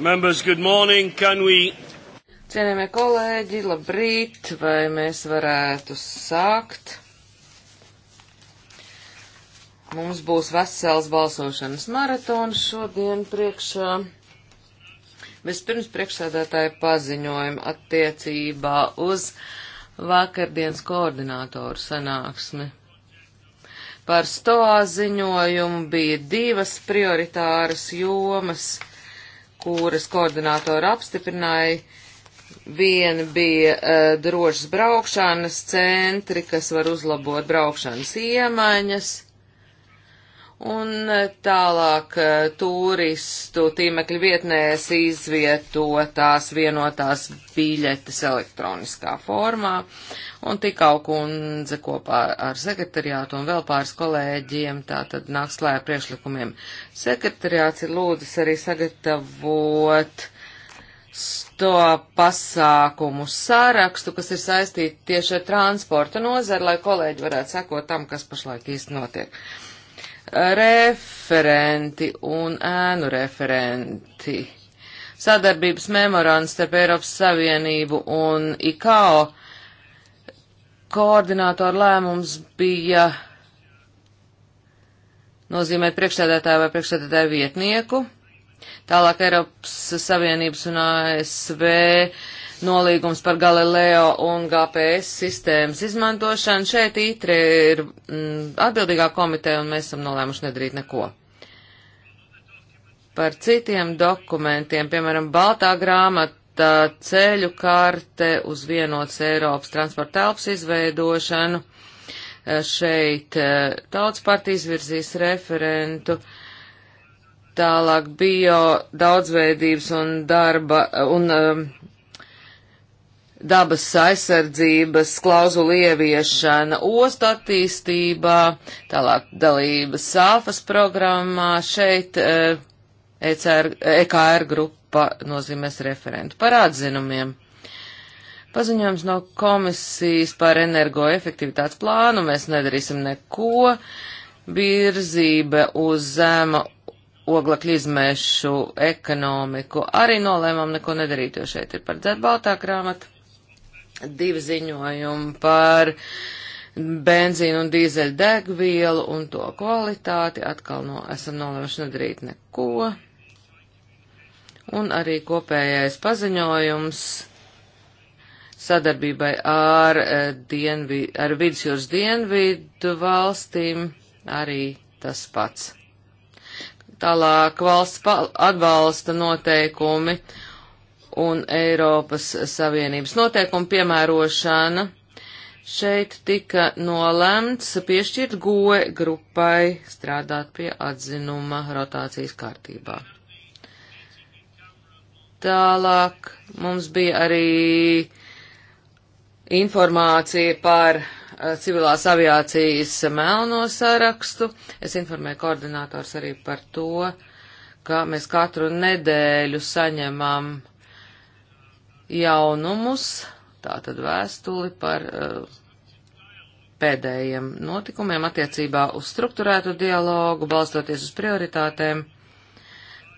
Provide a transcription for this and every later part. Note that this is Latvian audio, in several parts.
Members, good morning. Can we... Cienījamie kolēģi, labrīt, vai mēs varētu sākt? Mums būs vesels balsošanas maratons šodien priekšā. Vispirms priekšsēdētāja paziņojuma attiecībā uz vakardienas koordinātoru sanāksmi. Par stoā ziņojumu bija divas prioritāras jomas kuras koordinātori apstiprināja. Viena bija uh, drošas braukšanas centri, kas var uzlabot braukšanas iemaņas. Un e, tālāk e, turistu tīmekļa vietnēs izvietotās vienotās biļetes elektroniskā formā. Un tikau kundze kopā ar sekretariātu un vēl pāris kolēģiem tātad nāks klājā priešlikumiem. Sekretariāts ir lūdzis arī sagatavot to pasākumu sārakstu, kas ir saistīti tieši ar transporta nozari, lai kolēģi varētu sekot tam, kas pašlaik īsti notiek. Uh, referenti un ēnu referenti. Sadarbības memorands starp Eiropas Savienību un IKO koordinātoru lēmums bija nozīmēt priekšsēdētāju vai priekšsēdētāju vietnieku. Tālāk Eiropas Savienības un ASV uh, nolīgums par Galileo un GPS sistēmas izmantošanu. Šeit ITRE ir mm, atbildīgā komiteja un mēs esam nolēmuši nedarīt neko. Par citiem dokumentiem, piemēram, Baltā grāmata ceļu karte uz vienots Eiropas transporta telpas izveidošanu. Eh, šeit eh, tautas partijas virzīs referentu. Uh, tālāk bio daudzveidības un darba eh, un um, dabas aizsardzības klauzulu ieviešana ostu attīstībā, tālāk dalības sāfas programmā, šeit ECR, eh, e EKR grupa nozīmēs referentu par atzinumiem. Paziņojums no komisijas par energoefektivitātes plānu, mēs nedarīsim neko, virzība uz zema oglekļa izmēšu ekonomiku, arī nolēmām neko nedarīt, jo šeit ir paredzēta baltā grāmata divi ziņojumi par benzīnu un dīzeļu degvielu un to kvalitāti. Atkal no, esam nolēmuši nedarīt neko. Un arī kopējais paziņojums sadarbībai ar, eh, dienvi, ar vidusjūras dienvidu valstīm arī tas pats. Tālāk valsts atbalsta noteikumi un Eiropas Savienības noteikumu piemērošana. Šeit tika nolemts piešķirt goe grupai strādāt pie atzinuma rotācijas kārtībā. Tālāk mums bija arī informācija par eh, civilās aviācijas melno sarakstu. Es informēju koordinators arī par to, ka mēs katru nedēļu saņemam uh, jaunumus, tātad vēstuli par uh, pēdējiem notikumiem attiecībā uz struktūrētu dialogu, balstoties uz prioritātēm,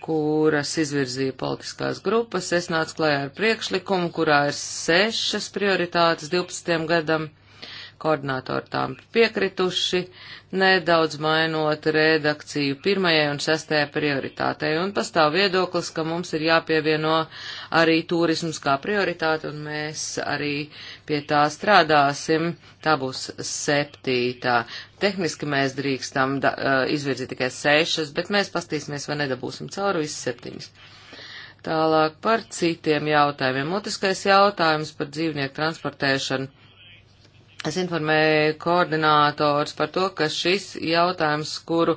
kuras izvirzīja politiskās grupas. Es nācu klājā ar priekšlikumu, kurā ir sešas prioritātes 12. gadam koordinātori tām piekrituši, nedaudz mainot redakciju pirmajai un sestajai prioritātei. Un pastāv viedoklis, ka mums ir jāpievieno arī turisms kā prioritāte, un mēs arī pie tā strādāsim. Tā būs septītā. Tehniski mēs drīkstam da, izvirzīt tikai sešas, bet mēs pastīsimies, vai nedabūsim cauri visas septiņas. Tālāk par citiem jautājumiem. Mutiskais jautājums par dzīvnieku transportēšanu Es informēju koordinātors par to, ka šis jautājums, kuru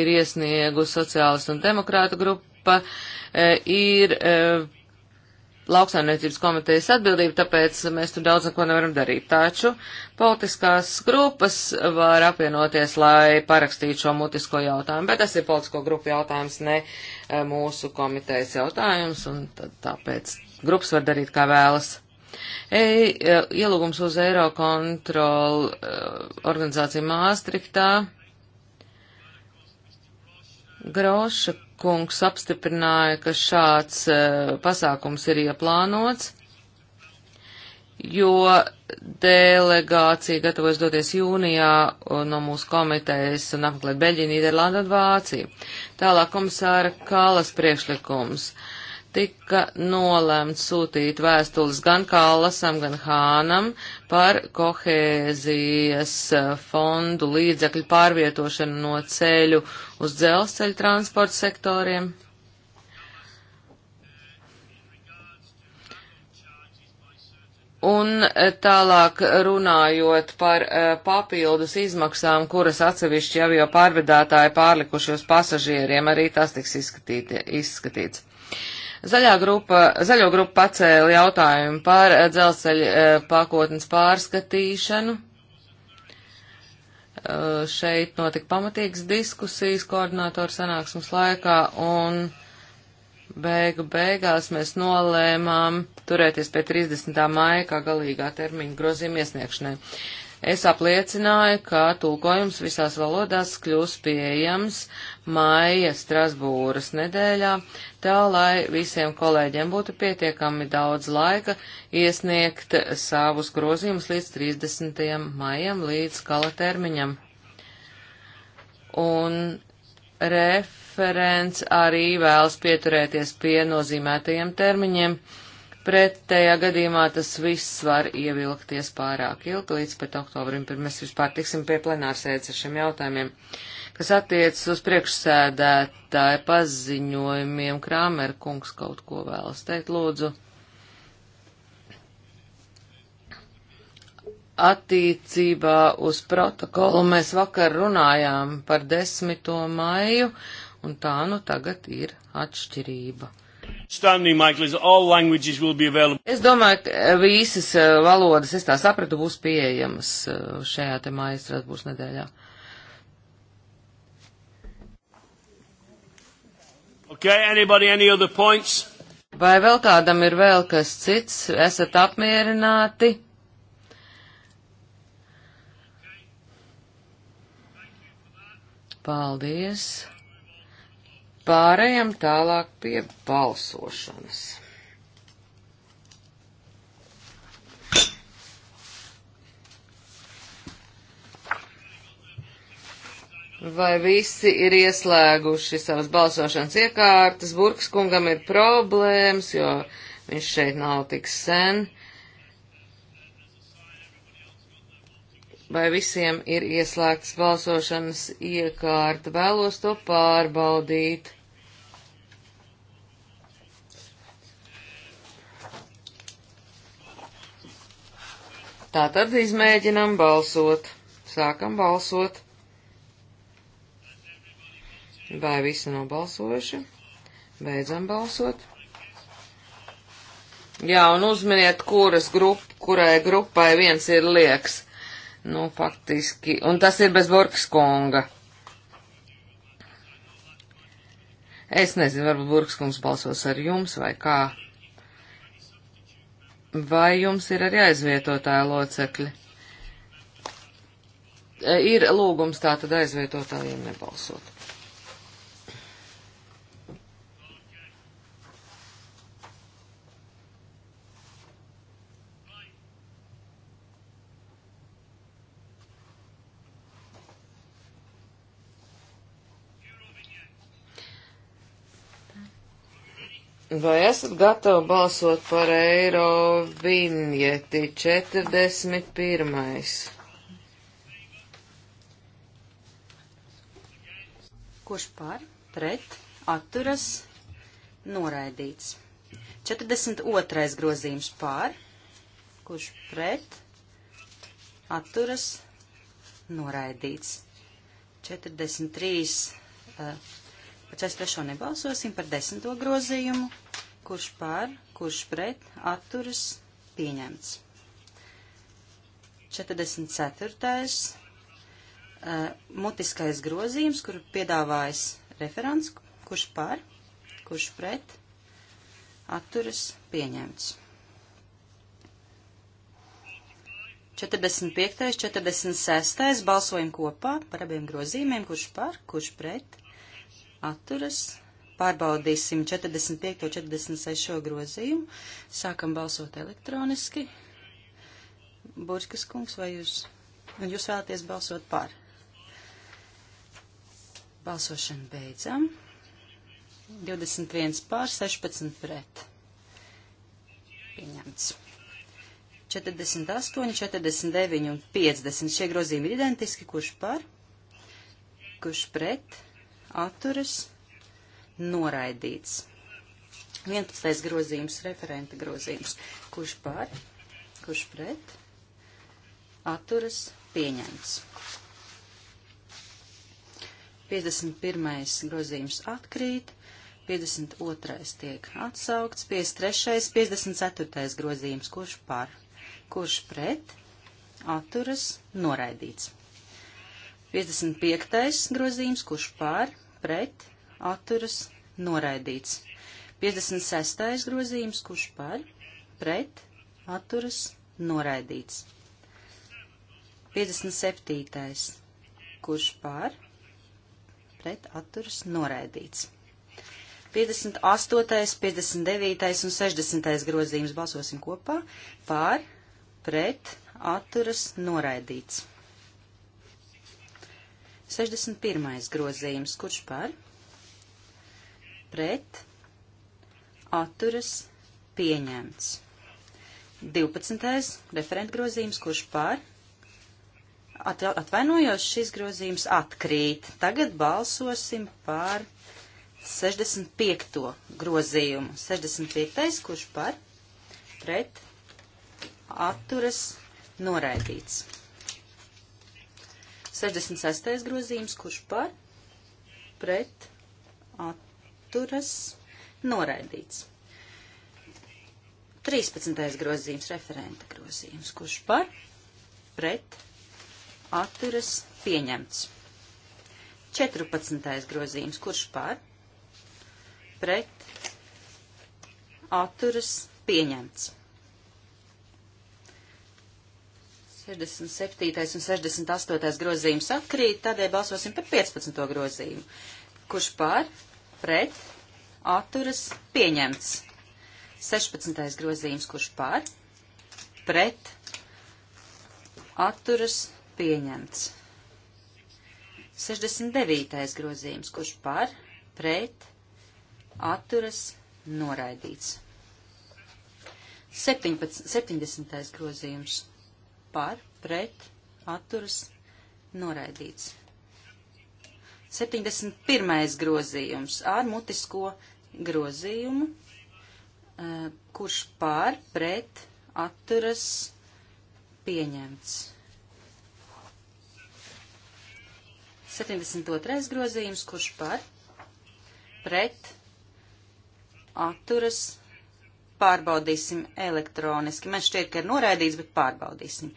ir iesniegusi sociālistu un demokrātu grupa, e, ir e, lauksaimniecības komitejas atbildība, tāpēc mēs tur daudz neko nevaram darīt. Taču politiskās grupas var apvienoties, lai parakstītu šo mutisko jautājumu, bet tas ir politisko grupu jautājums, ne e, mūsu komitejas jautājums, un tāpēc grupas var darīt, kā vēlas. E, ielūgums uz Eirokontrolu e, organizāciju Māstriktā. Groša kungs apstiprināja, ka šāds e, pasākums ir ieplānots, jo delegācija gatavojas doties jūnijā e, no mūsu komitejas un apmeklēt Beļģiju, Nīderlandu un Vāciju. Tālāk komisāra Kālas priekšlikums. Uh, tika nolēmts sūtīt vēstules gan Kālasam, gan Hānam par kohēzijas eh, fondu līdzekļu pārvietošanu no ceļu uz dzelzceļu transporta sektoriem. Un eh, tālāk runājot par eh, papildus izmaksām, kuras atsevišķi avio pārvedātāji pārlikuši uz pasažieriem, arī tas tiks izskatīt, izskatīts. Zaļā grupa, zaļo grupa pacēla jautājumu par eh, dzelzceļa eh, pakotnes pārskatīšanu. Eh, šeit notika pamatīgas diskusijas koordinātoru sanāksmes laikā un beigu beigās mēs nolēmām turēties pie 30. maija kā galīgā termiņa grozījuma iesniegšanai. Uh, Es apliecināju, ka tulkojums visās valodās kļūs pieejams māja Strasbūras nedēļā, tā lai visiem kolēģiem būtu pietiekami daudz laika iesniegt savus grozījumus līdz 30. maijam, līdz gala termiņam. Un referents arī vēlas pieturēties pie nozīmētajiem termiņiem Pretējā gadījumā tas viss var ievilkties pārāk ilgi līdz pat oktobrim, pirms mēs vispār tiksim pie plenārsēdes ar šiem jautājumiem, kas attiecas uz priekšsēdētāju paziņojumiem. Krāmer kungs kaut ko vēlas teikt, lūdzu. Attiecībā uz protokolu mēs vakar runājām par 10. maiju, un tā nu tagad ir atšķirība. Es domāju, ka eh, visas eh, valodas, es tā sapratu, būs pieejamas eh, šajā te mājas Strasbūras nedēļā. Okay, anybody, any other points? Vai vēl kādam ir vēl kas cits? Esat apmierināti? Paldies Pārējām tālāk pie balsošanas. Vai visi ir ieslēguši savas balsošanas iekārtas? Burks kungam ir problēmas, jo viņš šeit nav tik sen. Vai visiem ir ieslēgts balsošanas iekārta? Vēlos to pārbaudīt. Tātad izmēģinam balsot. Sākam balsot. Vai visi nobalsojuši? Beidzam balsot. Jā, un uzminiet, kuras grup, kurai grupai viens ir lieks. Nu, faktiski, un tas ir bez Burkskunga. Es nezinu, varbūt Burkskungs balsos ar jums vai kā. Vai jums ir arī aizvietotāja locekļi? E, ir lūgums tātad aizvietotājiem nebalsot. Vai esat gatavi balsot par eiro vinieti 41. Kurš par, pret, atturas, noraidīts. 42. grozījums par, kurš pret, atturas, noraidīts. 43. Uh, Par 43. nebalsosim, par 10. grozījumu, kurš pār, kurš pret, atturas, pieņemts. 44. Uh, eh, mutiskais grozījums, kuru piedāvājas referents, kurš pār, kurš pret, atturas, pieņemts. 45. 46. balsojam kopā par abiem grozījumiem, kurš par, kurš pret, atturas. Pārbaudīsim 45. un 46. grozījumu. Sākam balsot elektroniski. Burskas kungs, vai jūs, un jūs vēlaties balsot par? Balsošanu beidzam. 21 pār 16 pret. Pieņemts. 48, 49 un 50. Šie grozījumi ir identiski. Kurš par? Kurš pret? atturas noraidīts. 11. grozījums, referenta grozījums. Kurš par, kurš pret, atturas pieņemts. 51. grozījums atkrīt, 52. tiek atsaukts, 53. 54. grozījums, kurš par, kurš pret, atturas noraidīts. 55. grozījums, kurš pār, pret, atturas, noraidīts. 56. grozījums, kurš pār, pret, atturas, noraidīts. 57. kurš pār, pret, atturas, noraidīts. 58., 59. un 60. grozījums balsosim kopā, pār, pret, atturas, noraidīts. 61. grozījums, kurš par, pret, atturas, pieņemts. 12. referenta grozījums, kurš par, atvainojos, šis grozījums atkrīt. Tagad balsosim par 65. grozījumu. 65. kurš par, pret, atturas, noraidīts. 66. grozījums, kurš par pret atturas noraidīts. 13. grozījums, referenta grozījums, kurš par pret atturas pieņemts. 14. grozījums, kurš par pret atturas pieņemts. 67. un 68. grozījums atkrīt, tādēļ balsosim par 15. grozījumu. Kurš par, pret, atturas, pieņemts. 16. grozījums, kurš par, pret, atturas, pieņemts. 69. grozījums, kurš par, pret, atturas, noraidīts. 17, 70. grozījums par pret atturas noraidīts. 71. grozījums ar mutisko grozījumu, e, kurš pār pret atturas pieņemts. 72. grozījums, kurš par pret atturas pārbaudīsim elektroniski. Man šķiet, ka ir noraidīts, bet pārbaudīsim.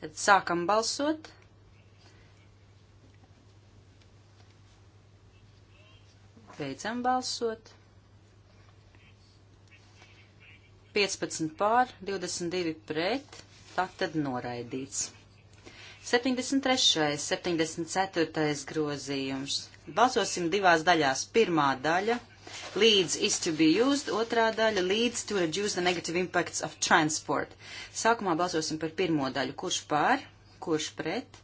Tad sākam balsot. Beidzam balsot. 15 pār, 22 pret, tā tad noraidīts. 73. 74. grozījums. Balsosim divās daļās. Pirmā daļa Leads is to be used, otrā daļa leads to reduce the negative impacts of transport. Sākumā balsosim par pirmo daļu. Kurš pār, kurš pret,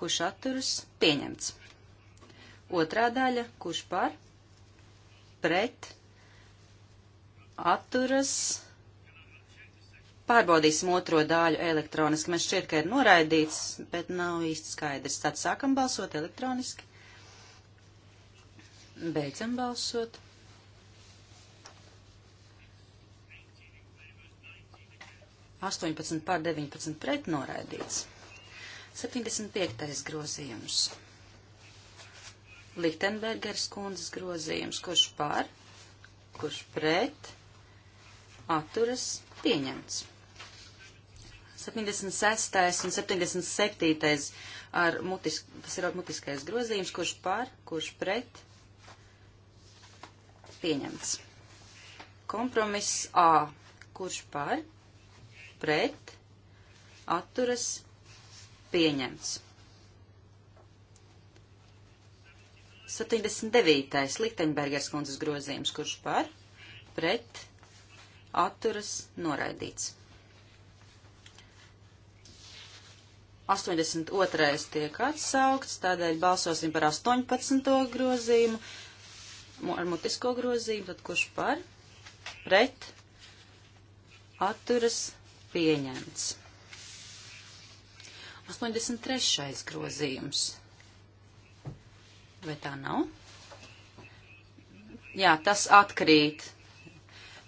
kurš atturas, pieņemts. Otrā daļa, kurš pār, pret, atturas, pieņemts. Pārbaudīsim otro daļu elektroniski. Man šķiet, ka ir noraidīts, bet nav īsti skaidrs. Tad sākam balsot elektroniski. Beidzam balsot. Astoņpadsmit pār deviņpadsmit pret noraidīts. 75. grozījums. Lichtenbergers kundzes grozījums, kurš pār, kurš pret, atturas pieņemts. 76. un 77. ar mutisk, tas ir mutiskais grozījums, kurš pār, kurš pret, pieņemts. Kompromiss A. Kurš par? Pret. Atturas pieņemts. 79. Likteņbergers kundzes grozījums. Kurš par? Pret. Atturas noraidīts. 82. tiek atsaukts, tādēļ balsosim par 18. grozījumu ar mutisko grozījumu, tad kurš par, pret, atturas, pieņemts. 83. grozījums. Vai tā nav? Jā, tas atkrīt.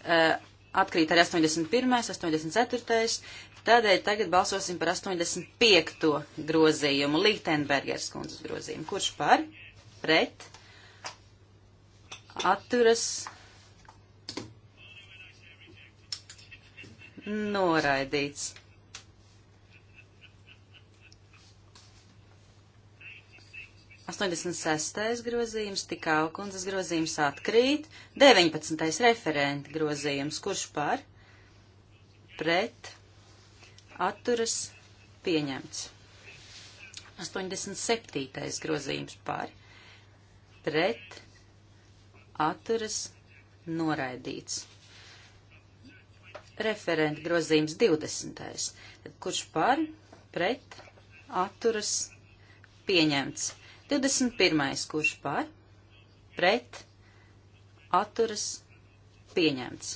Uh, atkrīt arī 81., 84. Tādēļ tagad balsosim par 85. grozījumu, Lītenbergers kundzes grozījumu. Kurš par? Pret? atturas noraidīts. Astoņdesmit sestais grozījums, tik augundzes grozījums atkrīt, deviņpadsmitais referenta grozījums, kurš par, pret, atturas, pieņemts. 87. grozījums par, pret, atturas noraidīts. Referenta grozījums 20. Kurš par, pret, atturas pieņemts. 21. Kurš par, pret, atturas pieņemts.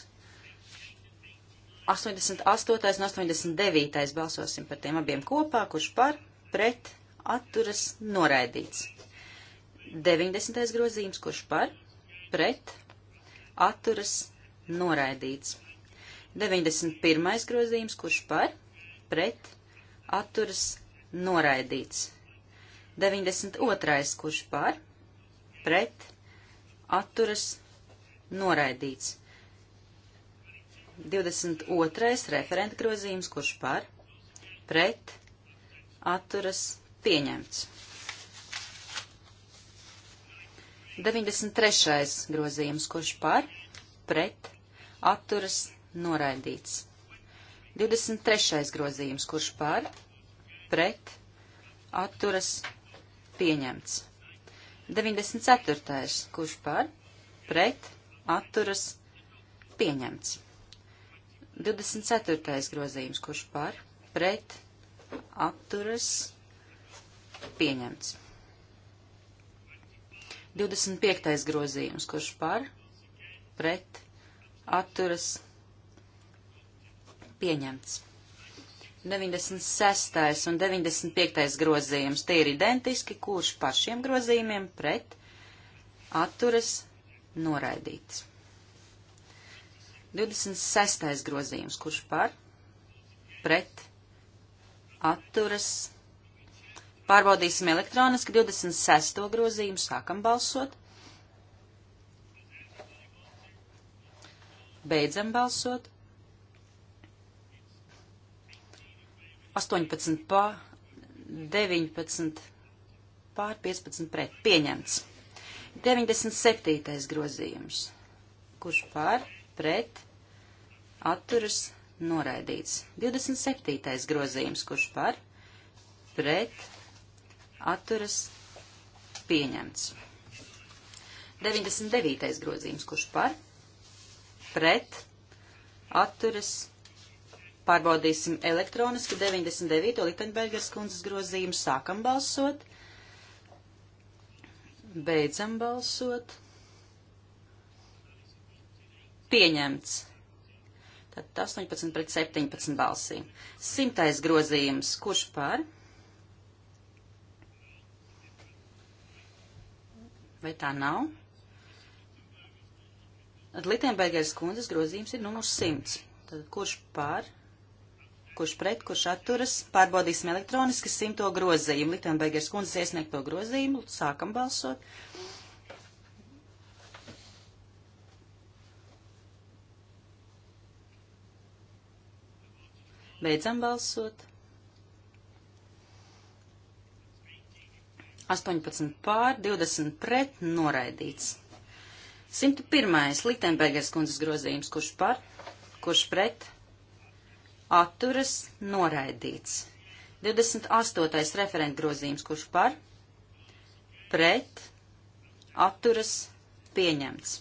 88. un 89. balsosim par tiem abiem kopā, kurš par, pret, atturas noraidīts. 90. grozījums, kurš par, pret, atturas, noraidīts. 91. grozījums, kurš par, pret, atturas, noraidīts. 92. kurš par, pret, atturas, noraidīts. 22. referenta grozījums, kurš par, pret, atturas, pieņemts. 93. grozījums, kurš par, pret, atturas, noraidīts. 23. grozījums, kurš par, pret, atturas, pieņemts. 94. kurš par, pret, atturas, pieņemts. 24. grozījums, kurš par, pret, atturas, pieņemts. 25. grozījums, kurš par, pret, atturas, pieņemts. 96. un 95. grozījums, tie ir identiski, kurš par šiem grozījumiem, pret, atturas, noraidīts. 26. grozījums, kurš par, pret, atturas, Pārbaudīsim elektroniski 26. grozījumu, sākam balsot. Beidzam balsot. 18 pār, 19 pār, 15 pret. Pieņemts. 97. grozījums. Kurš pār, pret, atturas, noraidīts. 27. grozījums. Kurš pār, pret, atturas pieņemts. 99. grozījums, kurš par, pret, atturas, pārbaudīsim elektroniski 99. Liktenbergers kundzes grozījumu, sākam balsot, beidzam balsot, pieņemts. Tad 18 pret 17 balsīm. Simtais grozījums, kurš par, pret, Vai tā nav? Litēnbergeres kundzes grozījums ir numurs 100. Tad kurš pār, kurš pret, kurš atturas, pārbaudīsim elektroniski simto grozījumu. Litēnbergeres kundzes iesniegto grozījumu, sākam balsot. Beidzam balsot. 18 pār, 20 pret, noraidīts. 101. Liktenbergers kundzes grozījums, kurš par, kurš pret, atturas, noraidīts. 28. referenta grozījums, kurš par, pret, atturas, pieņemts.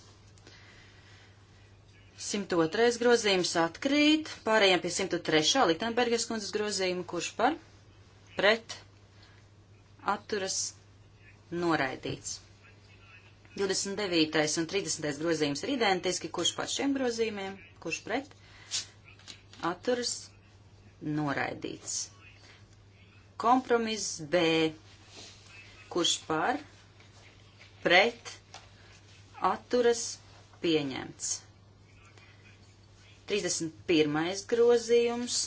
102. grozījums atkrīt, pārējiem pie 103. Liktenbergers kundzes grozījuma, kurš par, pret, atturas, pieņemts atturas noraidīts. 29. un 30. grozījums ir identiski, kurš par šiem grozījumiem, kurš pret, atturas noraidīts. Kompromiss B, kurš par, pret, atturas pieņemts. 31. grozījums,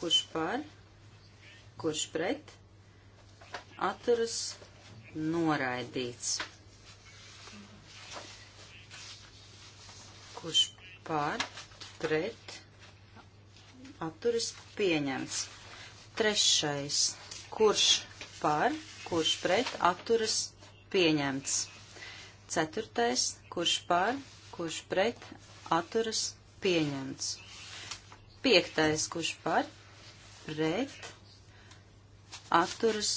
kurš par, kurš pret atturas noraidīts. Kurš pār pret atturas pieņemts. Trešais. Kurš pār, kurš pret atturas pieņemts. Ceturtais. Kurš pār, kurš pret atturas pieņemts. Piektais. Kurš pār, pret atturas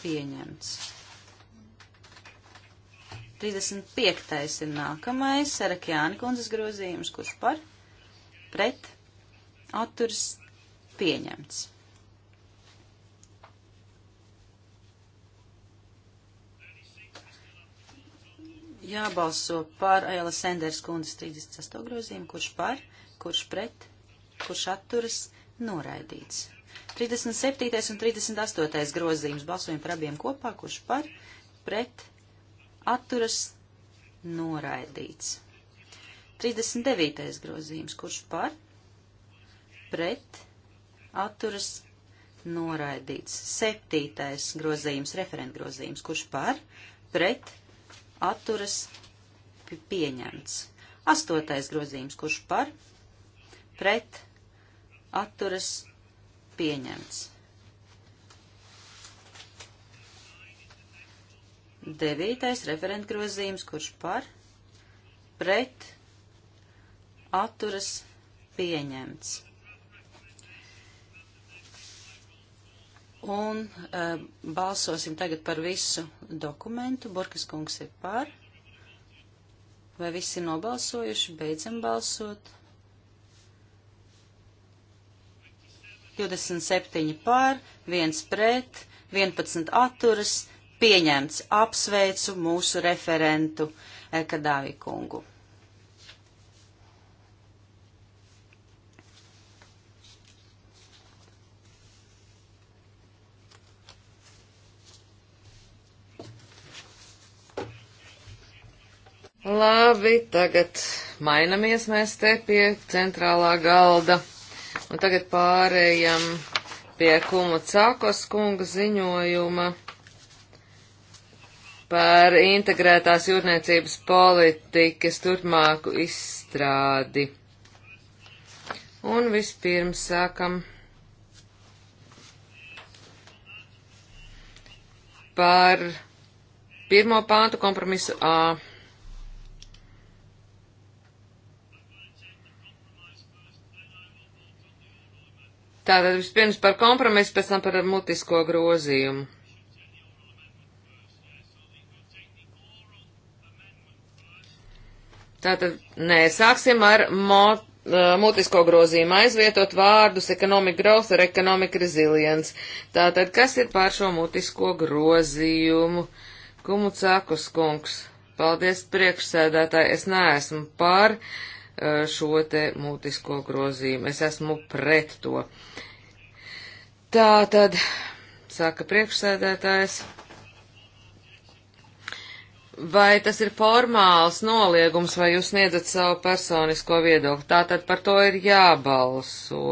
pieņemts. 35. ir nākamais Sarakjāni kundzes grozījums, kurš par pret atturas pieņemts. Jābalso par Aila Senders kundzes 36. grozījumu, kurš par, kurš pret, kurš atturas noraidīts. 37. un 38. grozījums balsojam par abiem kopā, kurš par, pret, atturas, noraidīts. 39. grozījums, kurš par, pret, atturas, noraidīts. 7. grozījums, referentgrozījums, kurš par, pret, atturas, pieņemts. 8. grozījums, kurš par, pret, atturas, noraidīts pieņemts. 9. referentgrozījums, kurš par pret atturas pieņemts. Un e, balsosim tagad par visu dokumentu. Burkas kungs ir par. Vai visi nobalsojuši? Beidzam balsot. 27 pār, 1 pret, 11 atturas, pieņemts. Apsveicu mūsu referentu Ekadāvi kungu. Labi, tagad mainamies mēs te pie centrālā galda. Un tagad pārējam pie Kumu Cākos kunga ziņojuma par integrētās jūrniecības politikas turpmāku izstrādi. Un vispirms sākam par pirmo pāntu kompromisu A. Tātad vispirms par kompromisu, pēc tam par mutisko grozījumu. Tātad, nē, sāksim ar mo, uh, mutisko grozījumu aizvietot vārdus economic growth ar economic resilience. Tātad, kas ir pār šo mutisko grozījumu? Kumu cākus kungs? Paldies priekšsēdētāji, es neesmu pār. Uh, šo te mutisko grozījumu. Es esmu pret to. Tā tad, saka priekšsēdētājs, vai tas ir formāls noliegums, vai jūs sniedzat savu personisko viedokli? Tā tad par to ir jābalso.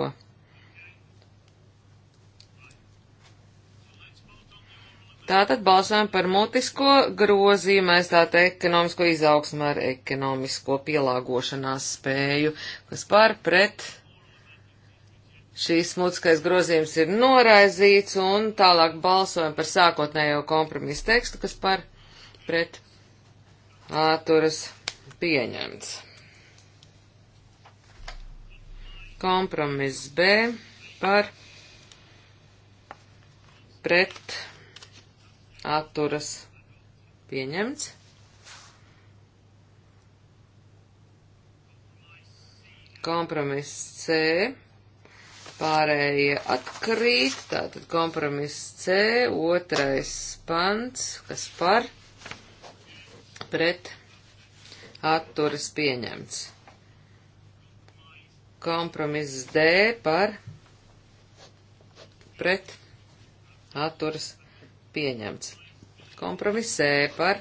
Tātad balsojam par mutisko grozījumu, aizstāt ekonomisko izaugsmu ar ekonomisko pielāgošanās spēju, kas par pret šīs mutiskais grozījums ir noraizīts, un tālāk balsojam par sākotnējo kompromisu tekstu, kas par pret āturas pieņemts. Kompromiss B par pret atturas pieņemts. Kompromiss C, pārējie atkrīt, tātad kompromiss C, otrais pants, kas par, pret, atturas pieņemts. Kompromiss D par, pret, atturas pieņemts pieņemts. Kompromisē e par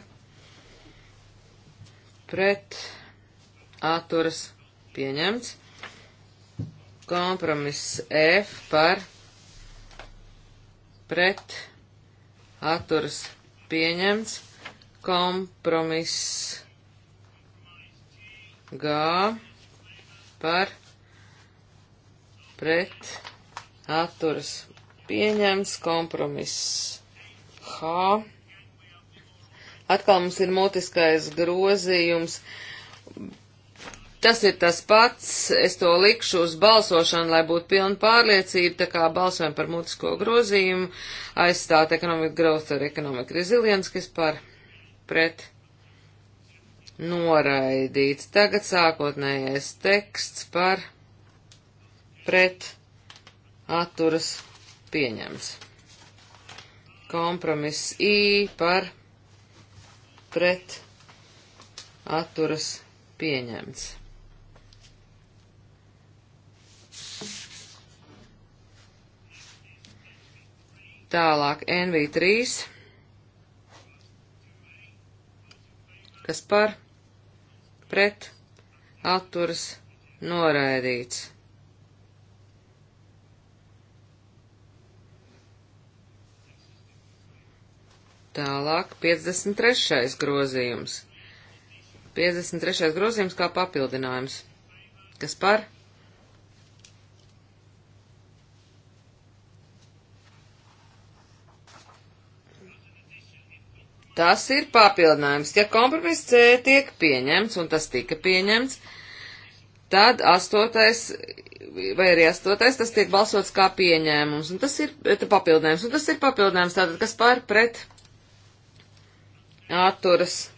pret atturas pieņemts. Kompromiss F par pret atturas pieņemts. Kompromiss G par pret atturas pieņemts. Kompromiss H. Atkal mums ir mutiskais grozījums. Tas ir tas pats, es to likšu uz balsošanu, lai būtu pilna pārliecība, tā kā balsojam par mutisko grozījumu, aizstāt economic growth ar economic resilience, kas par pret noraidīts. Tagad sākotnējais teksts par pret atturas pieņems. Kompromiss I par pret atturas pieņemts. Tālāk NV3, kas par pret atturas noraidīts. Tālāk 53. grozījums. 53. grozījums kā papildinājums. Kas par? Tas ir papildinājums. Ja kompromiss C tiek pieņemts, un tas tika pieņemts, tad astotais, vai arī astotais, tas tiek balsots kā pieņēmums, un tas ir eh, papildinājums, un tas ir papildinājums, tātad kas pār pret atturas.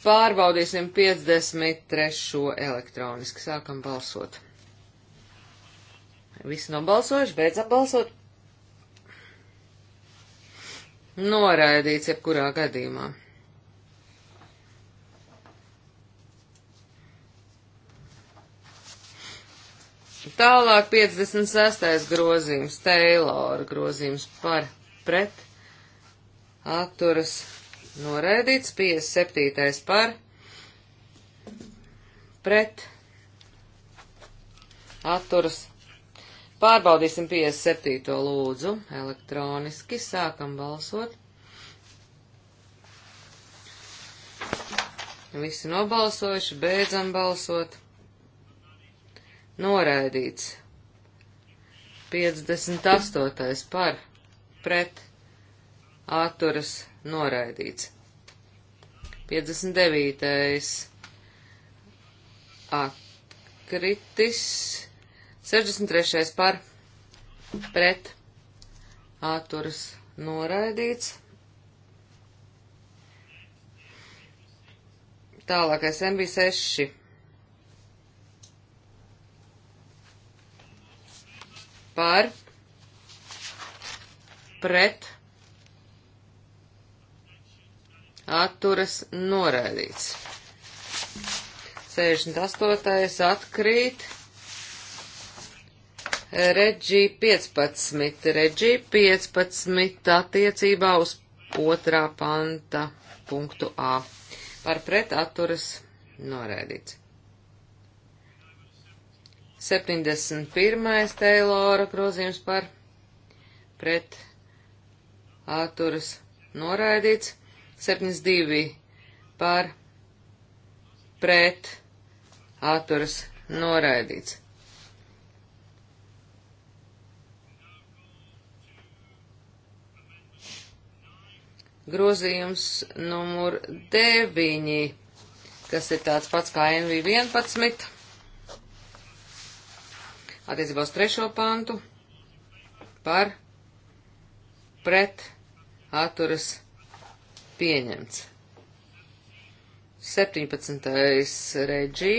Pārbaudīsim 53. elektroniski. Sākam balsot. Visi nobalsojuši, beidzam balsot. Noraidīts jebkurā gadījumā. Tālāk 56. grozījums, Teilora grozījums par pret atturas noraidīts, 57. par, pret, atturas. Pārbaudīsim 57. lūdzu, elektroniski, sākam balsot. Visi nobalsojuši, beidzam balsot. Noraidīts. 58. par, pret, atturas noraidīts. 59. atkritis, 63. par pret atturas noraidīts. Tālākais MB6. Par pret atturas noraidīts. 68. atkrīt. Reģī 15. Reģī 15 attiecībā uz otrā panta punktu A. Par pret atturas noraidīts. 71. Teilora grozījums par pret atturas noraidīts. 72 par pret atturas noraidīts. Grozījums numur 9, kas ir tāds pats kā NV11, attiecībā uz trešo pantu, par pret atturas noraidīts pieņemts. 17. reģī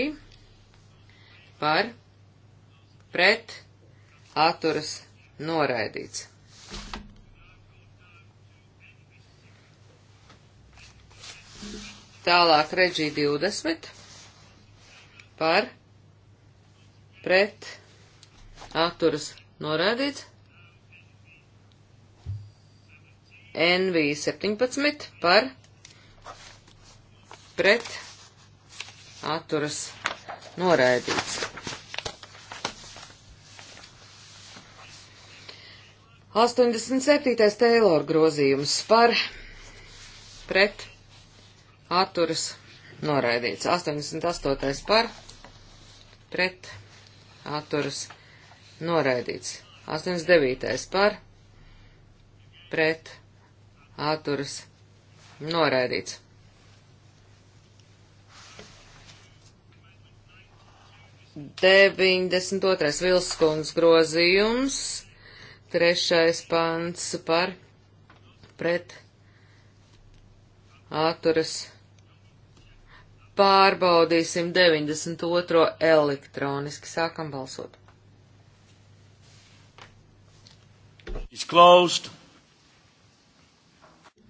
par pret atturas noraidīts. Tālāk reģī 20 par pret atturas noraidīts. NV17 par pret atturas noraidīts. Astoņdesmit septītais Teilor grozījums par pret atturas noraidīts. Astoņdesmit astotais par pret atturas noraidīts. Astoņdesmit devītais par pret atturas noraidīts atturas noraidīts. Deviņdesmit otrais Vilskundas grozījums, trešais pants par pret atturas. Pārbaudīsim 92. elektroniski sākam balsot. It's closed.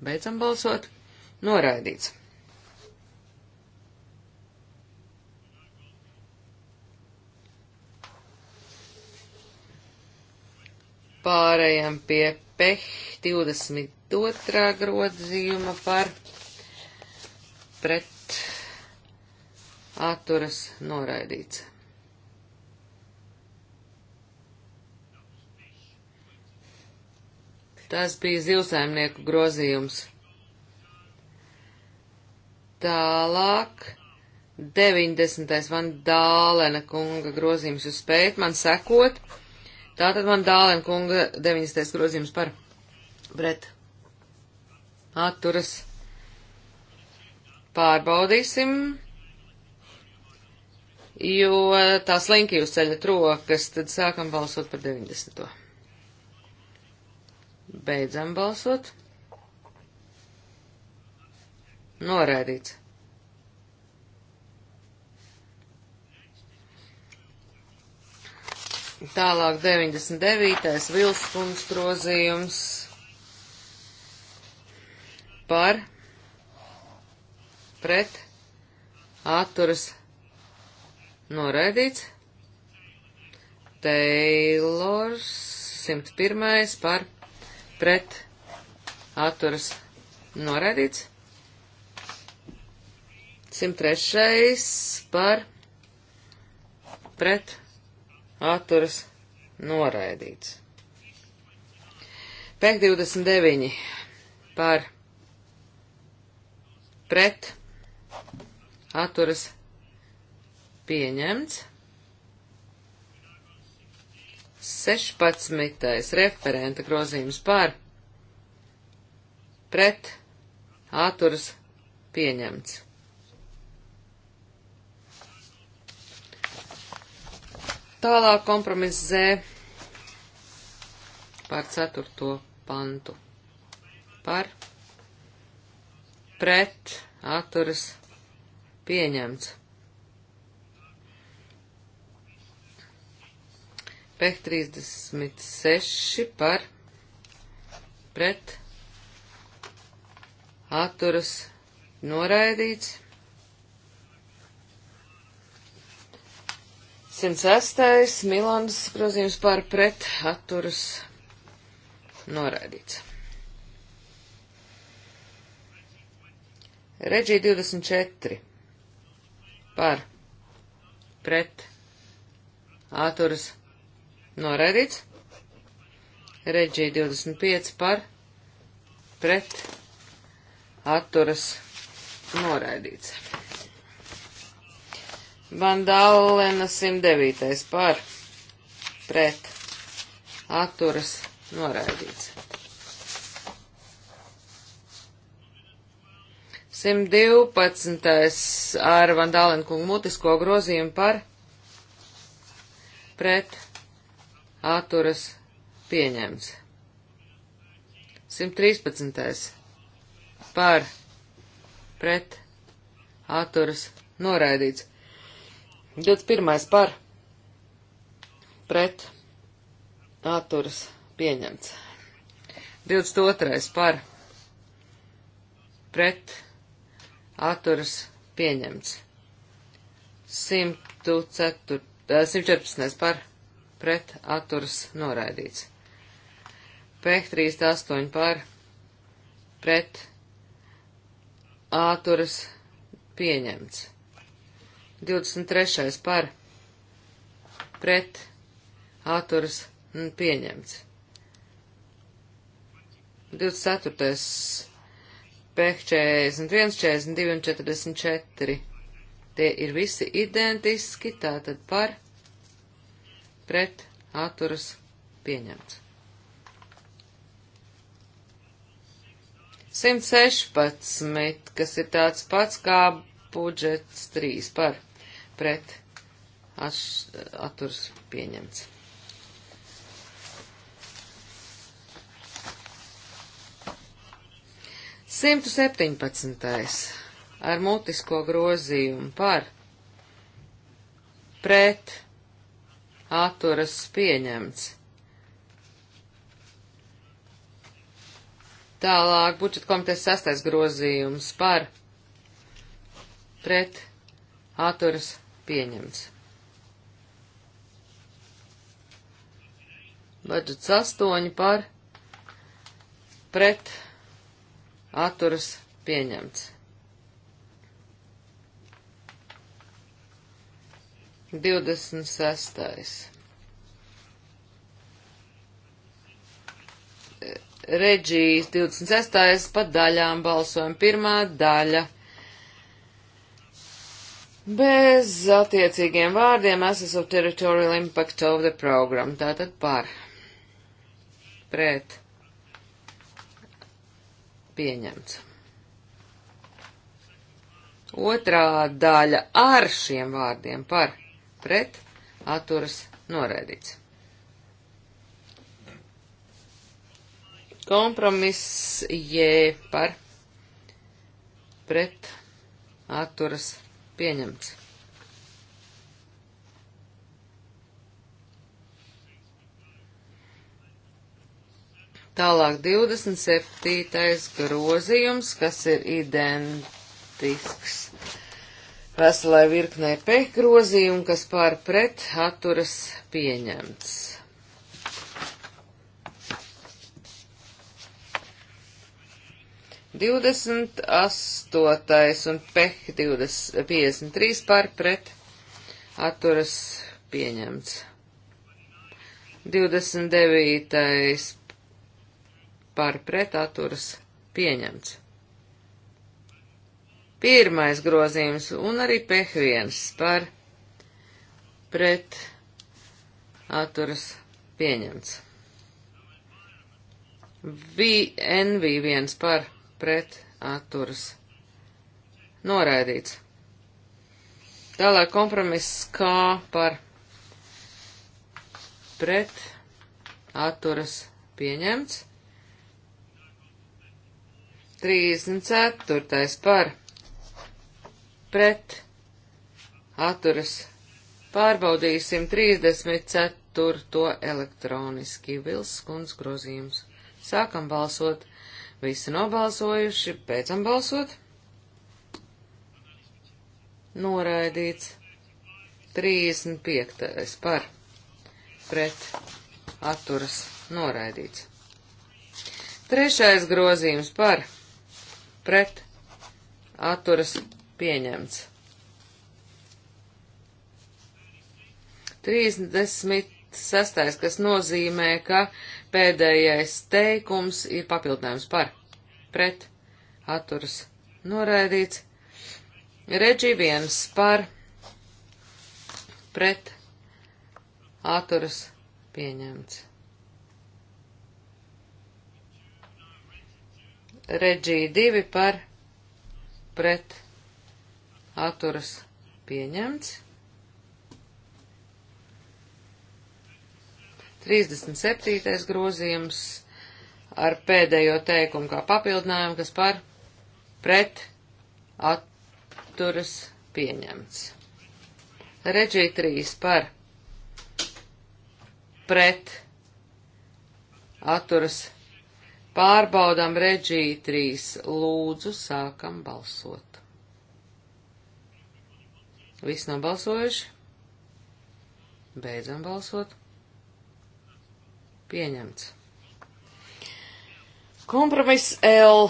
Beidzam balsot. Noraidīts. Pārējām pie PEH 22. grozījuma par pret atturas noraidīts. Tas bija zivsaimnieku grozījums. Tālāk, 90. man Dālena kunga grozījums jūs spējat man sekot. Tātad man Dālena kunga 90. grozījums par pret atturas. Pārbaudīsim, jo tā slinki jūs ceļa trokas, tad sākam balsot par 90. Beidzam balsot. Noraidīts. Tālāk 99. vilskundas grozījums par pret atturas noraidīts. Teilors 101. par pret pret atturas noraidīts. 103. par pret atturas noraidīts. Pēc 29 par pret atturas pieņemts. 16. referenta grozījums par pret āturas pieņemts. Tālāk kompromiss Z par 4. pantu. Par pret āturas pieņemts. Peh 36 par pret atturas noraidīts. 106. Milāns grozījums par pret atturas noraidīts. Reģija 24 par pret atturas noraidīts Noraidīts. Reģija 25 par pret atturas noraidīts. Bandālena 109 par pret atturas noraidīts. 112. ar Vandālenkungu mutisko grozījumu par pret atturas pieņemts. 113. par pret atturas noraidīts. 21. par pret atturas pieņemts. 22. par pret atturas pieņemts. 104, 114. Eh, par pret atturas noraidīts. P38 par pret atturas pieņemts. 23. par pret atturas pieņemts. 24. peh 41, 42 un 44. Tie ir visi identiski, tātad par pret atturas pieņemts. 116, kas ir tāds pats kā budžets 3 par pret atturas pieņemts. Simtu septiņpadsmitais ar mutisko grozījumu par pret atturas pieņemts. Tālāk budžeta komitejas sastais grozījums par pret atturas pieņemts. Budžets astoņi par pret atturas pieņemts. 26. Reģijas 26. pa daļām balsojam pirmā daļa. Bez attiecīgiem vārdiem Assess of Territorial Impact of the Program. Tātad par. Pret. Pieņemts. Otrā daļa ar šiem vārdiem par pret atturas noraidīts. Kompromiss J par pret atturas pieņemts. Tālāk 27. grozījums, kas ir identisks veselai virknē pehgrozījumu, kas pār pret atturas pieņemts. Divdesmit astotais un peh 53 pār pret atturas pieņemts. 29. pār pret atturas pieņemts. Pirmais grozījums un arī pehviens par pret atturas pieņemts. NV1 par pret atturas noraidīts. Tālāk kompromiss kā par pret atturas pieņemts. 34. par pret atturas pārbaudīsim 34. elektroniski Vilskunds grozījums. Sākam balsot. Visi nobalsojuši, beidzam balsot. Noraidīts 35. par pret atturas noraidīts. Trešais grozījums par pret atturas noraidīts pieņemts. 36. kas nozīmē, ka pēdējais teikums ir papildinājums par, pret, atturas, noraidīts. Reģi viens par, pret, atturas, pieņemts. Reģī divi par, pret, atturas pieņemts. 37. grozījums ar pēdējo teikumu kā papildinājumu, kas par pret atturas pieņemts. Reģija 3 par pret atturas pārbaudām Reģija 3. Lūdzu, sākam balsot. Viss nobalsojuši. Beidzam balsot. Pieņemts. Kompromiss L.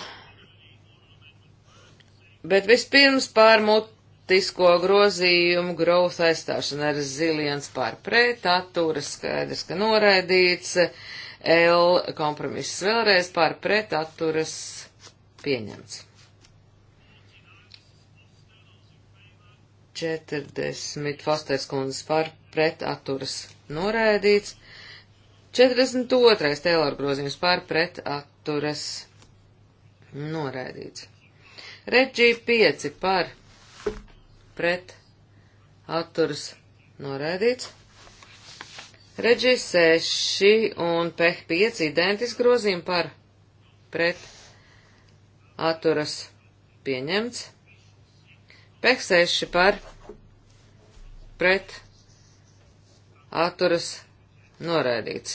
Bet vispirms pār mutisko grozījumu growth aizstāšana ar ziliens pār pret, atturas skaidrs, ka noraidīts. L kompromiss vēlreiz pār pret, atturas pieņemts. 40 Fosters kundzes par pret atturas noraidīts. 42. Tēlor grozījums par pret atturas noraidīts. Reģī 5 par pret atturas noraidīts. Reģī 6 un Peh 5 identiski grozījumi par pret atturas pieņemts. Peh 6 par pret pret atturas noraidīts.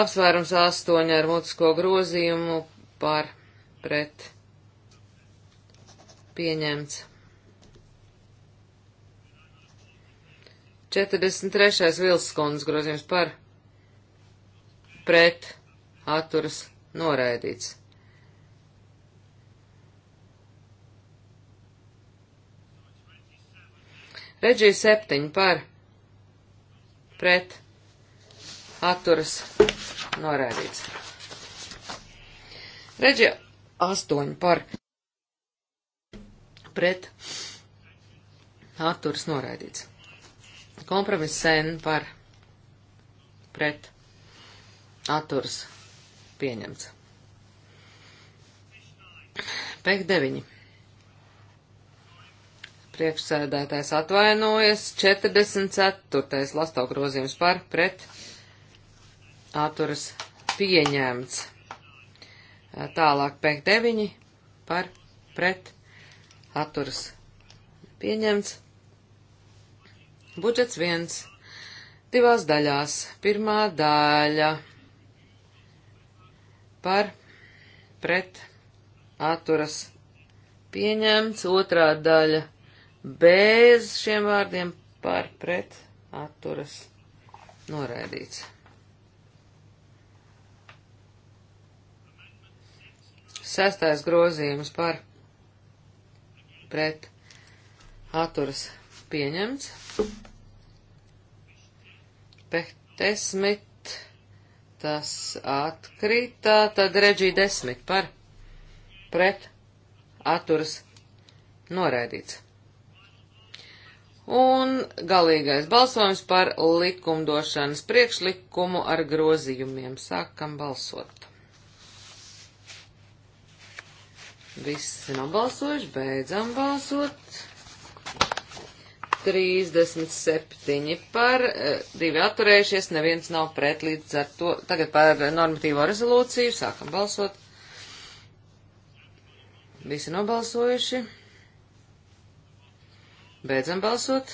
Apsvērums astoņi ar mutisko grozījumu par pret pieņemts. 43. Vilskundas grozījums par pret atturas noraidīts. Reģija 7 par pret atturas norādīts. Reģija 8 par pret atturas norādīts. Kompromiss sen par pret atturas pieņemts. Pēk 9 Priekšsēdētājs atvainojas. 44. lastau grozījums par pret atturas pieņemts. Tālāk pēk 9 par pret atturas pieņemts. Budžets 1. Divās daļās. Pirmā daļa par pret atturas pieņemts. Otrā daļa par bez šiem vārdiem par pret atturas noraidīts. Sestais grozījums par pret atturas pieņemts. Pehtesmit tas atkrītā, tad reģī desmit par pret atturas noraidīts. Un galīgais balsojums par likumdošanas priekšlikumu ar grozījumiem. Sākam balsot. Visi nobalsojuši, beidzam balsot. 37 par, eh, divi atturējušies, neviens nav pret līdz ar to. Tagad par normatīvo rezolūciju sākam balsot. Visi nobalsojuši, Beidzam balsot.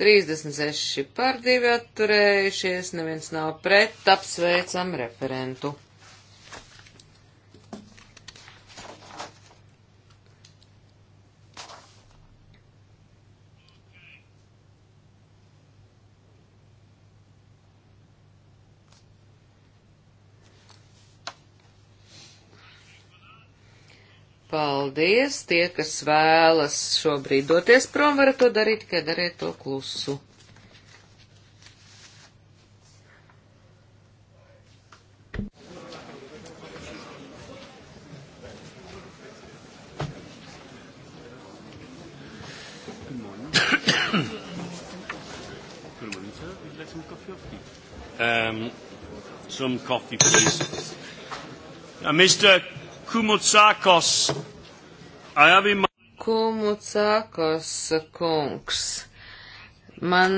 Trīsdesmit seši par divi atturējušies, neviens nav pret, apsveicam referentu. Paldies! Tie, kas vēlas šobrīd doties prom, var to darīt, tikai dariet to klusu. um, some coffee, please. Uh, Mr. Kumutsākos. In... Kumutsākos kungs. Man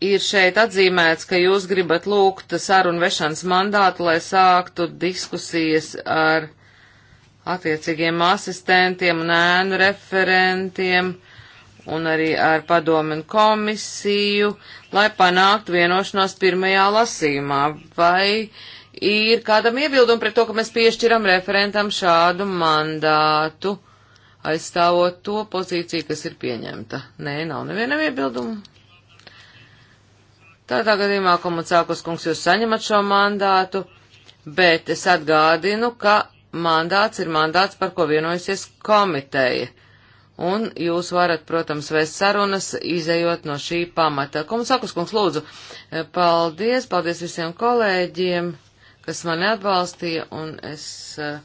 ir šeit atzīmēts, ka jūs gribat lūgt sarunu vešanas mandātu, lai sāktu diskusijas ar attiecīgiem asistentiem un ēnu referentiem un arī ar padomu un komisiju, lai panāktu vienošanos pirmajā lasījumā. Vai uh, ir kādam iebildumi pret to, ka mēs piešķiram referentam šādu mandātu, aizstāvot to pozīciju, kas ir pieņemta? Nē, nav nevienam iebildumu. Tādā gadījumā, ko man sākos kungs, jūs saņemat šo mandātu, bet es atgādinu, ka mandāts ir mandāts, par ko vienojusies komiteja. Un jūs varat, protams, vēst sarunas, izējot no šī pamata. Komisākus kungs, lūdzu, paldies, paldies visiem kolēģiem kas mani atbalstīja, un es eh,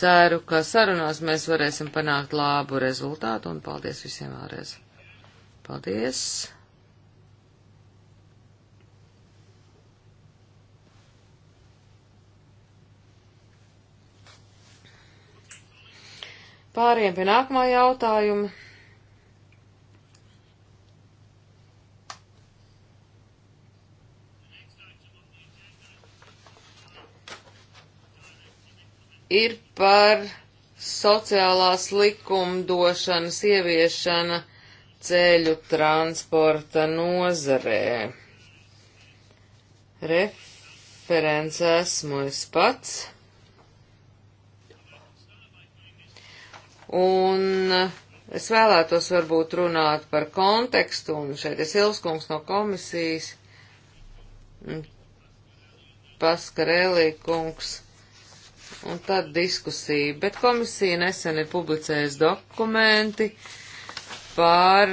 ceru, ka sarunās mēs varēsim panākt labu rezultātu, un paldies visiem vēlreiz. Paldies! Pāriem pie nākamā jautājuma. ir par sociālās likumdošanas ieviešana ceļu transporta nozarē. Referents esmu es pats. Un es vēlētos varbūt runāt par kontekstu, un šeit ir Silskungs no komisijas, Paskarēlī kungs un tad diskusija. Bet komisija nesen ir publicējusi dokumenti par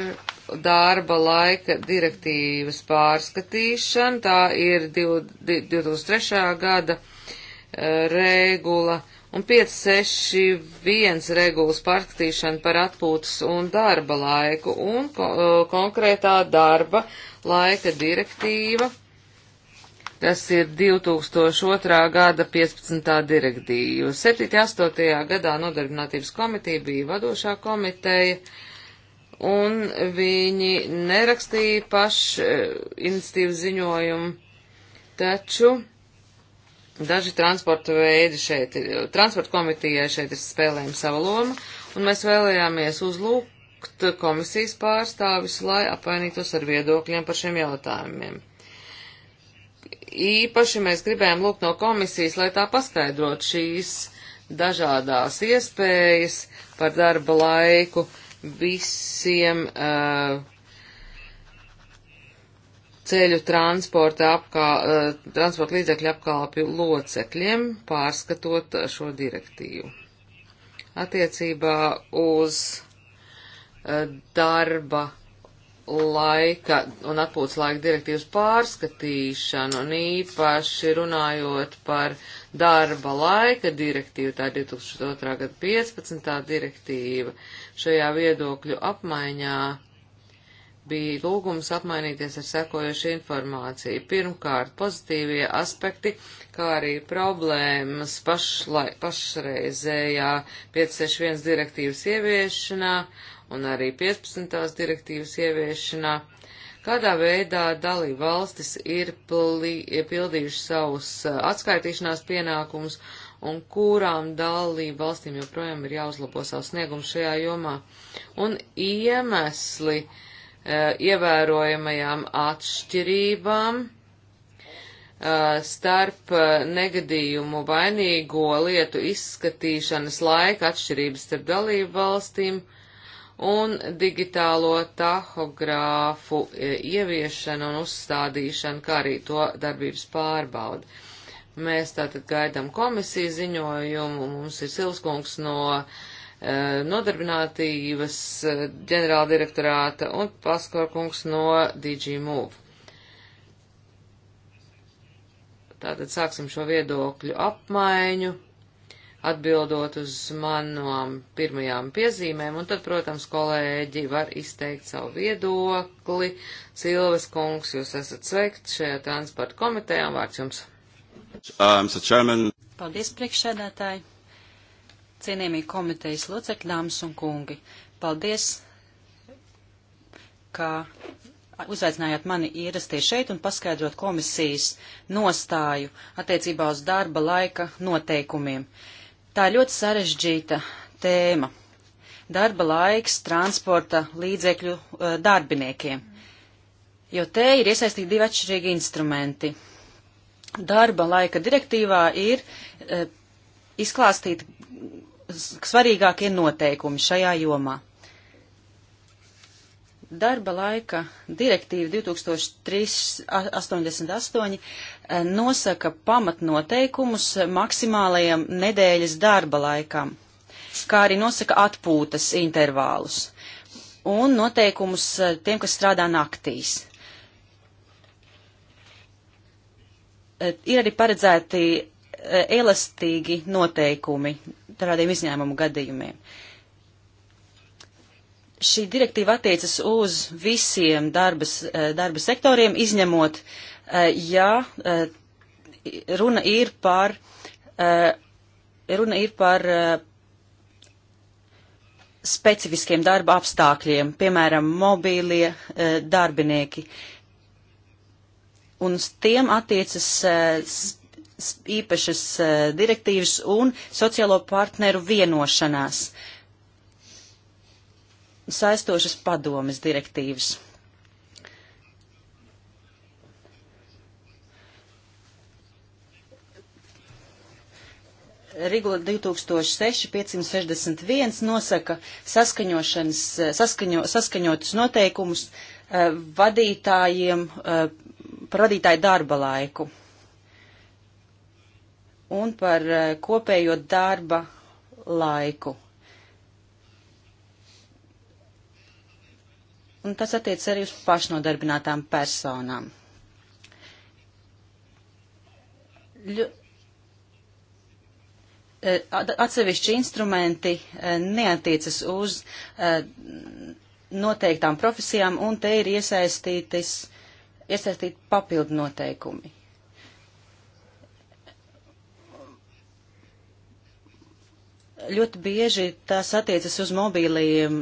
darba laika direktīvas pārskatīšanu. Tā ir 2003. gada eh, regula un 561 regulas pārskatīšana par atpūtas un darba laiku un ko, eh, konkrētā darba laika direktīva Tas ir 2002. gada 15. direktīva. 7. 8. gadā nodarbinātības komiteja bija vadošā komiteja, un viņi nerakstīja pašu e, iniciatīvu ziņojumu, taču daži transporta veidi šeit ir, transporta komitejai šeit ir spēlējama sava loma, un mēs vēlējāmies uzlūkt komisijas pārstāvis, lai apvainītos ar viedokļiem par šiem jautājumiem īpaši mēs gribējām lūgt no komisijas, lai tā paskaidrot šīs dažādās iespējas par darba laiku visiem uh, ceļu transporta, apkā, uh, transporta līdzekļu apkalpju locekļiem, pārskatot šo direktīvu. Attiecībā uz uh, darba laika un atpūtas laika direktīvas pārskatīšanu, un īpaši runājot par darba laika direktīvu, tā 2002. gada 15. direktīva, šajā viedokļu apmaiņā bija lūgums apmainīties ar sekojošu informāciju. Pirmkārt, pozitīvie aspekti, kā arī problēmas pašlai, pašreizējā 561 direktīvas ieviešanā un arī 15. direktīvas ieviešanā, kādā veidā dalība valstis ir pildījuši savus eh, atskaitīšanās pienākumus un kurām dalību valstīm joprojām ir jāuzlabo savus sniegumus šajā jomā. Un iemesli e, ievērojamajām atšķirībām e, starp negadījumu vainīgo lietu izskatīšanas laika atšķirības starp dalību valstīm e, un digitālo tahogrāfu e, ieviešanu un uzstādīšanu, kā arī to darbības pārbaudi. Mēs tātad gaidām komisijas ziņojumu, mums ir Silskungs no e, nodarbinātības e, ģenerāla direktorāta un Paskorkungs no DigiMove. Tātad sāksim šo viedokļu apmaiņu atbildot uz manām pirmajām piezīmēm, un tad, protams, kolēģi var izteikt savu viedokli. Silves kungs, jūs esat sveikts šajā transporta komitejā, vārds jums. Um, Paldies, priekšsēdētāji, cienījamie komitejas locekļi, dāmas un kungi. Paldies, ka uzaicinājāt mani ierasties šeit un paskaidrot komisijas nostāju attiecībā uz darba laika noteikumiem. Uh, Tā ir ļoti sarežģīta tēma. Darba laiks transporta līdzekļu uh, darbiniekiem. Jo te ir iesaistīti divi atšķirīgi instrumenti. Darba laika direktīvā ir uh, izklāstīti svarīgākie noteikumi šajā jomā. Darba laika direktīva 2388 eh, nosaka pamatnoteikumus maksimālajam nedēļas darba laikam, kā arī nosaka atpūtas intervālus un noteikumus eh, tiem, kas strādā naktīs. Eh, ir arī paredzēti elastīgi noteikumi tādiem izņēmumu gadījumiem. Uh, šī direktīva attiecas uz visiem darbas, eh, darba sektoriem, izņemot, eh, ja eh, runa ir par, runa ir par specifiskiem darba apstākļiem, piemēram, mobīlie darbinieki. Un uz tiem attiecas īpašas direktīvas un sociālo partneru vienošanās. Uh, saistošas padomes direktīvas. Regula 2006-561 nosaka eh, saskaņo, saskaņotus noteikumus eh, vadītājiem eh, par vadītāju darba laiku un par eh, kopējo darba laiku. un tas attiec arī uz pašnodarbinātām personām. Ļu, e, atsevišķi instrumenti e, neatiecas uz e, noteiktām profesijām, un te ir iesaistītis, iesaistīti papildu noteikumi. Ļoti bieži tas attiecas uz mobīliem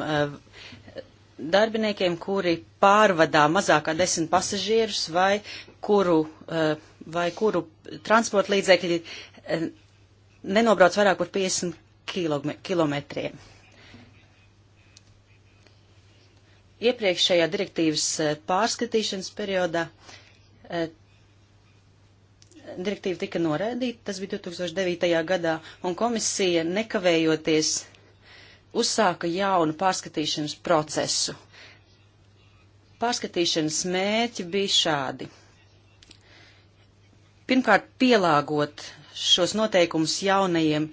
darbiniekiem, kuri pārvadā mazākā desmit pasažierus vai kuru, eh, vai kuru transporta līdzekļi eh, nenobrauc vairāk par 50 kilometriem. Iepriekšējā direktīvas eh, pārskatīšanas periodā direktīva tika noraidīta, tas bija 2009. gadā, un komisija nekavējoties uzsāka jaunu pārskatīšanas procesu. Pārskatīšanas mēķi bija šādi. Pirmkārt, pielāgot šos noteikumus jaunajiem,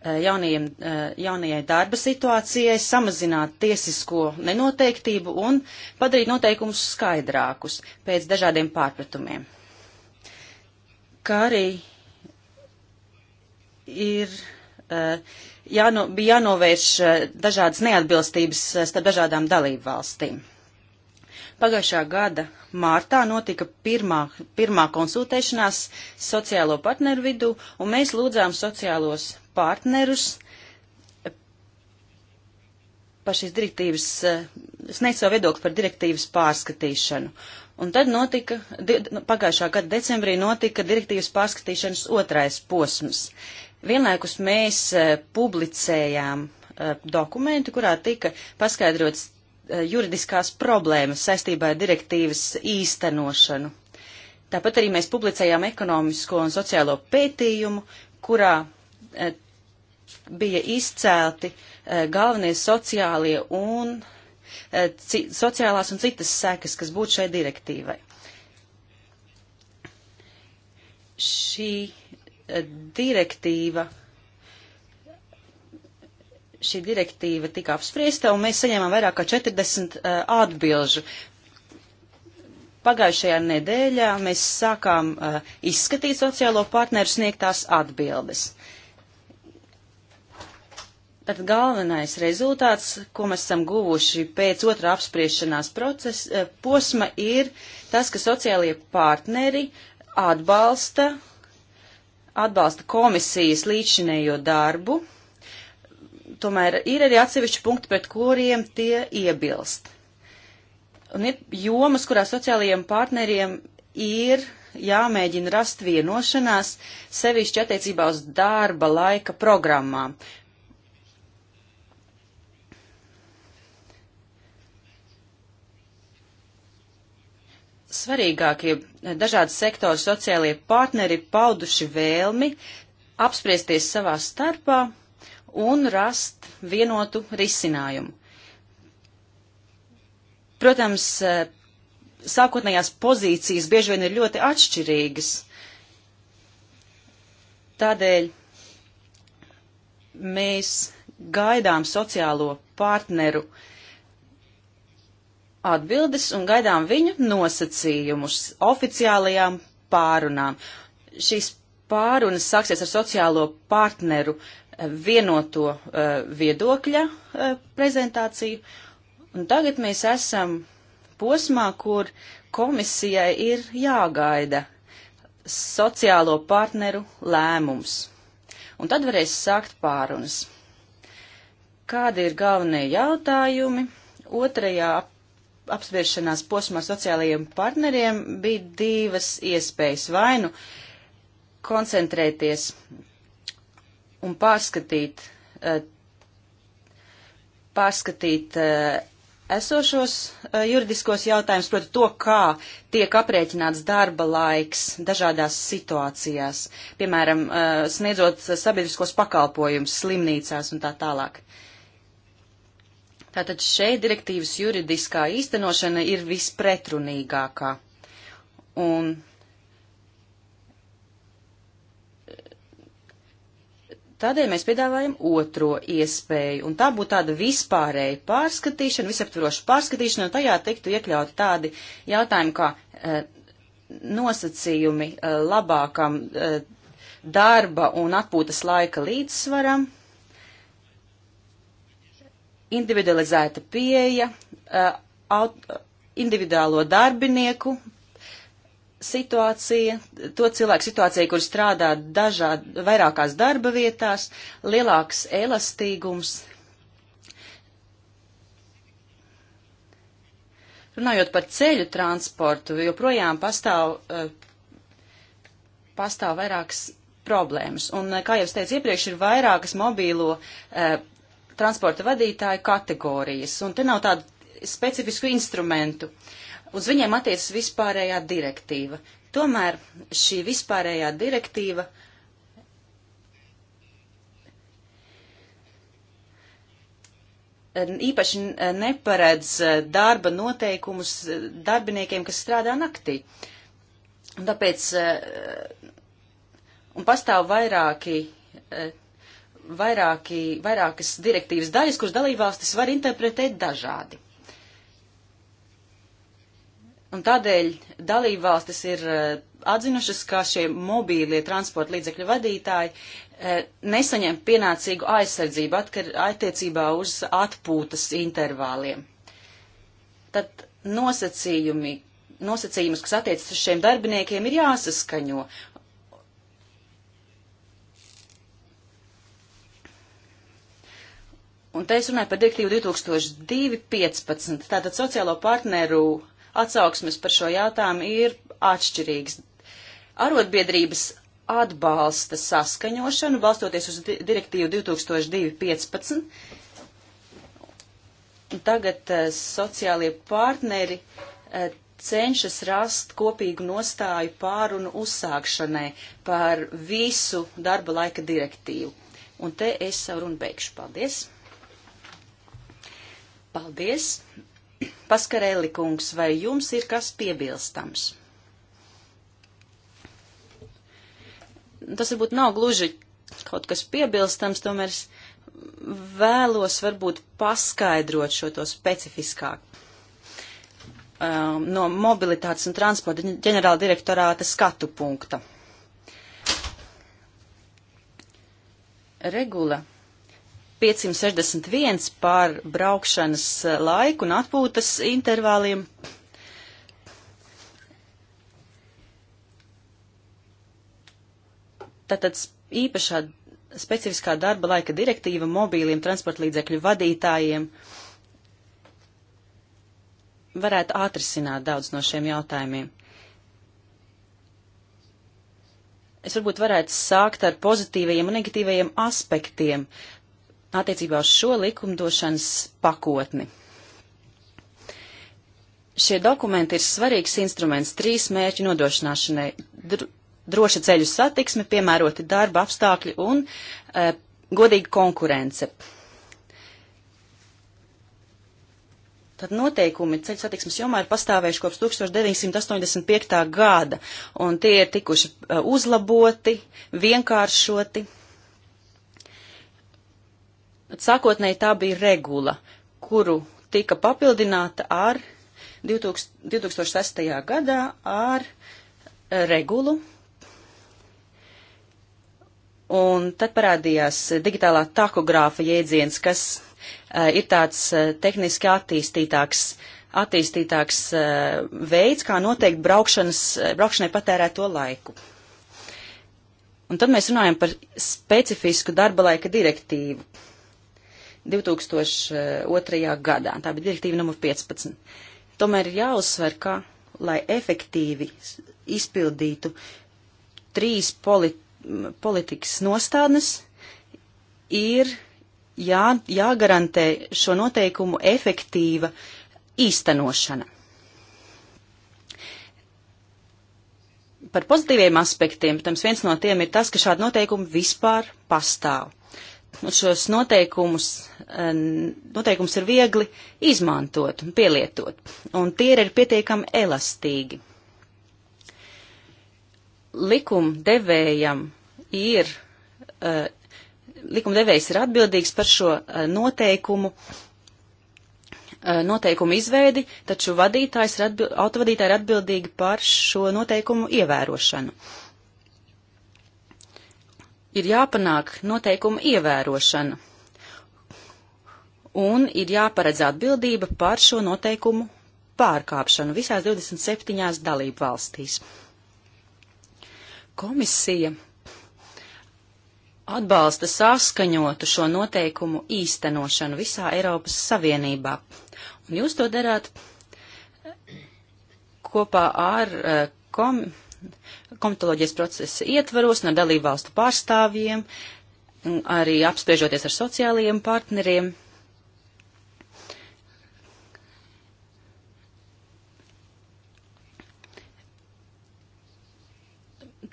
eh, jaunajiem, eh, jaunajai darba situācijai, samazināt tiesisko nenoteiktību un padarīt noteikumus skaidrākus pēc dažādiem pārpratumiem. Kā arī ir uh, jāno, bija jānovērš eh, dažādas neatbilstības eh, starp dažādām dalību valstīm. Pagājušā gada mārtā notika pirmā, pirmā konsultēšanās sociālo partneru vidū, un mēs lūdzām sociālos partnerus eh, par šīs direktīvas, sniegt savu viedokli par direktīvas pārskatīšanu. Un tad notika, di, pagājušā gada decembrī notika direktīvas pārskatīšanas otrais posms. Vienlaikus mēs e, publicējām e, dokumentu, kurā tika paskaidrots e, juridiskās problēmas saistībā ar direktīvas īstenošanu. Tāpat arī mēs publicējām ekonomisko un sociālo pētījumu, kurā e, bija izcēlti e, galvenie sociālie un e, ci, sociālās un citas sekas, kas būtu šai direktīvai. Šī direktīva, šī direktīva tika apspriesta, un mēs saņēmām vairāk kā 40 uh, eh, atbilžu. Pagājušajā nedēļā mēs sākām uh, izskatīt sociālo partneru sniegtās atbildes. Tad galvenais rezultāts, ko mēs esam guvuši pēc otrā apspriešanās procesa uh, posma, ir tas, ka sociālie partneri atbalsta uh, atbalsta komisijas līdzinējo darbu, tomēr ir arī atsevišķi punkti, pret kuriem tie iebilst. Un ir jomas, kurā sociālajiem partneriem ir jāmēģina rast vienošanās, sevišķi attiecībā uz darba laika programmām. svarīgākie dažādi sektori sociālie partneri pauduši vēlmi apspriesties savā starpā un rast vienotu risinājumu. Protams, eh, sākotnējās pozīcijas bieži vien ir ļoti atšķirīgas. Tādēļ mēs gaidām sociālo partneru uh, atbildes un gaidām viņu nosacījumus oficiālajām pārunām. Šīs pārunas sāksies ar sociālo partneru eh, vienoto uh, viedokļa uh, prezentāciju. Un tagad mēs esam posmā, kur komisijai ir jāgaida sociālo partneru lēmums. Un tad varēs sākt pārunas. Kādi ir galvenie jautājumi? Otrajā apspriešanās posmā sociālajiem partneriem bija divas iespējas. Vai nu koncentrēties un pārskatīt, eh, pārskatīt eh, esošos eh, juridiskos jautājumus, proti to, kā tiek aprēķināts darba laiks dažādās situācijās, piemēram, sniedzot sabiedriskos pakalpojumus slimnīcās un tā tālāk. Uh, Tātad šeit direktīvas juridiskā īstenošana ir vispretrunīgākā. Un Tādēļ mēs piedāvājam otro iespēju, un tā būtu tāda vispārēja pārskatīšana, visaptvaroša pārskatīšana, un tajā tiktu iekļauti tādi jautājumi kā e, nosacījumi e, labākam e, darba un atpūtas laika līdzsvaram, individualizēta pieeja, uh, aut, individuālo darbinieku situācija, to cilvēku situācija, kur strādā dažād, vairākās darba vietās, lielāks elastīgums. Runājot par ceļu transportu, joprojām pastāv, uh, pastāv vairākas problēmas. Un, uh, kā jau es teicu iepriekš, ir vairākas mobīlo transporta vadītāju kategorijas, un te nav tādu specifisku instrumentu. Uz viņiem attiecas vispārējā direktīva. Tomēr šī vispārējā direktīva īpaši neparedz darba noteikumus darbiniekiem, kas strādā naktī. Un tāpēc eh, un pastāv vairāki eh, vairāki, vairākas direktīvas daļas, kuras dalībvalstis var interpretēt dažādi. Un tādēļ dalībvalstis ir eh, atzinušas, ka šie mobīlie transporta līdzekļu vadītāji eh, nesaņem pienācīgu aizsardzību attiecībā uz atpūtas intervāliem. Tad nosacījumi, nosacījumus, kas attiecas uz šiem darbiniekiem, ir jāsaskaņo, Un te es runāju par direktīvu 2002.15. Tātad sociālo partneru atsauksmes par šo jautājumu ir atšķirīgas. Arotbiedrības atbalsta saskaņošanu, balstoties uz direktīvu 2002.15. Tagad uh, sociālie partneri uh, cenšas rast kopīgu nostāju pārunu uzsākšanai par visu darba laika direktīvu. Un te es savu runu beigšu. Paldies! Paldies! Paskarēli kungs, vai jums ir kas piebilstams? Tas varbūt nav gluži kaut kas piebilstams, tomēr es vēlos varbūt paskaidrot šo to specifiskāk. Um, no mobilitātes un transporta ģenerāla direktorāta skatu punkta. Regula 561 par braukšanas eh, laiku un atpūtas intervāliem. Tātad īpašā specifiskā darba laika direktīva mobīliem transportlīdzekļu vadītājiem varētu atrisināt daudz no šiem jautājumiem. Es varbūt varētu sākt ar pozitīvajiem un negatīvajiem aspektiem, uh, attiecībā uz šo likumdošanas pakotni. Šie dokumenti ir svarīgs instruments trīs mērķu nodošanāšanai dr - droša ceļu satiksme, piemēroti darba apstākļi un e, godīga konkurence. Tad noteikumi ceļu satiksmes jomā ir pastāvējuši kopš 1985. gada, un tie ir tikuši e, uzlaboti, vienkāršoti Sākotnēji tā bija regula, kuru tika papildināta ar 2000, 2006. gadā ar regulu. Un tad parādījās digitālā takogrāfa jēdziens, kas uh, ir tāds uh, tehniski attīstītāks, attīstītāks uh, veids, kā noteikt braukšanas, braukšanai patērēto laiku. Un tad mēs runājam par specifisku darba laika direktīvu 2002. gadā. Tā bija direktīva numur 15. Tomēr ir jāuzsver, ka, lai efektīvi izpildītu trīs polit politikas nostādnes, ir jā, jāgarantē šo noteikumu efektīva īstenošana. Par pozitīviem aspektiem, protams, viens no tiem ir tas, ka šādi noteikumi vispār pastāv šos noteikumus, eh, noteikumus ir viegli izmantot un pielietot, un tie ir pietiekami elastīgi. Likumdevējam ir, eh, likumdevējs ir atbildīgs par šo eh, noteikumu, noteikumu izveidi, taču vadītājs ir atbild, autovadītāji ir atbildīgi par šo noteikumu ievērošanu. Uh, ir jāpanāk noteikuma ievērošana un ir jāparedz atbildība par šo noteikumu pārkāpšanu visās 27 dalību valstīs. Komisija atbalsta saskaņotu šo noteikumu īstenošanu visā Eiropas Savienībā. Un jūs to darāt kopā ar eh, kom, komitoloģijas procesa ietvaros un ar dalību valstu pārstāvjiem, arī apspriežoties ar sociālajiem partneriem.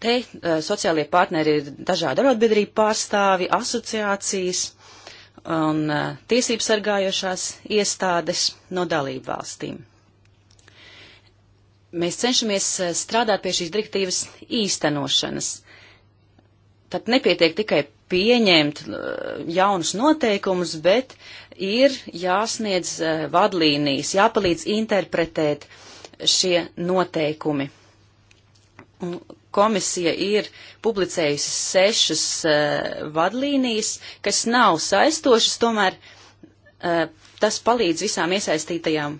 Te uh, sociālie partneri ir dažādi arotbiedrību pārstāvi, asociācijas un uh, eh, tiesības sargājošās iestādes no dalību valstīm mēs cenšamies eh, strādāt pie šīs direktīvas īstenošanas. Tad nepietiek tikai pieņemt eh, jaunus noteikumus, bet ir jāsniedz eh, vadlīnijas, jāpalīdz interpretēt šie noteikumi. Komisija ir publicējusi sešas vadlīnijas, kas nav saistošas, tomēr tas palīdz visām iesaistītajām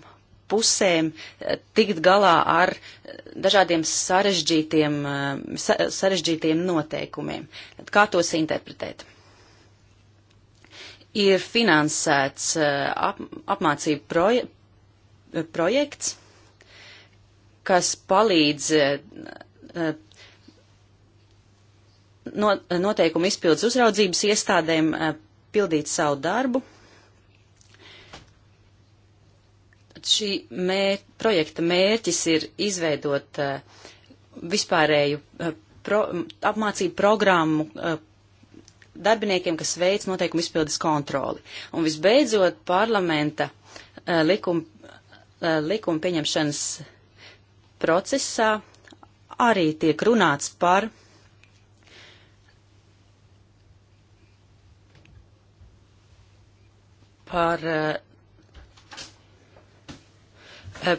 pusēm eh, tikt galā ar eh, dažādiem sarežģītiem, eh, sarežģītiem noteikumiem. Kā tos interpretēt? Ir finansēts ap, apmācību proje, projekts, kas palīdz noteikumu izpildes uzraudzības iestādēm pildīt savu darbu šī mēr, projekta mērķis ir izveidot uh, vispārēju uh, pro, apmācību programmu uh, darbiniekiem, kas veic noteikumu izpildes kontroli. Un visbeidzot, parlamenta uh, likuma, uh, likuma pieņemšanas procesā arī tiek runāts par par uh, Eh,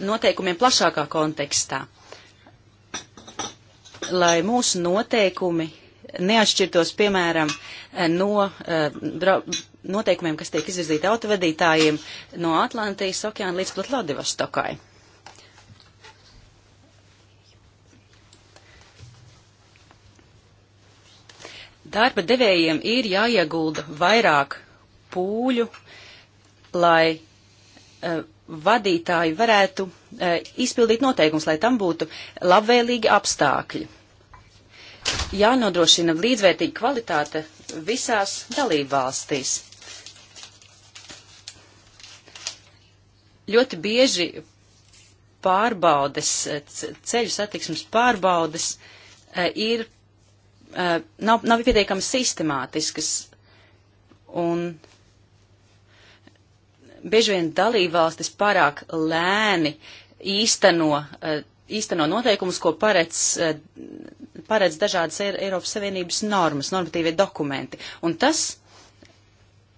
noteikumiem plašākā kontekstā, lai mūsu noteikumi neatšķirtos, piemēram, eh, no eh, noteikumiem, kas tiek izvirzīti autovadītājiem no Atlantijas okeāna līdz pat Vladivostokai. Darba devējiem ir jāiegulda vairāk pūļu, lai uh, vadītāji varētu e, izpildīt noteikums, lai tam būtu labvēlīgi apstākļi. Jānodrošina līdzvērtīga kvalitāte visās dalībvalstīs. Ļoti bieži pārbaudes, e, ceļu satiksmes pārbaudes e, ir, nav, nav pietiekami sistemātiskas un bieži vien dalībvalstis pārāk lēni īsteno, eh, īsteno noteikumus, ko paredz, eh, paredz dažādas Eiropas Savienības normas, normatīvie dokumenti. Un tas,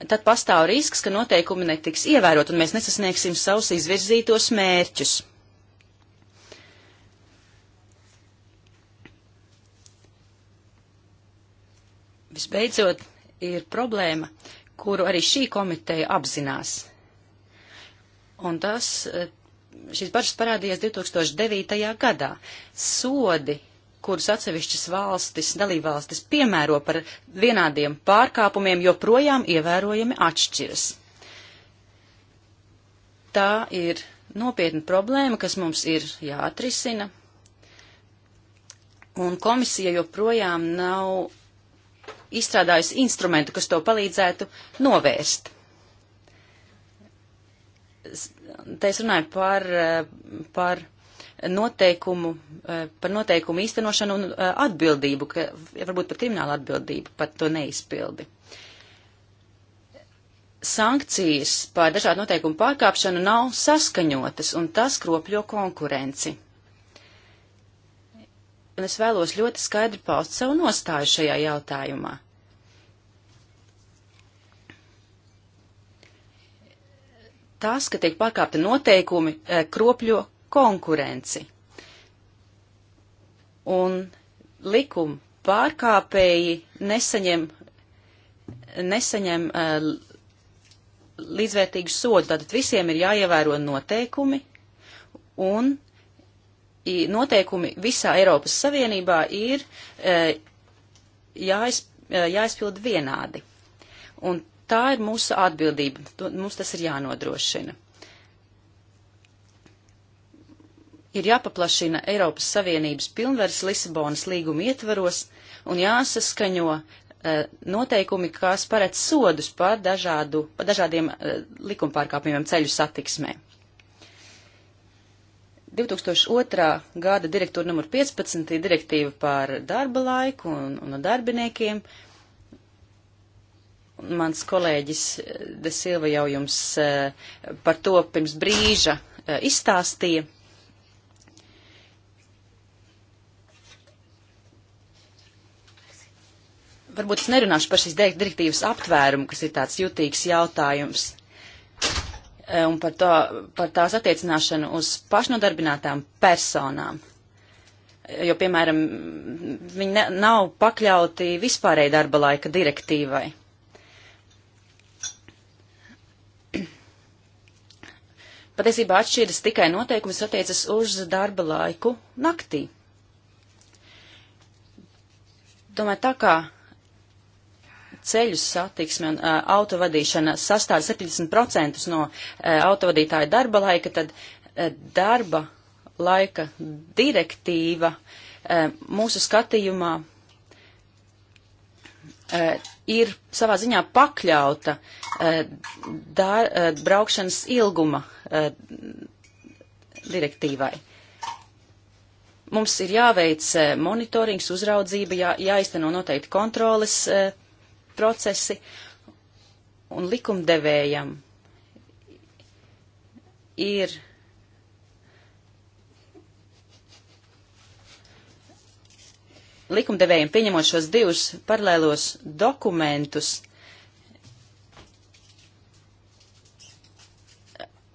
tad pastāv risks, ka noteikumi netiks ievērot un mēs nesasniegsim savus izvirzītos mērķus. Visbeidzot, ir problēma, kuru arī šī komiteja apzinās un tas, eh, šīs bažas parādījās 2009. gadā. Sodi, kurus atsevišķas valstis, dalībvalstis piemēro par vienādiem pārkāpumiem, joprojām ievērojami atšķiras. Tā ir nopietna problēma, kas mums ir jāatrisina, un komisija joprojām nav izstrādājusi instrumentu, kas to palīdzētu novērst te es runāju par, eh, par noteikumu, eh, par noteikumu īstenošanu un eh, atbildību, ka varbūt pat krimināla atbildība par to neizpildi. Sankcijas par dažādu noteikumu pārkāpšanu nav saskaņotas, un tas kropļo konkurenci. Un es vēlos ļoti skaidri paust savu nostāju šajā jautājumā. tas, ka tiek pārkāpti noteikumi, eh, kropļo konkurenci. Un likuma pārkāpēji nesaņem, nesaņem eh, līdzvērtīgu sodu. Tātad visiem ir jāievēro noteikumi, un noteikumi visā Eiropas Savienībā ir eh, jāiz, jāizpild vienādi. Un tā ir mūsu atbildība. To, mums tas ir jānodrošina. Ir jāpaplašina Eiropas Savienības pilnvaras Lisabonas līguma ietvaros un jāsaskaņo e, noteikumi, kas paredz sodus par, dažādu, par dažādiem e, likumpārkāpumiem ceļu satiksmē. 2002. gada direktūra numur 15 ir direktīva par darba laiku un, un darbiniekiem. Uh, Mans kolēģis eh, Desilva jau jums eh, par to pirms brīža eh, izstāstīja. Varbūt es nerunāšu par šīs direktīvas aptvērumu, kas ir tāds jutīgs jautājums, un par, to, par tās attiecināšanu uz pašnodarbinātām personām. Jo, piemēram, viņi ne, nav pakļauti vispārēji darba laika direktīvai. Patiesībā atšķiras tikai noteikums attiecas uz darba laiku naktī. Domāju, tā kā ceļu satiksme un uh, autovadīšana sastāv 70% no uh, autovadītāja darba laika, tad uh, darba laika direktīva uh, mūsu skatījumā uh, ir savā ziņā pakļauta eh, dā, eh, braukšanas ilguma eh, direktīvai. Mums ir jāveic monitorings, uzraudzība, jā, jāizteno noteikti kontroles procesi un likumdevējam ir likumdevējiem pieņemot šos divus paralēlos dokumentus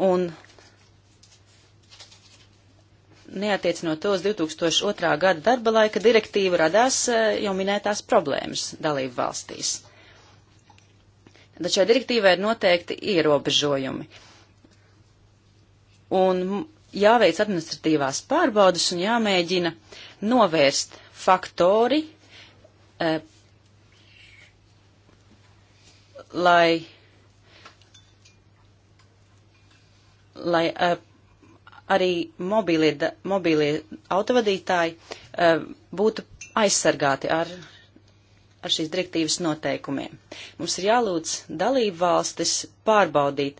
un neatiecinot to uz 2002. gada darba laika direktīvu, radās eh, jau minētās problēmas dalību valstīs. Taču šai direktīvai ir noteikti ierobežojumi. Un jāveic administratīvās pārbaudas un jāmēģina novērst faktori, eh, lai, lai eh, arī mobīlie, mobīlie autovadītāji eh, būtu aizsargāti ar, ar šīs direktīvas noteikumiem. Mums ir jālūdz dalību valstis pārbaudīt,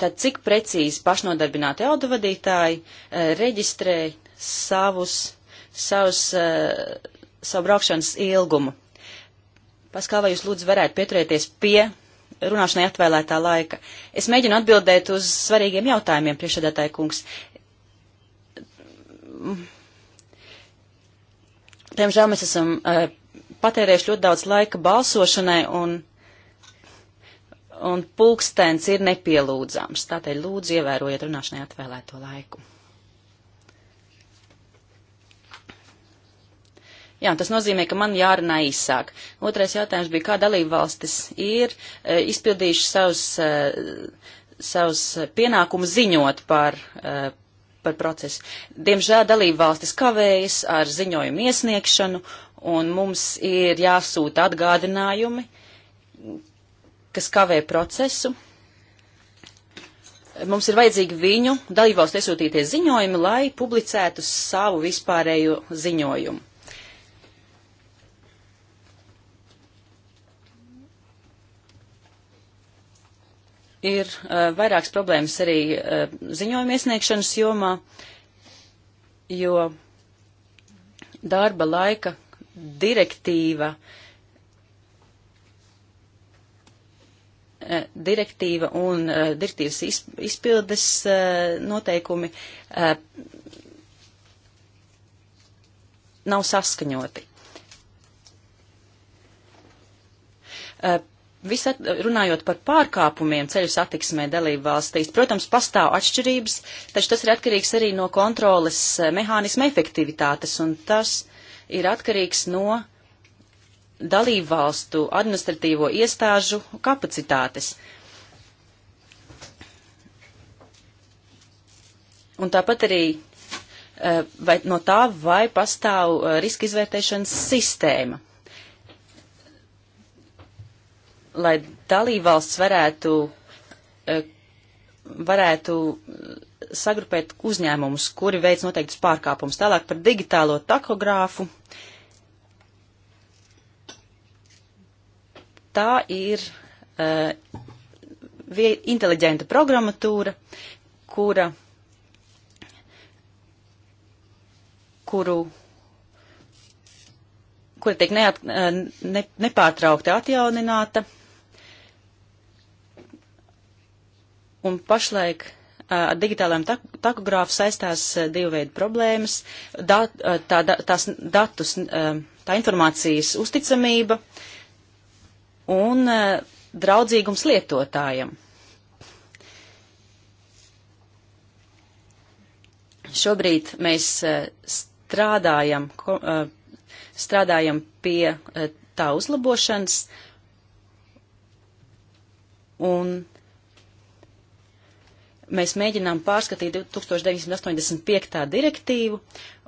tad cik precīzi pašnodarbināti autovadītāji e, reģistrē savus savus, eh, savu braukšanas ilgumu. Paskal, vai jūs lūdzu varētu pieturēties pie runāšanai atvēlētā laika? Es mēģinu atbildēt uz svarīgiem jautājumiem, priekšsēdētāja kungs. Diemžēl mēs esam uh, patērējuši ļoti daudz laika balsošanai, un, un pulkstens ir nepielūdzams. Tātad lūdzu ievērojiet runāšanai atvēlēto laiku. Jā, tas nozīmē, ka man jārunā īsāk. Otrais jautājums bija, kā dalība valstis ir eh, izpildījuši savus, eh, savus pienākumus ziņot par, eh, par procesu. Diemžēl dalība valstis kavējas ar ziņojumu iesniegšanu, un mums ir jāsūta atgādinājumi, kas kavē procesu. Mums ir vajadzīgi viņu dalībvalstu iesūtītie ziņojumi, lai publicētu savu vispārējo ziņojumu. ir uh, vairākas problēmas arī uh, ziņojuma iesniegšanas jomā, jo darba laika direktīva, uh, direktīva un uh, direktīvas izp izpildes uh, noteikumi uh, nav saskaņoti. Uh, Visat, runājot par pārkāpumiem ceļu satiksmē dalību valstīs, protams, pastāv atšķirības, taču tas ir atkarīgs arī no kontroles eh, mehānisma efektivitātes, un tas ir atkarīgs no dalību valstu administratīvo iestāžu kapacitātes. Un tāpat arī eh, vai, no tā, vai pastāv eh, riska izvērtēšanas sistēma lai dalībvalsts varētu, eh, varētu sagrupēt uzņēmumus, kuri veic noteiktus pārkāpumus. Tālāk par digitālo takogrāfu. Tā ir uh, inteliģenta programmatūra, kura, kuru, kura tiek neat, eh, ne, nepārtraukti atjaunināta. Uh, Un pašlaik ar digitālajiem takogrāfu saistās divu veidu problēmas, dat, tā, tās datus, tā informācijas uzticamība un draudzīgums lietotājam. Šobrīd mēs strādājam, strādājam pie tā uzlabošanas un mēs mēģinām pārskatīt 1985. direktīvu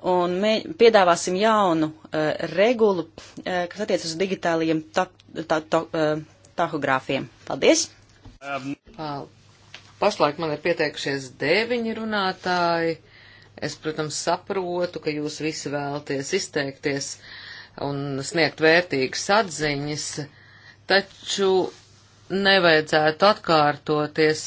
un mē, piedāvāsim jaunu uh, regulu, uh, kas attiec uz digitālajiem ta, ta, ta, uh, e, tahogrāfiem. Paldies! Um. Pašlaik man ir pieteikušies deviņi runātāji. Es, protams, saprotu, ka jūs visi vēlaties izteikties un sniegt vērtīgas atziņas, taču nevajadzētu atkārtoties.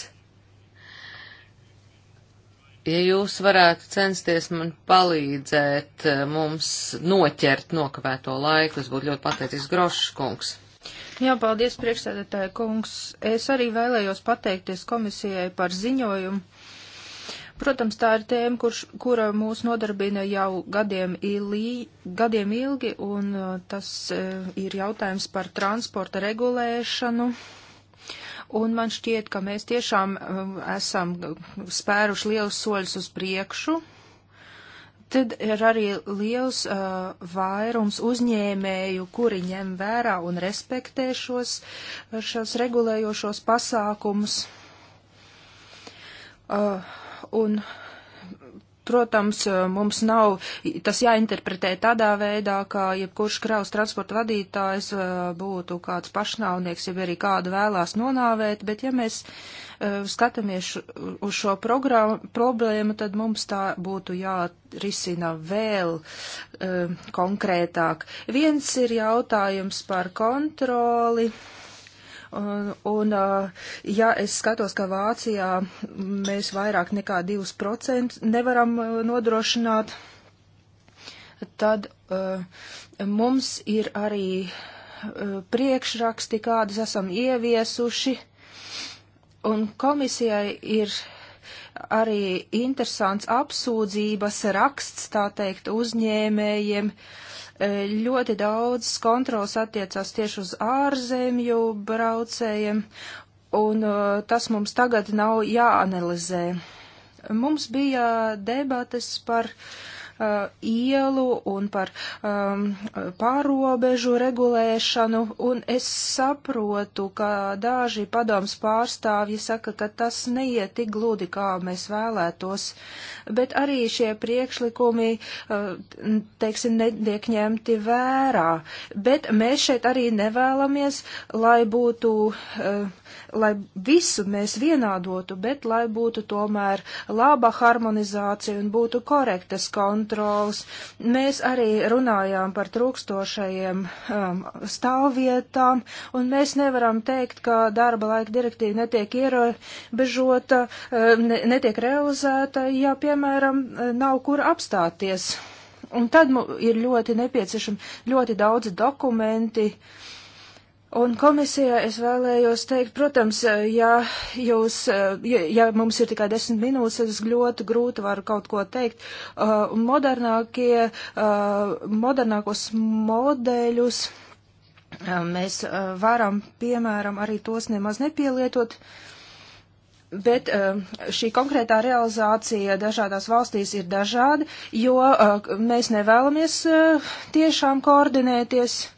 Ja jūs varētu censties man palīdzēt eh, mums noķert nokavēto laiku, es būtu ļoti pateicis Grošs kungs. Jā, paldies priekšsēdētāja kungs. Es arī vēlējos pateikties komisijai par ziņojumu. Protams, tā ir tēma, kurš, kura mūs nodarbina jau gadiem, ilī, gadiem ilgi, un eh, tas eh, ir jautājums par transporta regulēšanu un man šķiet, ka mēs tiešām um, esam spēruši lielus soļus uz priekšu. Tad ir arī liels uh, vairums uzņēmēju, kuri ņem vērā un respektē šos, šos regulējošos pasākumus. Uh, un uh, protams, eh, mums nav tas jāinterpretē tādā veidā, ka jebkurš kraus transporta vadītājs eh, būtu kāds pašnāvnieks, ja arī kādu vēlās nonāvēt, bet ja mēs eh, skatāmies uz šo problēmu, tad mums tā būtu jārisina vēl konkrētāk. Viens ir jautājums par kontroli. Un, un ja es skatos, ka Vācijā mēs vairāk nekā 2% nevaram nodrošināt, tad uh, mums ir arī uh, priekšraksti, kādas esam ieviesuši, un komisijai ir arī interesants apsūdzības raksts, tā teikt, uzņēmējiem, uh, ļoti daudz kontrols attiecās tieši uz ārzemju braucējiem, un uh, tas mums tagad nav jāanalizē. Mums bija debates par uh, uh, ielu un par um, pārobežu regulēšanu, un es saprotu, ka daži padoms pārstāvji saka, ka tas neiet tik gludi, kā mēs vēlētos, bet arī šie priekšlikumi, uh, teiksim, netiek ņemti vērā, bet mēs šeit arī nevēlamies, lai būtu. Uh, lai visu mēs vienādotu, bet lai būtu tomēr laba harmonizācija un būtu korektas kon kontrols. Mēs arī runājām par trūkstošajiem um, stāvvietām, un mēs nevaram teikt, ka darba laika direktīva netiek ierobežota, um, ne, netiek realizēta, ja, piemēram, nav kur apstāties. Un tad mums ir ļoti nepieciešami ļoti daudzi dokumenti. Uh, Un komisijā es vēlējos teikt, protams, eh, ja jūs, eh, ja, ja mums ir tikai desmit minūtes, es ļoti grūti varu kaut ko teikt. Uh, modernākie, uh, modernākos modeļus uh, mēs uh, varam, piemēram, arī tos nemaz nepielietot. Bet uh, šī konkrētā realizācija dažādās valstīs ir dažāda, jo uh, mēs nevēlamies uh, tiešām koordinēties. Uh,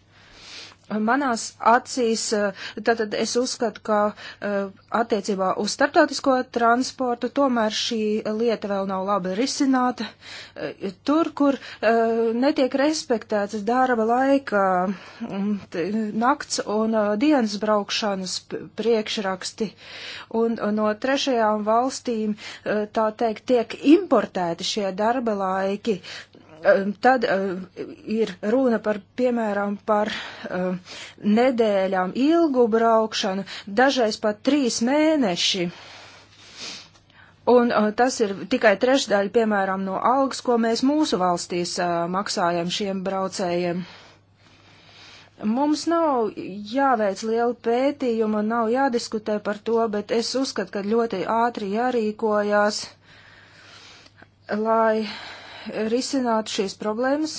manās acīs, eh, tātad es uzskatu, ka eh, attiecībā uz starptautisko transportu tomēr šī lieta vēl nav labi risināta. Eh, tur, kur netiek respektēts darba laika, mm, nakts un dienas braukšanas priekšraksti, un no trešajām valstīm, tā teikt, tiek importēti šie darba laiki, Ehm, tad ehm, ir runa par, piemēram, par ehm, nedēļām ilgu braukšanu, dažreiz pat trīs mēneši. Un eh, tas ir tikai trešdaļa, piemēram, no algas, ko mēs mūsu valstīs eh, maksājam šiem braucējiem. Mums nav jāveic liela pētījuma, nav jādiskutē par to, bet es uzskatu, ka ļoti ātri jārīkojās, lai risināt šīs problēmas,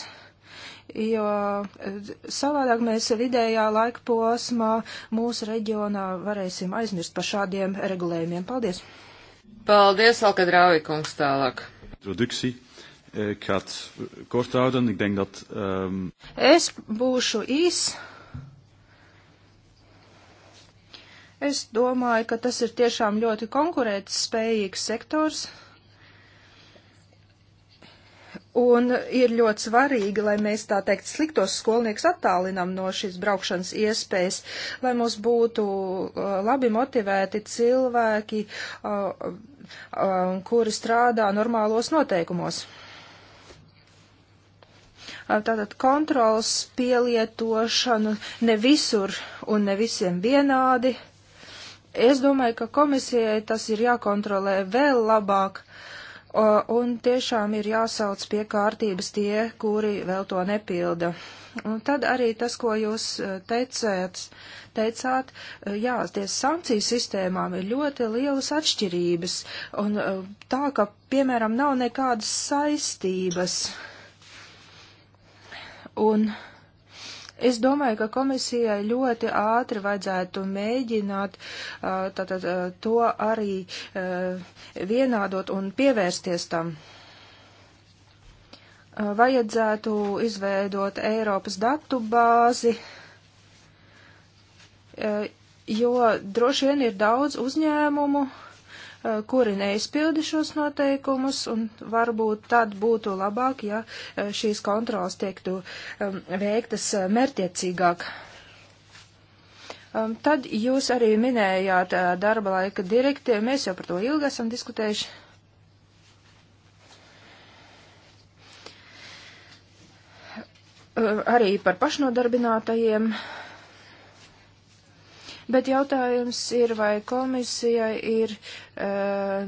jo e, savādāk mēs vidējā laika posmā mūsu reģionā varēsim aizmirst par šādiem regulējumiem. Paldies! Paldies, Alka Drāvikungs, tālāk! Introduksija. E, ik ga het kort houden. Ik denk dat. Um... Es būšu īs. Es domāju, ka tas ir tiešām ļoti konkurētspējīgs sektors. Un ir ļoti svarīgi, lai mēs tā teikt sliktos skolniekus attālinam no šīs braukšanas iespējas, lai mums būtu uh, labi motivēti cilvēki, uh, uh, kuri strādā normālos noteikumos. Uh, tātad kontrols pielietošanu ne visur un ne visiem vienādi. Es domāju, ka komisijai tas ir jākontrolē vēl labāk. Uh, Un tiešām ir jāsauc pie kārtības tie, kuri vēl to nepilda. Un tad arī tas, ko jūs e, teicāt, teicāt jā, tie sankciju sistēmām ir ļoti lielas atšķirības. Un e, tā, ka, piemēram, nav nekādas saistības. Un, uh, Es domāju, ka komisijai ļoti ātri vajadzētu mēģināt tātad, to arī vienādot un pievērsties tam. Vajadzētu izveidot Eiropas datu bāzi, jo droši vien ir daudz uzņēmumu, Eh, kuri neizpildi šos noteikumus, un varbūt tad būtu labāk, ja eh, šīs kontrolas tiektu eh, veiktas mērķiecīgāk. Tad jūs arī minējāt darba laika direktīvu, mēs jau par to ilgi esam diskutējuši. Arī par pašnodarbinātajiem. Uh, Bet jautājums ir, vai komisijai ir uh,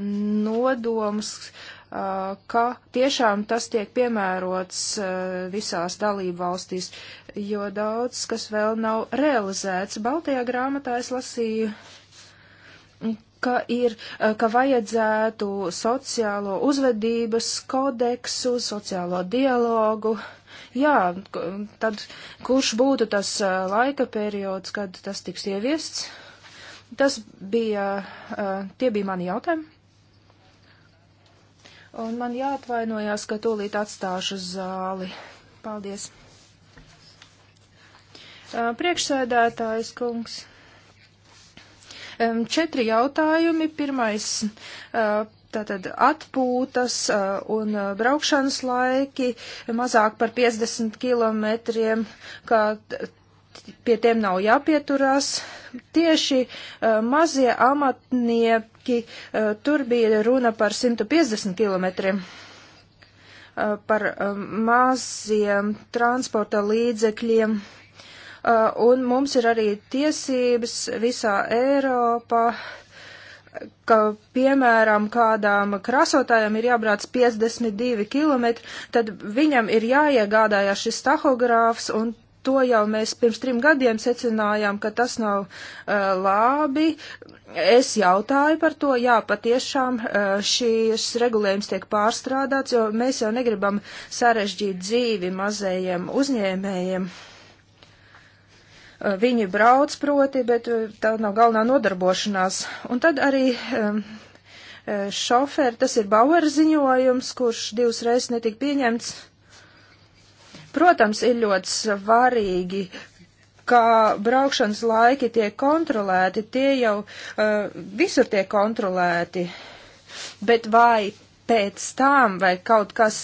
nodoms, uh, ka tiešām tas tiek piemērots uh, visās dalību valstīs, jo daudz, kas vēl nav realizēts. Baltajā grāmatā es lasīju ka ir, ka vajadzētu sociālo uzvedības kodeksu, sociālo dialogu uh, jā, tad kurš būtu tas laika periods, kad tas tiks ieviests? Tas bija, tie bija mani jautājumi. Un man jāatvainojās, ka tūlīt atstāšu zāli. Paldies. Priekšsēdētājs kungs. Četri jautājumi. Pirmais Tātad atpūtas uh, un uh, braukšanas laiki mazāk par 50 kilometriem, kā pie tiem nav jāpieturās. Tieši uh, mazie amatnieki, tur bija runa par 150 kilometriem par um, maziem transporta līdzekļiem. Un mums ir arī tiesības visā Eiropā uh, ka, piemēram, kādām krasotājām ir jābrāc 52 km, tad viņam ir jāiegādājās šis tahogrāfs, un to jau mēs pirms trim gadiem secinājām, ka tas nav uh, labi. Es jautāju par to, jā, patiešām uh, šīs regulējums tiek pārstrādāts, jo mēs jau negribam sarežģīt dzīvi mazajiem uzņēmējiem. Uh, Eh, viņi brauc proti, bet eh, tā nav galvenā nodarbošanās. Un tad arī eh, šoferi, tas ir Bauer ziņojums, kurš divas reizes netika pieņemts. Protams, ir ļoti svarīgi, kā braukšanas laiki tiek kontrolēti, tie jau uh, visur tiek kontrolēti, bet vai pēc tām vai kaut kas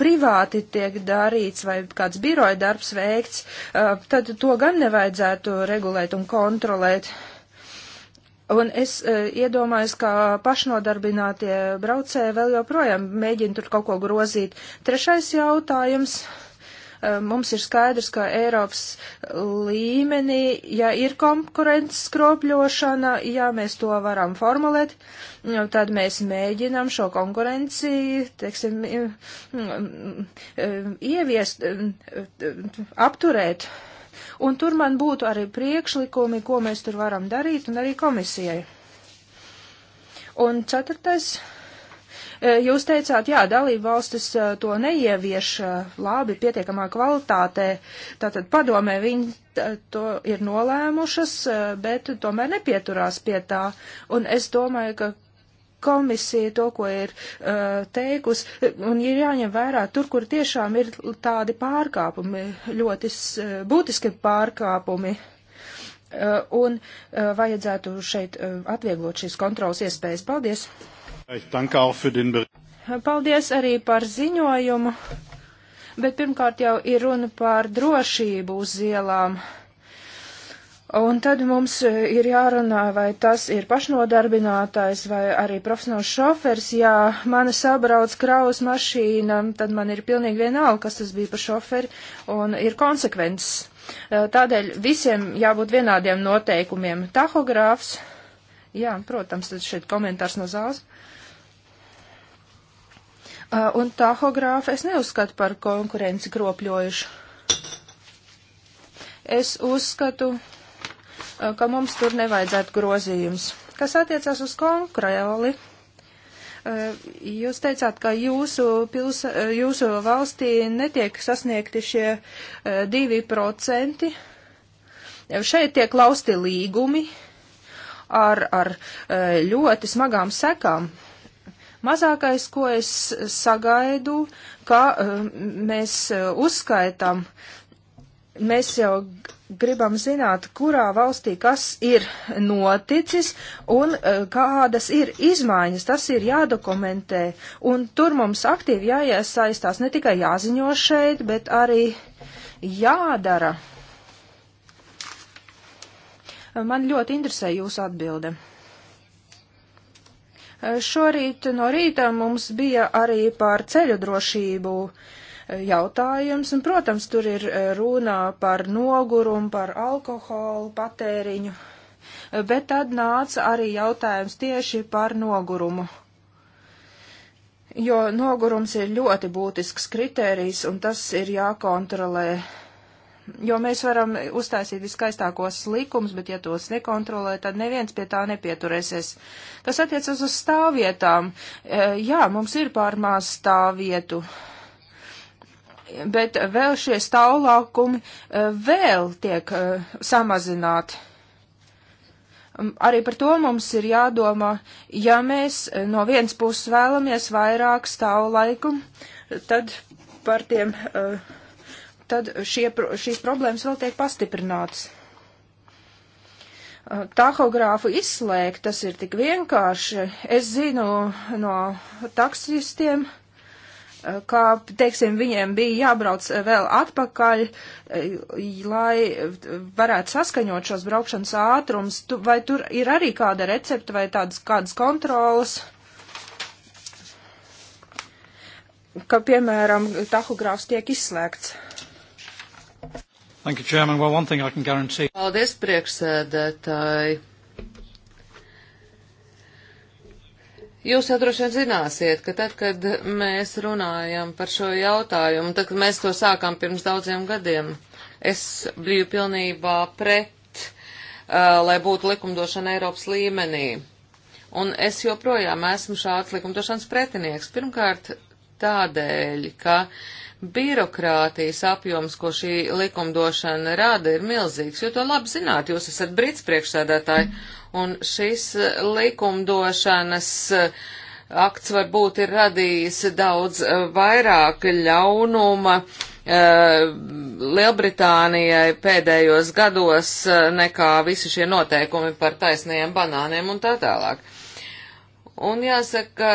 privāti tiek darīts vai kāds biroja darbs veikts, uh, tad to gan nevajadzētu regulēt un kontrolēt. Un es uh, iedomājos, ka pašnodarbinātie braucēji vēl joprojām mēģina tur kaut ko grozīt. Trešais jautājums Eh, mums ir skaidrs, ka Eiropas līmenī, ja ir konkurences skropļošana, ja mēs to varam formulēt, nu, tad mēs mēģinām šo konkurenci, teiksim, ieviest, apturēt. Un tur man būtu arī priekšlikumi, ko mēs tur varam darīt, un arī komisijai. Un ceturtais E, jūs teicāt, jā, dalība valstis e, to neievieš e, labi, pietiekamā kvalitātē. Tātad padomē viņi to ir nolēmušas, bet tomēr nepieturās pie tā. Un es domāju, ka komisija to, ko ir uh, teikusi, un ir jāņem vērā tur, kur tiešām ir tādi pārkāpumi, ļoti uh, būtiski pārkāpumi. Uh, un uh, vajadzētu šeit uh, atvieglot šīs kontrolas iespējas. Paldies! Paldies arī par ziņojumu, bet pirmkārt jau ir runa par drošību uz ielām. Un tad mums ir jārunā, vai tas ir pašnodarbinātais vai arī profesionāls šofers. Ja mani sabrauc kraus mašīna, tad man ir pilnīgi vienalga, kas tas bija par šoferi, un ir konsekvences. Tādēļ visiem jābūt vienādiem noteikumiem. Tahogrāfs, jā, protams, tad šeit komentārs no zāles. Uh, un tahogrāfu es neuzskatu par konkurenci kropļojušu. Es uzskatu, uh, ka mums tur nevajadzētu grozījums. Kas attiecas uz konkrēli, uh, jūs teicāt, ka jūsu, pils, jūsu valstī netiek sasniegti šie 2%. Šeit tiek lausti līgumi ar, ar ļoti smagām sekām Mazākais, ko es sagaidu, ka eh, mēs eh, uzskaitam, mēs jau gribam zināt, kurā valstī kas ir noticis un eh, kādas ir izmaiņas. Tas ir jādokumentē. Un tur mums aktīvi jāiesaistās ne tikai jāziņo šeit, bet arī jādara. Man ļoti interesē jūsu atbilde. Šorīt no rīta mums bija arī par ceļu drošību jautājums, un, protams, tur ir e, runa par nogurumu, par alkoholu patēriņu, bet tad nāca arī jautājums tieši par nogurumu. Jo nogurums ir ļoti būtisks kritērijs, un tas ir jākontrolē Jo mēs varam uztaisīt viskaistākos likumus, bet ja tos nekontrolē, tad neviens pie tā nepieturēsies. Kas attiecas uz stāvvietām, e, jā, mums ir pārmās stāvvietu. Bet vēl šie stāvlaukumi e, vēl tiek e, samazināti. Arī par to mums ir jādomā, ja mēs no vienas puses vēlamies vairāk stāvlaiku, tad par tiem uh, tad šie, šīs problēmas vēl tiek pastiprinātas. Tahogrāfu izslēgt, tas ir tik vienkārši. Es zinu no taksistiem, kā, teiksim, viņiem bija jābrauc vēl atpakaļ, lai varētu saskaņot šos braukšanas ātrums, tu, vai tur ir arī kāda recepta vai tādas kādas kontrolas, ka, piemēram, tahogrāfs tiek izslēgts. Thank you, Chairman. Well, one thing I can guarantee. Paldies, priekšsēdētāji. Jūs jau droši vien zināsiet, ka tad, kad mēs runājam par šo jautājumu, tad, kad mēs to sākām pirms daudziem gadiem, es biju pilnībā pret, uh, lai būtu likumdošana Eiropas līmenī. Un es joprojām esmu šāds likumdošanas pretinieks. Pirmkārt, tādēļ, ka birokrātijas apjoms, ko šī likumdošana rada, ir milzīgs, jo to labi zināt, jūs esat brits priekšsēdētāji, un šis likumdošanas eh, akts varbūt ir radījis daudz eh, vairāk ļaunuma eh, Lielbritānijai pēdējos gados nekā visi šie noteikumi par taisniem banāniem un tā tālāk. Un jāsaka,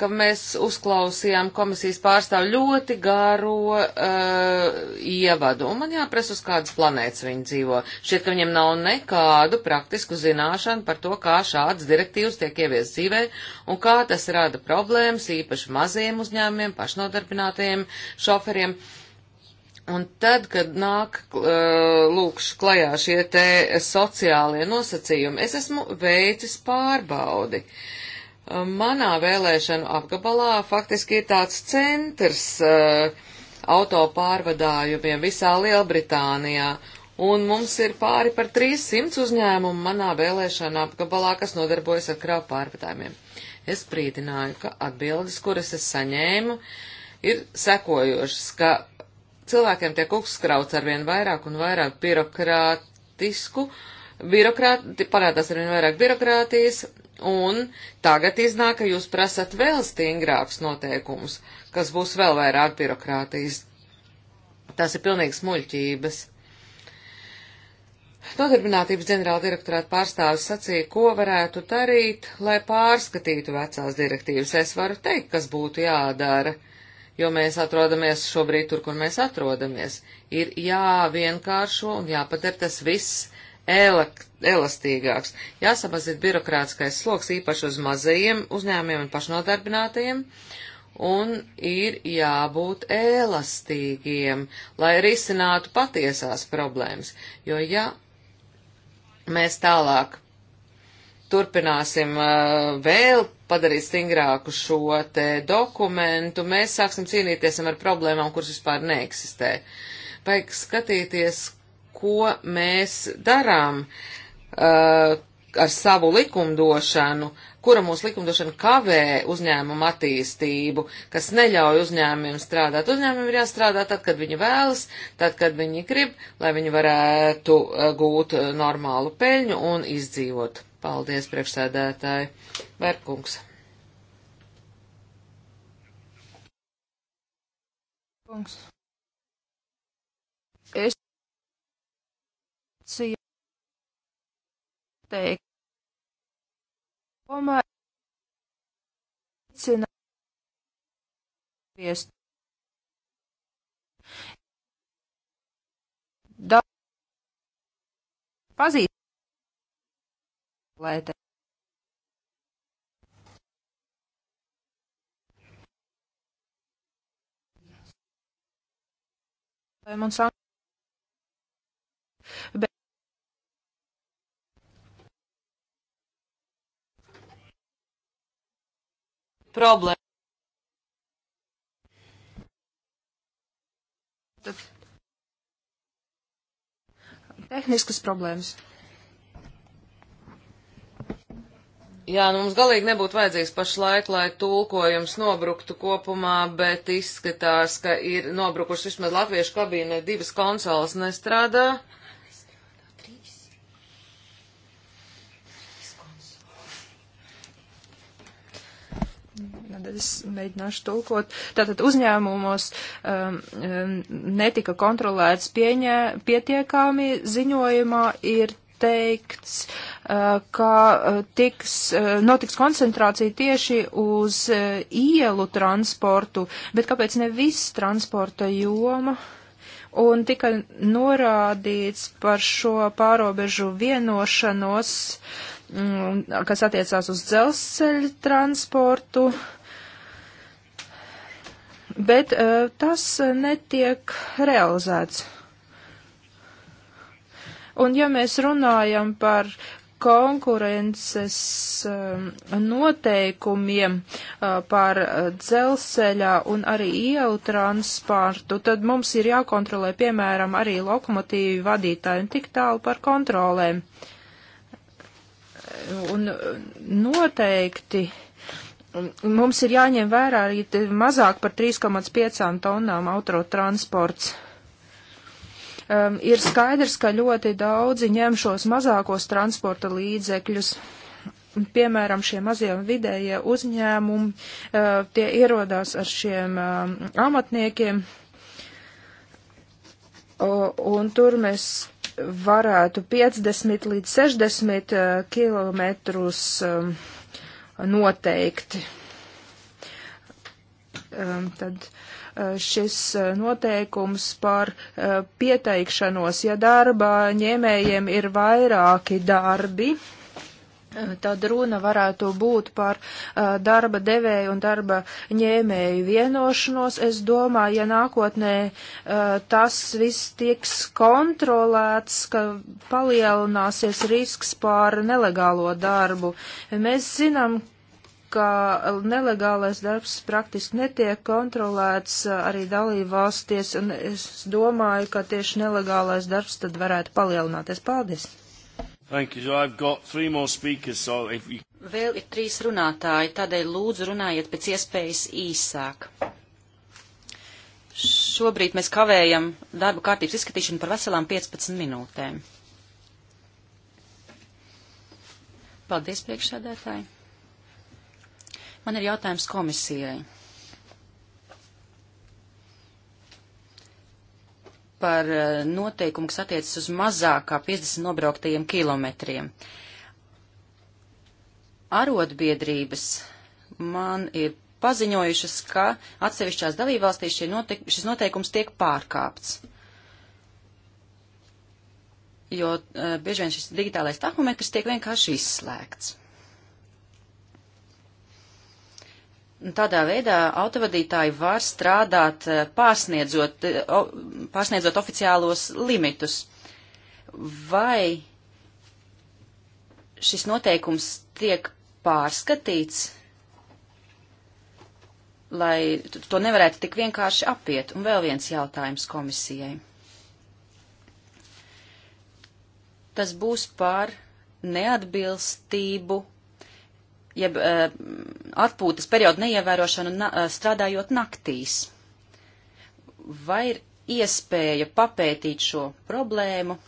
ka mēs uzklausījām komisijas pārstāvu ļoti garo uh, ievadu, un man jāpres uz kādas planētas viņi dzīvo. Šķiet, ka viņiem nav nekādu praktisku zināšanu par to, kā šādas direktīvas tiek ievies dzīvē, un kā tas rada problēmas īpaši maziem uzņēmumiem, pašnodarbinātajiem šoferiem. Un tad, kad nāk eh, lūkš klajā šie te sociālie nosacījumi, es esmu veicis pārbaudi. Uh, Um, manā vēlēšanu apgabalā faktiski ir tāds centrs uh, autopārvadājumiem visā Lielbritānijā, un mums ir pāri par 300 uzņēmumu manā vēlēšana apgabalā, kas nodarbojas ar kravu pārvadājumiem. Es brīdināju, ka atbildes, kuras es saņēmu, ir sekojošas, ka cilvēkiem tiek uzkrauts arvien vairāk un vairāk birokrātisku, birokrāti, parādās arvien vairāk birokrātijas, Un tagad iznāk, ka jūs prasat vēl stingrākus noteikumus, kas būs vēl vairāk birokrātijas. Tas ir pilnīgs muļķības. Nodarbinātības ģenerāla direktorāta pārstāvis sacīja, ko varētu darīt, lai pārskatītu vecās direktīvas. Es varu teikt, kas būtu jādara, jo mēs atrodamies šobrīd tur, kur mēs atrodamies. Ir jāvienkāršo un jāpadara tas viss elastīgāks. Jāsamazina birokrātiskais sloks īpaši uz mazajiem uzņēmumiem un pašnodarbinātajiem, un ir jābūt elastīgiem, lai risinātu patiesās problēmas, jo ja mēs tālāk turpināsim uh, vēl padarīt stingrāku šo te dokumentu, mēs sāksim cīnīties ar problēmām, kuras vispār neeksistē. Vajag skatīties, ko mēs darām uh, ar savu likumdošanu, kura mūsu likumdošana kavē uzņēmumu attīstību, kas neļauj uzņēmumiem strādāt. Uzņēmumiem ir jāstrādā tad, kad viņi vēlas, tad, kad viņi grib, lai viņi varētu uh, gūt uh, normālu peļņu un izdzīvot. Paldies, priekšsēdētāji. Vērkungs. Kungs. Es noteikti. Tomēr aicina viest. Da pazīst. Lētē. Vai man sāk? problēma. Tehniskas problēmas. Jā, nu mums galīgi nebūtu vajadzīgs pašlaik, lai tulkojums nobruktu kopumā, bet izskatās, ka ir nobrukuši vismaz latviešu kabīne, divas konsoles nestrādā. Uh, tādēļ es mēģināšu tulkot. Tātad uzņēmumos um, um, netika kontrolēts pieņē, pietiekami ziņojumā ir teikts, uh, ka uh, tiks, uh, notiks koncentrācija tieši uz uh, ielu transportu, bet kāpēc ne viss transporta joma? Un tika norādīts par šo pārobežu vienošanos uh, kas attiecās uz dzelzceļa transportu, bet uh, tas netiek realizēts. Un ja mēs runājam par konkurences eh, noteikumiem eh, par dzelzceļā un arī ielu transportu, tad mums ir jākontrolē, piemēram, arī lokomotīvi vadītāji un tik tālu par kontrolēm. Un noteikti uh, Mums ir jāņem vērā arī mazāk par 3,5 tonnām autotransports. Um, ir skaidrs, ka ļoti daudzi ņem šos mazākos transporta līdzekļus. Piemēram, šie mazie un vidējie uzņēmumi, uh, tie ierodās ar šiem uh, amatniekiem. O, un tur mēs varētu 50 līdz 60 uh, kilometrus. Uh, noteikti. Um, tad uh, šis uh, noteikums par uh, pieteikšanos, ja darba ņēmējiem ir vairāki darbi, Tad runa varētu būt par uh, darba devēju un darba ņēmēju vienošanos. Es domāju, ja nākotnē uh, tas viss tiks kontrolēts, ka palielināsies risks pār nelegālo darbu. Mēs zinām, ka nelegālais darbs praktiski netiek kontrolēts arī dalību valsties, un es domāju, ka tieši nelegālais darbs tad varētu palielināties. Paldies! Thank you. So I've got three more speakers, so if you... Vēl ir trīs runātāji, tādēļ lūdzu runājiet pēc iespējas īsāk. Šobrīd mēs kavējam darba kārtības izskatīšanu par veselām 15 minūtēm. Paldies, priekšsēdētāji. Man ir jautājums komisijai. par eh, noteikumu, kas attiecas uz mazākā 50 nobrauktajiem kilometriem. Arotbiedrības man ir paziņojušas, ka atsevišķās dalībvalstīs note šis noteikums tiek pārkāpts. Jo uh, bieži vien šis digitālais tachometrs tiek vienkārši izslēgts. Tādā veidā autovadītāji var strādāt eh, pārsniedzot, eh, pārsniedzot oficiālos limitus. Vai šis noteikums tiek pārskatīts, lai to nevarētu tik vienkārši apiet? Un vēl viens jautājums komisijai. Tas būs par neatbilstību jeb eh, atpūtas periodu neievērošanu na, eh, strādājot naktīs. Vai ir iespēja papētīt šo problēmu eh,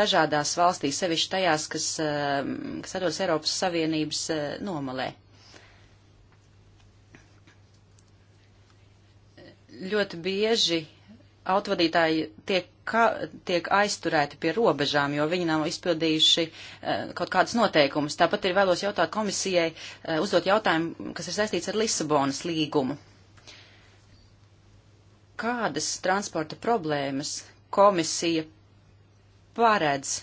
dažādās valstīs, sevišķi tajās, kas, kas atrodas Eiropas Savienības nomalē? Ļoti bieži autovadītāji tiek, ka, tiek aizturēti pie robežām, jo viņi nav izpildījuši uh, kaut kādas noteikumus. Tāpat ir vēlos jautāt komisijai, uh, uzdot jautājumu, kas ir saistīts ar Lisabonas līgumu. Kādas transporta problēmas komisija paredz,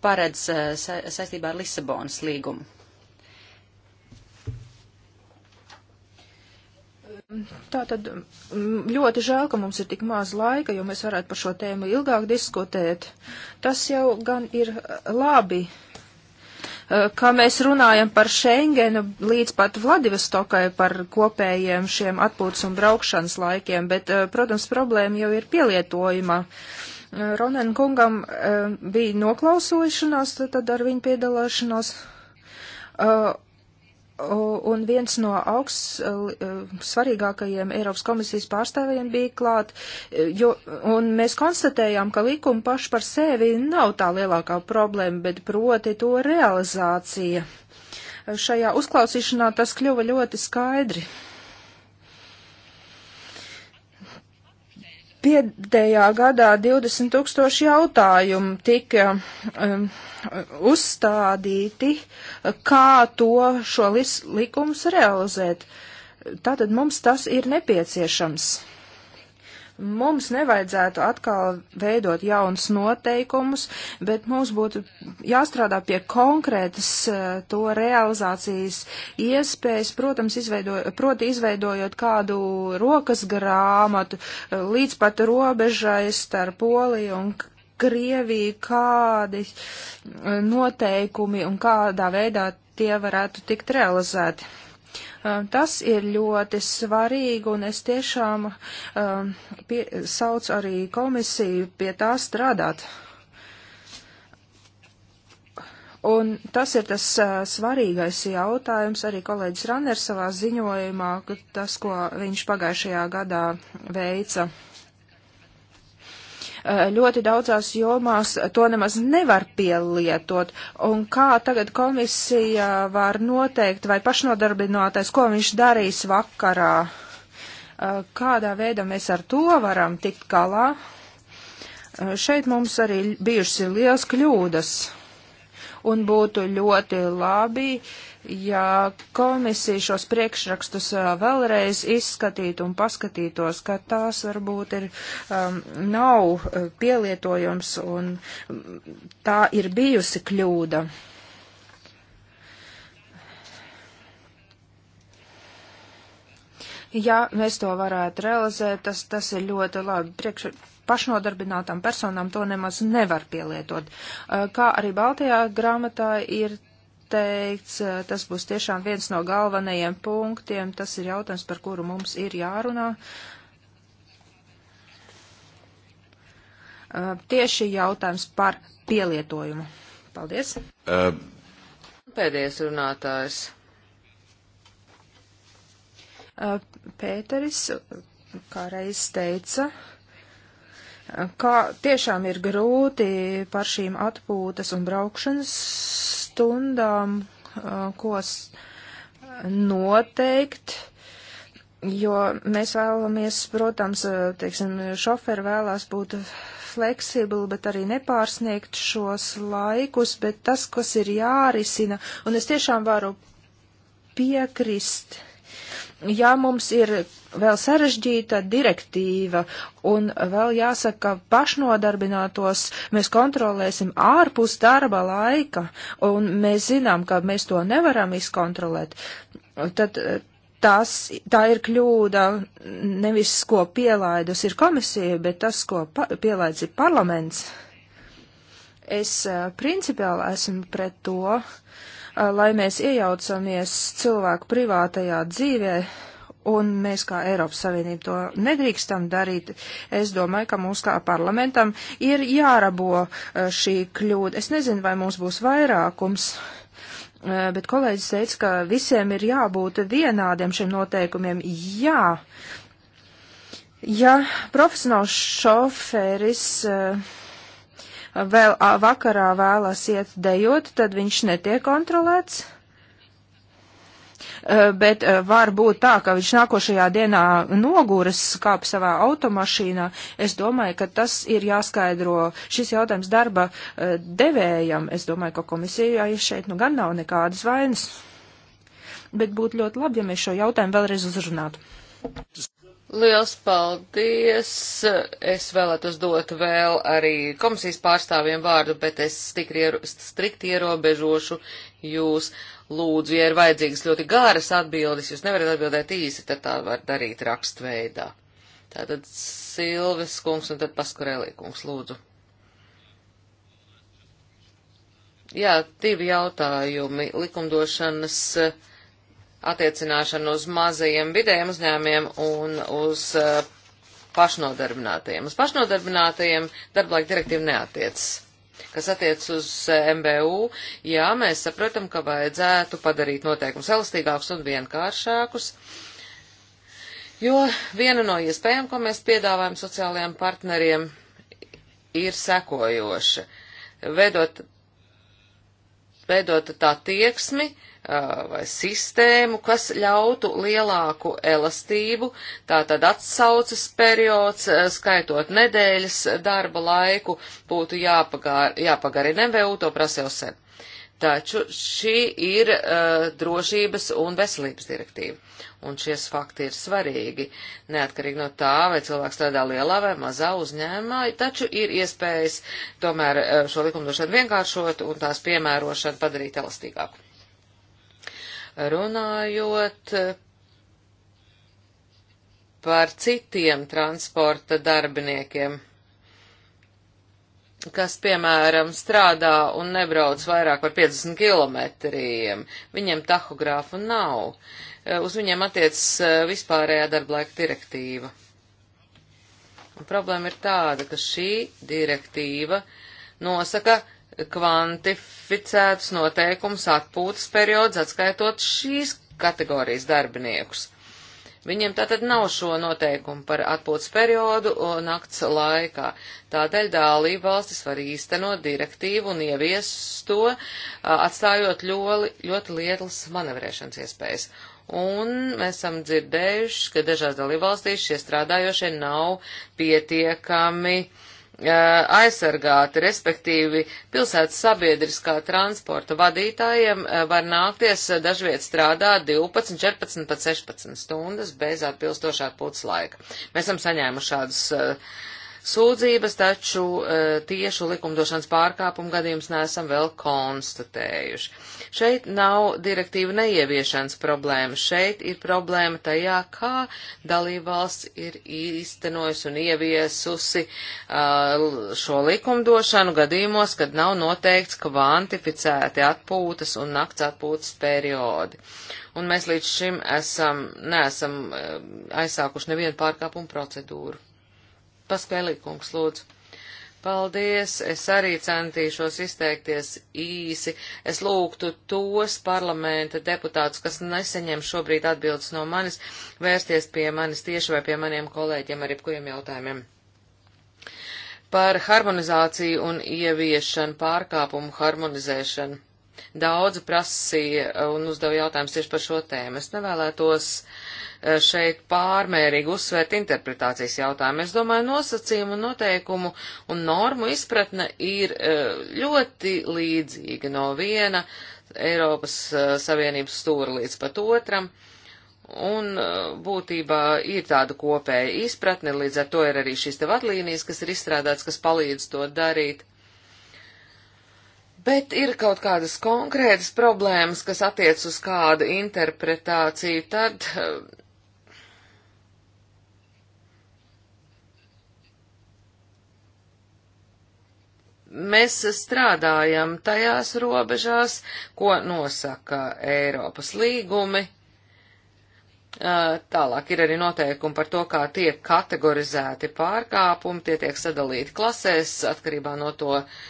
paredz uh, sa saistībā ar Lisabonas līgumu? Tā tad ļoti žēl, ka mums ir tik maz laika, jo mēs varētu par šo tēmu ilgāk diskutēt. Tas jau gan ir labi, ka mēs runājam par Schengenu līdz pat Vladivostokai par kopējiem šiem atpūtas un braukšanas laikiem, bet, protams, problēma jau ir pielietojuma. Ronen kungam bija noklausošanās, tad ar viņu piedalāšanos. Un viens no augsts eh, svarīgākajiem Eiropas komisijas pārstāvjiem bija klāt, eh, jo, un mēs konstatējām, ka likuma paši par sevi nav tā lielākā problēma, bet proti to realizācija. Šajā uzklausīšanā tas kļuva ļoti skaidri. Pēdējā gadā 20 tūkstoši jautājumu tika um, uzstādīti, kā to šo likumus realizēt. Tātad mums tas ir nepieciešams. Mums nevajadzētu atkal veidot jaunas noteikumus, bet mums būtu jāstrādā pie konkrētas eh, to realizācijas iespējas, protams, izveido, proti izveidojot kādu rokas grāmatu eh, līdz pat robežai starp Poliju un Krieviju, kādi eh, noteikumi un kādā veidā tie varētu tikt realizēti. Um, tas ir ļoti svarīgi, un es tiešām um, pie, sauc arī komisiju pie tā strādāt. Un tas ir tas uh, svarīgais jautājums arī kolēģis Ranners savā ziņojumā, tas, ko viņš pagājušajā gadā veica. Uh, Eh, ļoti daudzās jomās to nemaz nevar pielietot. Un kā tagad komisija var noteikt, vai pašnodarbinātais, ko viņš darīs vakarā? Eh, kādā veidā mēs ar to varam tikt galā? Eh, šeit mums arī bijušas liels kļūdas. Un būtu ļoti labi, uh, ja komisija šos priekšrakstus uh, vēlreiz izskatītu un paskatītos, ka tās varbūt ir, um, nav uh, pielietojums un mm, tā ir bijusi kļūda. Ja mēs to varētu realizēt, tas, tas ir ļoti labi. Priekš, pašnodarbinātām personām to nemaz nevar pielietot. Uh, kā arī Baltajā grāmatā ir noteikts. Tas būs tiešām viens no galvenajiem punktiem. Tas ir jautājums, par kuru mums ir jārunā. Tieši jautājums par pielietojumu. Paldies. Uh. Pēdējais runātājs. Pēteris, kā reiz teica, kā tiešām ir grūti par šīm atpūtas un braukšanas stundām, uh, ko noteikt, jo mēs vēlamies, protams, uh, teiksim, šoferi vēlās būt fleksibli, bet arī nepārsniegt šos laikus, bet tas, kas ir jārisina, un es tiešām varu piekrist ja mums ir vēl sarežģīta direktīva un vēl jāsaka, ka pašnodarbinātos mēs kontrolēsim ārpus darba laika un mēs zinām, ka mēs to nevaram izkontrolēt, tad eh, tas, tā ir kļūda nevis, ko pielaidus ir komisija, bet tas, ko pa, pielaidus ir parlaments. Es eh, principiāli esmu pret to, uh, lai mēs iejaucamies cilvēku privātajā dzīvē, un mēs kā Eiropas Savienība to nedrīkstam darīt. Es domāju, ka mums kā parlamentam ir jārabo šī kļūda. Es nezinu, vai mums būs vairākums. Bet kolēģis teica, ka visiem ir jābūt vienādiem šiem noteikumiem. Jā, ja profesionāls šoferis uh, vēl vakarā vēlas iet dejot, tad viņš netiek kontrolēts. E, bet e, var būt tā, ka viņš nākošajā dienā nogures kāp savā automašīnā. Es domāju, ka tas ir jāskaidro šis jautājums darba e, devējam. Es domāju, ka komisijai šeit nu gan nav nekādas vainas. Bet būtu ļoti labi, ja mēs šo jautājumu vēlreiz uzrunātu. Liels paldies! Es vēlētos dot vēl arī komisijas pārstāvjiem vārdu, bet es iero, strikti ierobežošu jūs. Lūdzu, ja ir vajadzīgas ļoti gāras atbildes, jūs nevarat atbildēt īsi, tad tā var darīt rakstveidā. Tātad Silves kungs un tad Paskurēlī kungs, lūdzu. Jā, divi jautājumi likumdošanas. Uh, attiecināšanu uz mazajiem vidējiem uzņēmiem un uz uh, pašnodarbinātajiem. Uz pašnodarbinātajiem darblaika direktīva neatiecas. Kas attiec uz eh, MBU, jā, mēs sapratam, ka vajadzētu padarīt noteikumus elastīgākus un vienkāršākus, jo viena no iespējām, ko mēs piedāvājam sociālajiem partneriem, ir sekojoša. Veidot, veidot tā tieksmi, uh, Uh, vai sistēmu, kas ļautu lielāku elastību, tātad atsaucas periods, uh, skaitot nedēļas darba laiku, būtu jāpagar, jāpagarina MVU, to prasa jau sen. Taču šī ir uh, drošības un veselības direktīva, un šies fakti ir svarīgi, neatkarīgi no tā, vai cilvēks strādā lielā vai mazā uzņēmumā, taču ir iespējas tomēr uh, šo likumdošanu vienkāršot un tās piemērošanu padarīt elastīgāku. Runājot par citiem transporta darbiniekiem, kas, piemēram, strādā un nebrauc vairāk par 50 kilometriem, viņiem tahogrāfu nav. Uz viņiem attiec e, vispārējā darba laika direktīva. Un problēma ir tāda, ka šī direktīva nosaka kvantificētus noteikumus atpūtas periods, atskaitot šīs kategorijas darbiniekus. Viņiem tātad nav šo noteikumu par atpūtas periodu nakts laikā. Tādēļ dālība valstis var īstenot direktīvu un ievies to, atstājot ļoli, ļoti lietlas manevrēšanas iespējas. Un mēs esam dzirdējuši, ka dažās dalībvalstīs šie strādājošie nav pietiekami uh, aizsargāti, respektīvi pilsētas sabiedriskā transporta vadītājiem var nākties dažviet strādāt 12, 14 pat 16 stundas bez atbilstošā puslaika. Mēs esam saņēmuši šādus uh, sūdzības, taču e, tiešu likumdošanas pārkāpumu gadījums neesam vēl konstatējuši. Šeit nav direktīva neieviešanas problēma, šeit ir problēma tajā, kā dalībvalsts ir īstenojusi un ieviesusi e, šo likumdošanu gadījumos, kad nav noteikts kvantificēti atpūtas un nakts atpūtas periodi. Un mēs līdz šim esam, neesam e, aizsākuši nevienu pārkāpumu procedūru. Paskēlī kungs lūdzu. Paldies, es arī centīšos izteikties īsi. Es lūgtu tos parlamenta deputātus, kas neseņem šobrīd atbildes no manis, vērsties pie manis tieši vai pie maniem kolēģiem ar jebkuriem jautājumiem. Par harmonizāciju un ieviešanu, pārkāpumu harmonizēšanu daudzi prasīja un uzdeva jautājumus tieši par šo tēmu. Es nevēlētos eh, šeit pārmērīgi uzsvērt interpretācijas jautājumu. Es domāju, nosacījumu, noteikumu un normu izpratne ir eh, ļoti līdzīga no viena Eiropas eh, Savienības stūra līdz pat otram. Un būtībā ir tāda kopēja izpratne, līdz ar to ir arī šīs te vadlīnijas, kas ir izstrādāts, kas palīdz to darīt. Bet ir kaut kādas konkrētas problēmas, kas attiec uz kādu interpretāciju, tad. Eh, mēs strādājam tajās robežās, ko nosaka Eiropas līgumi. Eh, tālāk ir arī noteikumi par to, kā tiek kategorizēti pārkāpumi, tie tiek sadalīti klasēs atkarībā no to, uh,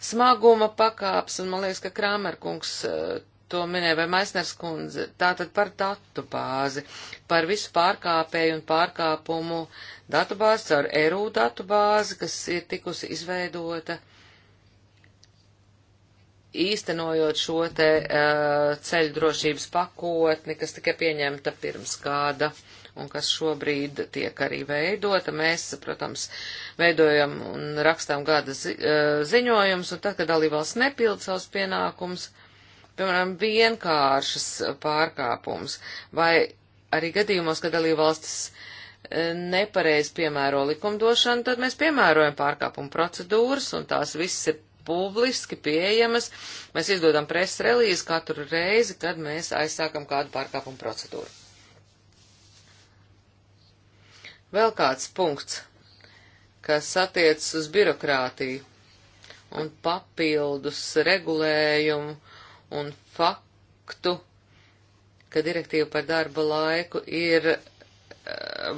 smaguma pakāps, un man liekas, ka Krāmerkungs eh, to minēja, vai Maisners kundze, tātad par datu bāzi, par visu pārkāpēju un pārkāpumu datu bāzi, caur ERU datu bāzi, kas ir tikusi izveidota, īstenojot šo te uh, ceļu drošības pakotni, kas tika pieņemta pirms kāda. Uh, un kas šobrīd tiek arī veidota. Mēs, protams, veidojam un rakstām gada zi ziņojums, un tad, kad dalībvalsts nepild savus pienākumus, piemēram, vienkāršas pārkāpums, vai arī gadījumos, kad dalībvalstis nepareiz piemēro likumdošanu, tad mēs piemērojam pārkāpumu procedūras, un tās viss ir publiski pieejamas. Mēs izdodam preses relīzi katru reizi, kad mēs aizsākam kādu pārkāpumu procedūru. Vēl kāds punkts, kas attiecas uz birokrātiju un papildus regulējumu un faktu, ka direktīva par darba laiku ir,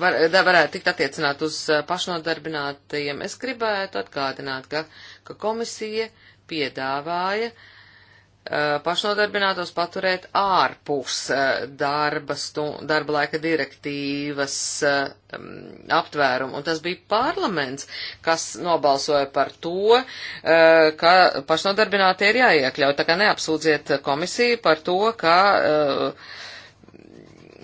var, varētu tikt attiecināt uz eh, pašnodarbinātajiem. Es gribētu atgādināt, ka, ka komisija piedāvāja uh, Eh, pašnodarbinātos paturēt ārpus eh, darba, stund, darba laika direktīvas eh, mm, aptvērumu. Un tas bija parlaments, kas nobalsoja par to, ka pašnodarbinātie ir jāiekļaut. Tā kā neapsūdziet komisiju par to, ka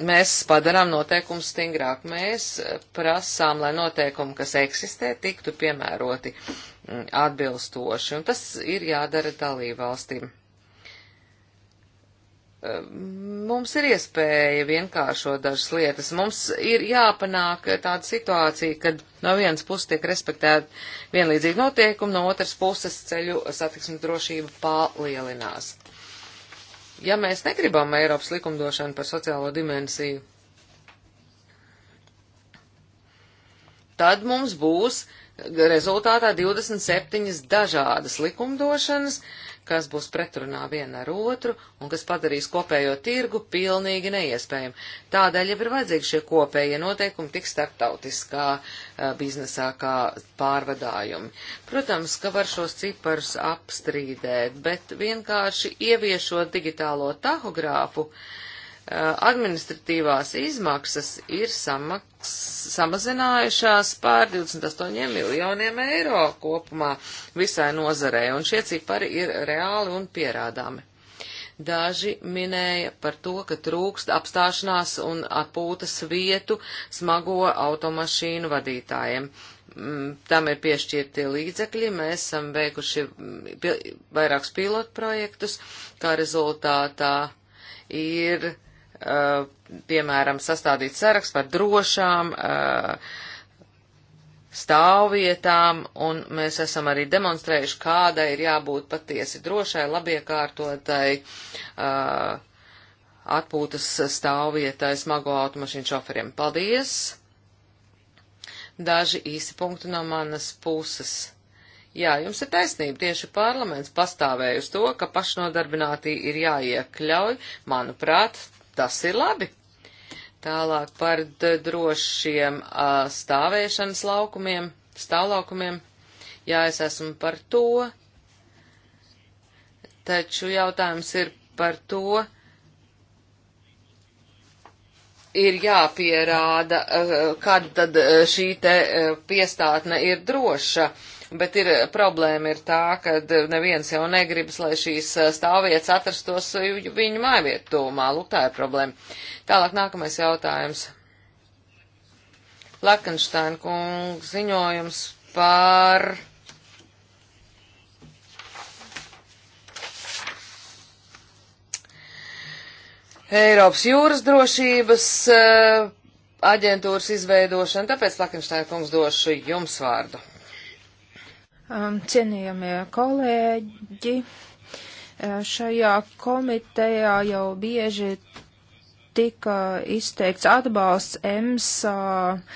mēs padarām noteikumus stingrāk. Mēs prasām, lai noteikumi, kas eksistē, tiktu piemēroti mm, atbilstoši. Un tas ir jādara dalībvalstīm. Mums ir iespēja vienkāršot dažas lietas. Mums ir jāpanāk tāda situācija, kad no vienas puses tiek respektēta vienlīdzīga noteikuma, no otras puses ceļu satiksmes drošība palielinās. Ja mēs negribam Eiropas likumdošanu par sociālo dimensiju, tad mums būs rezultātā 27 dažādas likumdošanas, uh, kas būs pretrunā viena ar otru un kas padarīs kopējo tirgu pilnīgi neiespējami. Tādēļ jau ir vajadzīgi šie kopējie noteikumi tik starptautiskā eh, biznesā kā pārvadājumi. Protams, ka var šos ciparus apstrīdēt, bet vienkārši ieviešot digitālo tahogrāfu, uh, Eh, administratīvās izmaksas ir samaks, samazinājušās pār 28 miljoniem eiro kopumā visai nozarei, un šie cipari ir reāli un pierādāmi. Daži minēja par to, ka trūkst apstāšanās un atpūtas vietu smago automašīnu vadītājiem. Mm, tam ir piešķirti līdzekļi, mēs esam veikuši mm, vairākus pilotprojektus, kā rezultātā ir Uh, piemēram, sastādīt sarakstu par drošām uh, stāvvietām, un mēs esam arī demonstrējuši, kāda ir jābūt patiesi drošai, labiekārtotai uh, atpūtas stāvvietai smago automašīnu šoferiem. Paldies! Daži īsi punkti no manas puses. Jā, jums ir taisnība, tieši parlaments pastāvēja uz to, ka pašnodarbinātī ir jāiekļauj, manuprāt, tas ir labi. Tālāk par drošiem stāvēšanas laukumiem, stāvlaukumiem. Jā, es esmu par to, taču jautājums ir par to, ir jāpierāda, kad tad šī te piestātne ir droša, bet ir problēma ir tā, ka e, neviens jau negribas, lai šīs e, stāvvietas atrastos e, viņu mājvietu tūmā. Lūk, tā ir problēma. Tālāk nākamais jautājums. Lakenšteina kungs ziņojums par. Eiropas jūras drošības aģentūras izveidošanu, tāpēc Lakenšteina kungs došu jums vārdu. Um, cienījamie kolēģi, uh, šajā komitejā jau bieži tika izteikts atbalsts EMSA uh,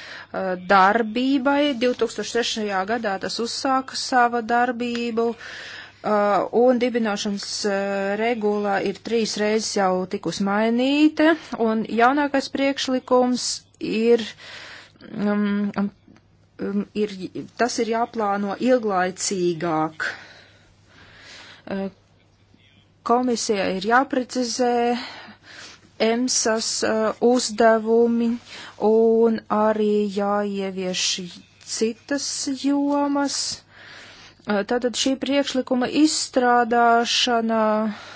darbībai. 2006. gadā tas uzsāka savu darbību. Uh, un dibināšanas regulā ir trīs reizes jau tikus mainīta, un jaunākais priekšlikums ir um, um, ir, tas ir jāplāno ilglaicīgāk. Uh, komisija ir jāprecizē EMSAS uh, uzdevumi un arī jāievieš citas jomas. Uh, tātad šī priekšlikuma izstrādāšana uh,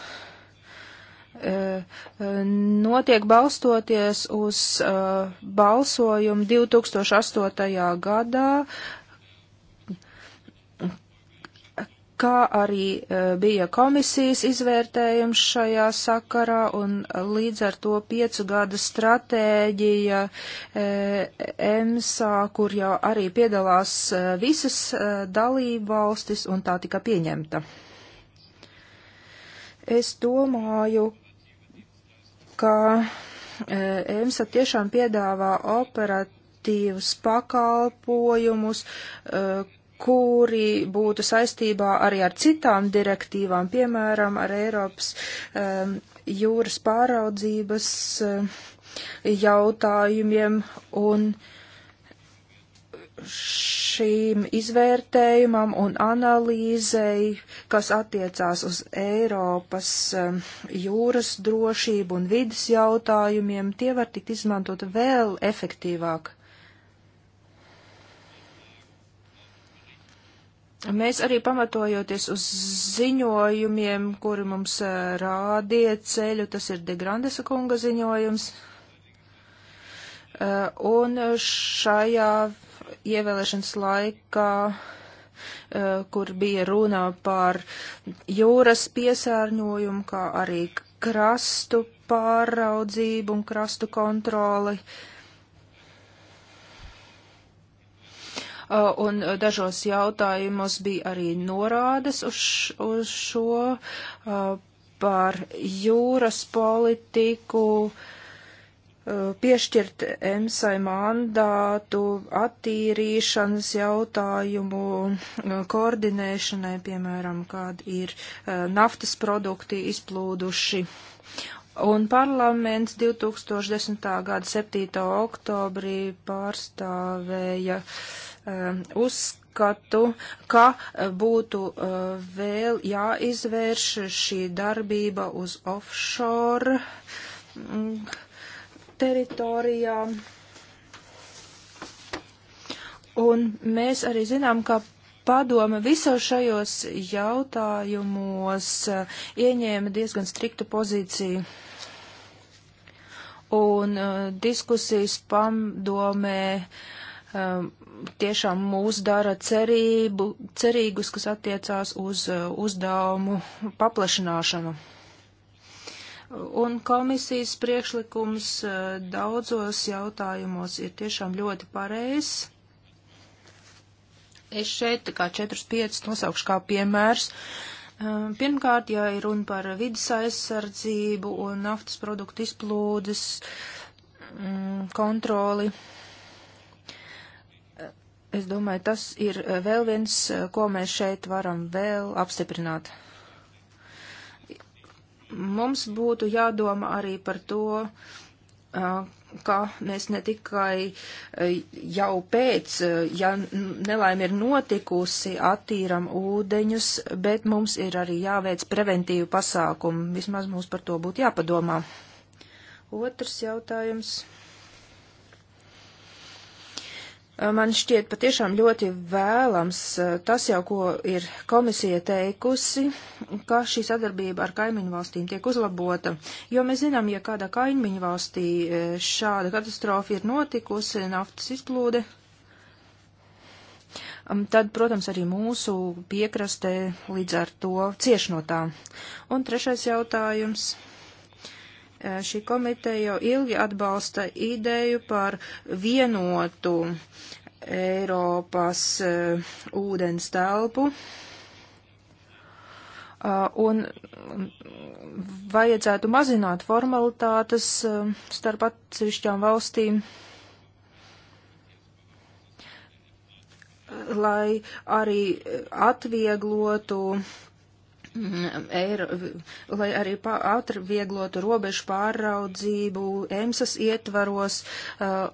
Eh, eh, notiek balstoties uz eh, balsojumu 2008. gadā, kā arī bija komisijas izvērtējums šajā sakarā, un līdz ar to piecu gada stratēģija EMSA, kur jau arī piedalās visas dalība valstis, un tā tika pieņemta. Es domāju, ka e, EMSA tiešām piedāvā operatīvus pakalpojumus, e, kuri būtu saistībā arī ar citām direktīvām, piemēram, ar Eiropas e, jūras pāraudzības jautājumiem un šīm izvērtējumam un analīzei, kas attiecās uz Eiropas um, jūras drošību un vidas jautājumiem, tie var tikt izmantot vēl efektīvāk. Mēs arī pamatojoties uz ziņojumiem, kuri mums uh, rādīja ceļu, tas ir Degrandesa kunga ziņojums, uh, un šajā ievēlēšanas laikā, eh, kur bija runa par jūras piesārņojumu, kā arī krastu pāraudzību un krastu kontroli. Eh, un dažos jautājumos bija arī norādes uz, uz šo eh, par jūras politiku, uh, Eh, piešķirt EMSAI mandātu attīrīšanas jautājumu eh, koordinēšanai, piemēram, kāda ir eh, naftas produkti izplūduši. Un parlaments 2010. gada 7. oktobrī pārstāvēja um, uzskatu, ka būtu uh, vēl jāizvērš šī darbība uz offshore. Um, teritorijām. Un mēs arī zinām, ka padome visos šajos jautājumos eh, ieņēma diezgan striktu pozīciju. Un uh, diskusijas padomē um, tiešām mūs dara cerību, cerīgus, kas attiecās uz uh, uzdevumu paplašināšanu. Un komisijas priekšlikums eh, daudzos jautājumos ir tiešām ļoti pareizs. Es šeit kā 4-5 nosaukšu kā piemērs. Eh, pirmkārt, ja ir runa par vidas aizsardzību un naftas produktu izplūdes mm, kontroli, eh, es domāju, tas ir vēl viens, ko mēs šeit varam vēl apstiprināt mums būtu jādomā arī par to, ka mēs ne tikai jau pēc, ja nelaime ir notikusi, attīram ūdeņus, bet mums ir arī jāveic preventīvu pasākumu. Vismaz mums par to būtu jāpadomā. Otrs jautājums. Eh, man šķiet patiešām ļoti vēlams eh, tas jau, ko ir komisija teikusi, ka šī sadarbība ar kaimiņu valstīm tiek uzlabota, jo mēs zinām, ja kādā kaimiņu valstī eh, šāda katastrofa ir notikusi, naftas izplūde, mm, tad, protams, arī mūsu piekrastē līdz ar to cieš no tā. Un trešais jautājums Eh, šī komiteja jau ilgi atbalsta ideju par vienotu Eiropas eh, ūdens telpu. Eh, un vajadzētu mazināt formalitātes starp atsevišķām valstīm. lai arī atvieglotu eiro, lai arī ātri vieglotu robežu pāraudzību EMSAS ietvaros, uh,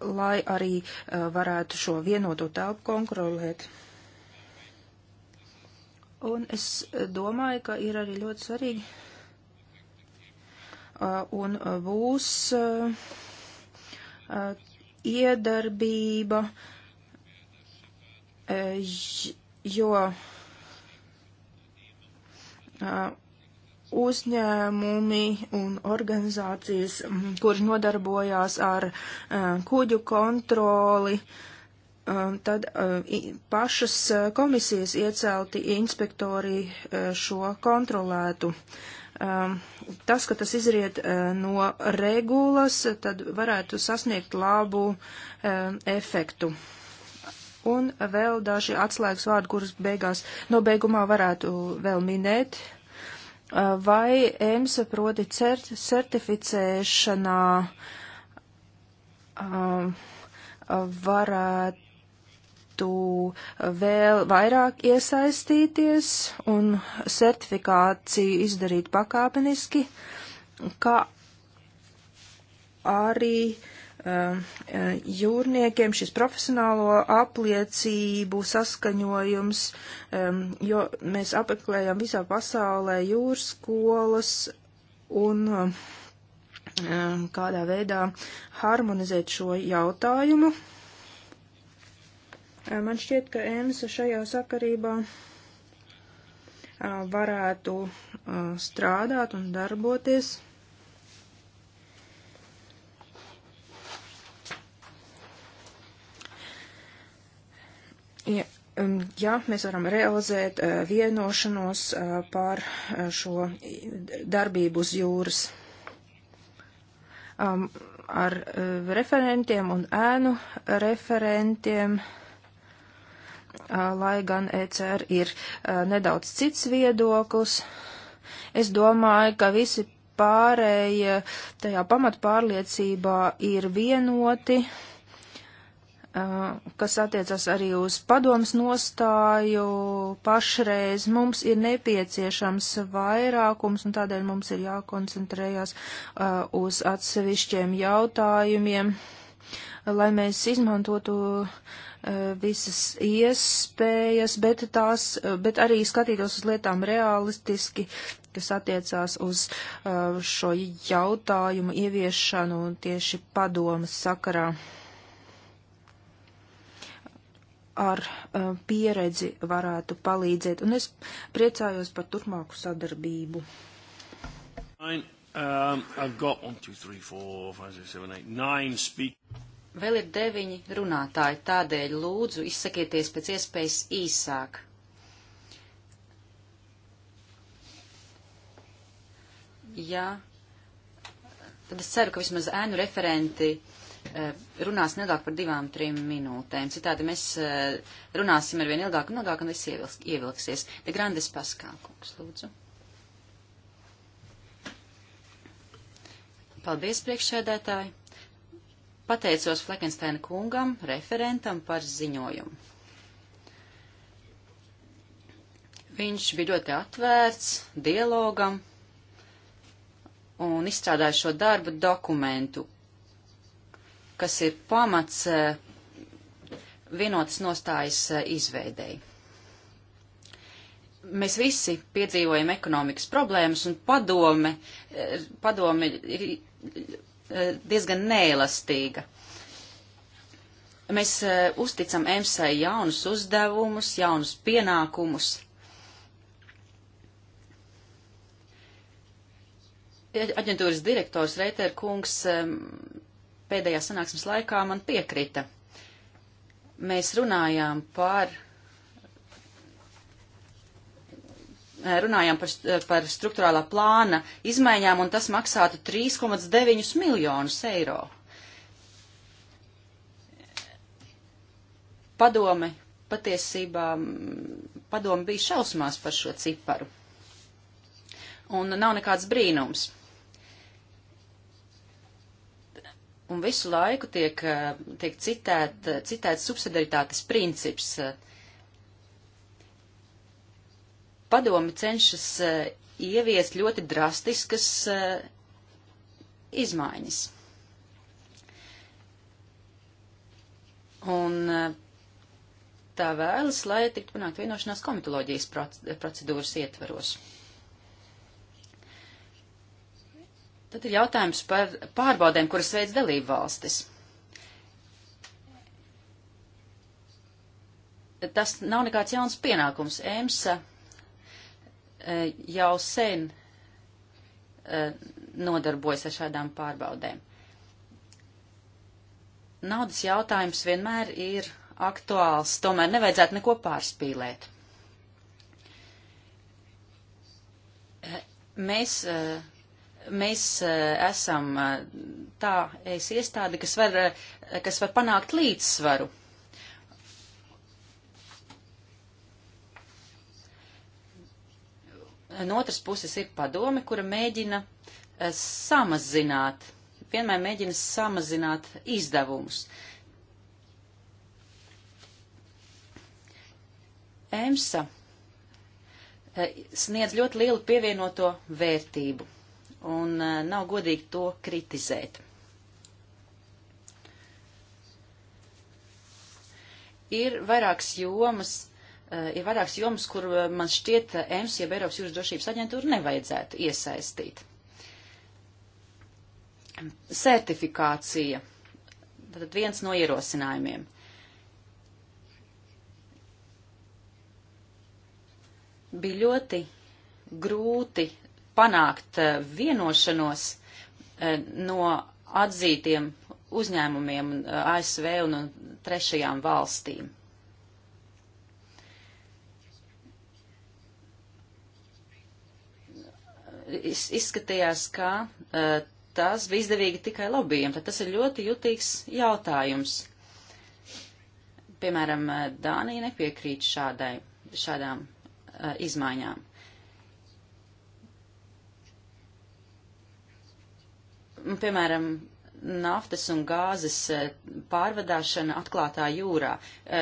lai arī uh, varētu šo vienoto telpu kontrolēt. Un es domāju, ka ir arī ļoti svarīgi uh, un būs uh, uh, iedarbība, uh, jo Uh, uzņēmumi un organizācijas, mm, kuras nodarbojās ar uh, kuģu kontroli, uh, tad pašas komisijas iecelti inspektori šo kontrolētu. Um, tas, ka tas izriet no regulas, tad varētu sasniegt labu efektu un vēl daži atslēgas vārdi, kurus beigās, nobeigumā varētu vēl minēt. Uh, vai EMSA proti cert, certificēšanā um, varētu vēl vairāk iesaistīties un certifikāciju izdarīt pakāpeniski, kā arī uh, Um, uh, jūrniekiem šis profesionālo apliecību saskaņojums, um, jo mēs apmeklējam visā pasaulē jūras skolas un um, kādā veidā harmonizēt šo jautājumu. Uh, man šķiet, ka EMSA šajā sakarībā uh, varētu strādāt un darboties. Ja, um, ja mēs varam realizēt uh, vienošanos uh, par uh, šo darbību uz jūras um, ar referentiem un ēnu referentiem, lai gan ECR ir nedaudz cits viedoklis. Es domāju, ka visi pārējie tajā pamatpārliecībā ir vienoti. Uh, Uh, kas attiecas arī uz padomas nostāju, pašreiz mums ir nepieciešams vairākums, un tādēļ mums ir jākoncentrējās uh, uz atsevišķiem jautājumiem, lai mēs izmantotu uh, visas iespējas, bet, tās, bet arī skatītos uz lietām realistiski, kas attiecās uz šo jautājumu ieviešanu tieši padomas sakarā ar uh, pieredzi varētu palīdzēt, un es priecājos par turpmāku sadarbību. Nine, um, one, two, three, four, five, six, seven, eight, Vēl ir deviņi runātāji, tādēļ lūdzu izsakieties pēc iespējas īsāk. Jā, tad es ceru, ka vismaz ēnu referenti uh, Eh, runās nedaudz par divām, trim minūtēm. Citādi mēs eh, runāsim ar vien ilgāk un ilgāk, un viss ievilksies. De Grandes Paskā, kungs, lūdzu. Paldies, priekšsēdētāji. Pateicos Flekensteina kungam, referentam par ziņojumu. Viņš bija ļoti atvērts dialogam un izstrādāja šo darbu dokumentu, kas ir pamats eh, vienotas nostājas eh, izveidēji. Mēs visi piedzīvojam ekonomikas problēmas, un padome, eh, padome ir diezgan neelastīga. Mēs uzticam EMSAI jaunus uzdevumus, jaunus pienākumus. Aģentūras direktors Reiter kungs pēdējā sanāksmes laikā man piekrita. Mēs runājām par, eh, runājām par, par struktūrālā plāna izmaiņām, un tas maksātu 3,9 miljonus eiro. Padome patiesībā, padome bija šausmās par šo ciparu. Un nav nekāds brīnums Un visu laiku tiek, eh, tiek citēt, citēt subsidaritātes princips. Padomi cenšas eh, ieviest ļoti drastiskas eh, izmaiņas. Un tā vēlas, lai tiktu panākt vienošanās komitoloģijas procedūras ietvaros. Tad ir jautājums par pārbaudēm, kuras veids dalību valstis. Tas nav nekāds jauns pienākums. EMSA eh, jau sen eh, nodarbojas ar šādām pārbaudēm. Naudas jautājums vienmēr ir aktuāls, tomēr nevajadzētu neko pārspīlēt. Eh, mēs uh, mēs e, esam e, tā es iestāde, kas var, e, kas var panākt līdzsvaru. No otras puses ir padome, kura mēģina samazināt, vienmēr mēģina samazināt izdevumus. EMSA sniedz ļoti lielu pievienoto vērtību un e, nav godīgi to kritizēt. Ir vairākas jomas, e, ir vairākas jomas, kur e, man šķiet EMS, jeb Eiropas jūras drošības aģentūra, nevajadzētu iesaistīt. Certifikācija. Tad viens no ierosinājumiem. Bija ļoti grūti panākt eh, vienošanos eh, no atzītiem uzņēmumiem eh, ASV un trešajām valstīm. Izskatījās, ka tas bija izdevīgi tikai lobbyiem, tad tas ir ļoti jutīgs jautājums. Piemēram, Dānija nepiekrīt šādai, šādām izmaiņām. piemēram, naftas un gāzes e, pārvadāšana atklātā jūrā e,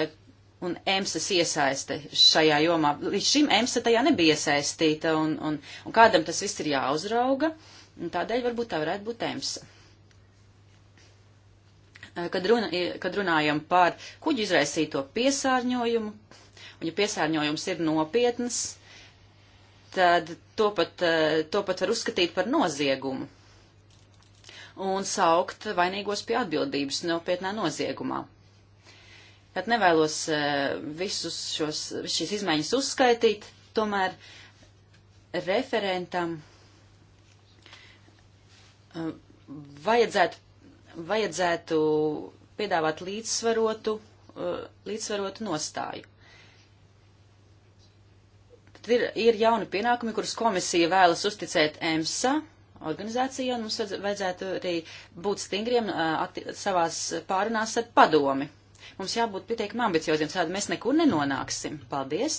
un EMSAS iesaiste šajā jomā. Līdz šim EMSA tajā nebija iesaistīta un, un, un kādam tas viss ir jāuzrauga, un tādēļ varbūt tā varētu būt EMSA. E, kad, runa, kad runājam par kuģu izraisīto piesārņojumu, un ja piesārņojums ir nopietns, tad to pat, to pat var uzskatīt par noziegumu un saukt vainīgos pie atbildības nopietnā noziegumā. Tad nevēlos e, visus šos, visus šīs izmaiņas uzskaitīt, tomēr referentam e, vajadzētu, vajadzētu piedāvāt līdzsvarotu, e, līdzsvarotu nostāju. Tad ir, ir jauni pienākumi, kurus komisija vēlas uzticēt EMSA, organizācija, un mums vajadzētu arī būt stingriem uh, savās pārunās ar padomi. Mums jābūt pietiekami ambicioziem, tādi mēs nekur nenonāksim. Paldies,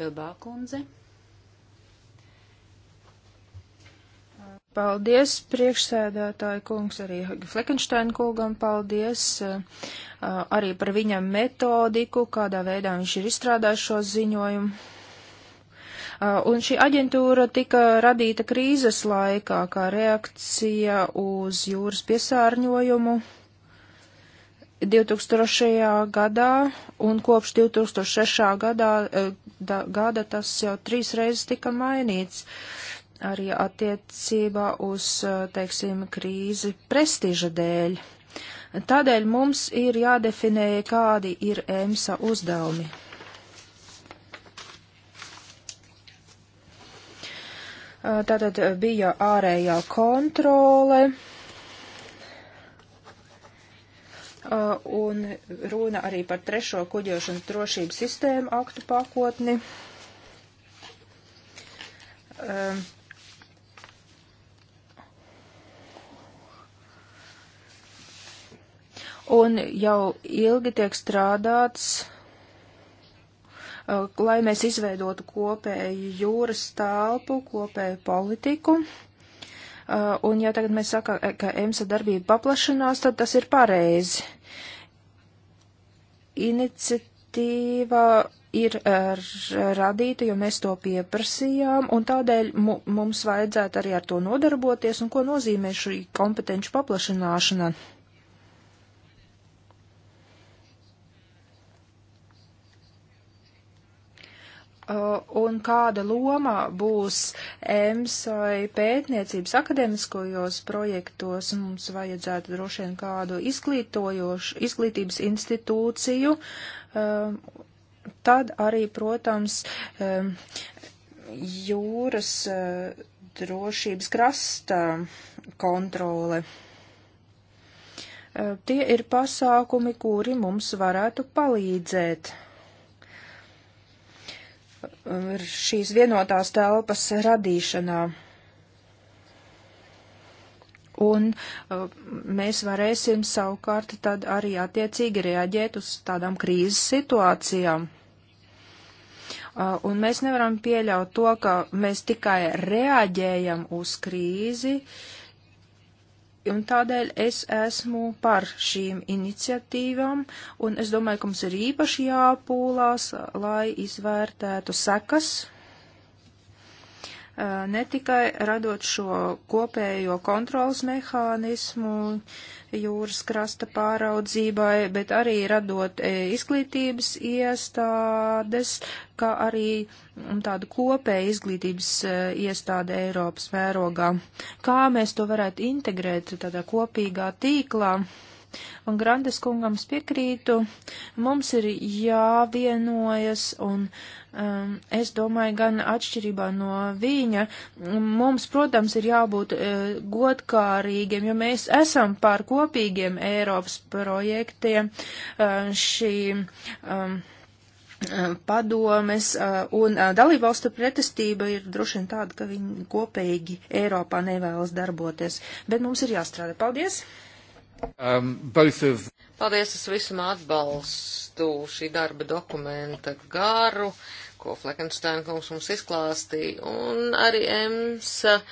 Bilbā kundze. Paldies, priekšsēdētāji kungs, arī Fleckensteina kungam paldies uh, arī par viņa metodiku, kādā veidā viņš ir izstrādājis šo ziņojumu. Un šī aģentūra tika radīta krīzes laikā kā reakcija uz jūras piesārņojumu 2000. gadā, un kopš 2006. Gadā, da, gada tas jau trīs reizes tika mainīts arī attiecībā uz, teiksim, krīzi prestiža dēļ. Tādēļ mums ir jādefinē, kādi ir EMSA uzdevumi. Eh, tātad eh, bija ārējā kontrole. Eh, un runa arī par trešo kuģošanas drošības sistēmu aktu pakotni. Un jau ilgi tiek strādāts Uh, lai mēs izveidotu kopēju jūras telpu, kopēju politiku. Uh, un ja tagad mēs sakām, ka EMSA darbība paplašanās, tad tas ir pareizi. Iniciatīva ir uh, radīta, jo mēs to pieprasījām, un tādēļ mums vajadzētu arī ar to nodarboties, un ko nozīmē šī kompetenci paplašanāšana. Uh, Uh, un kāda loma būs EMSAI pētniecības akadēmiskojos projektos. Mums vajadzētu droši vien kādu izglītojošu, izglītības institūciju. Um, tad arī, protams, um, jūras uh, drošības krasta kontrole uh, tie ir pasākumi, kuri mums varētu palīdzēt šīs vienotās telpas radīšanā. Un uh, mēs varēsim savukārt tad arī attiecīgi reaģēt uz tādām krīzes situācijām. Uh, un mēs nevaram pieļaut to, ka mēs tikai reaģējam uz krīzi, uh, Un tādēļ es esmu par šīm iniciatīvām, un es domāju, ka mums ir īpaši jāpūlās, lai izvērtētu sekas, ne tikai radot šo kopējo kontrolas mehānismu, uh, jūras krasta pāraudzībai, bet arī radot e, izglītības iestādes, kā arī mm, tādu kopēju izglītības e, iestādi Eiropas mērogā. Kā mēs to varētu integrēt tādā kopīgā tīklā? Un Grandes kungams piekrītu, mums ir jāvienojas un uh, Um, es domāju, gan atšķirībā no viņa, mums, protams, ir jābūt e, godkārīgiem, jo mēs esam pār kopīgiem Eiropas projektiem. E, šī um, e, padomes un dalībvalstu pretestība ir droši vien tāda, ka viņi kopīgi Eiropā nevēlas darboties, bet mums ir jāstrādā. Paldies! Um, of... Paldies, es visam atbalstu šī darba dokumenta garu, ko Fleckensteina kungs mums izklāstīja, un arī EMSA uh,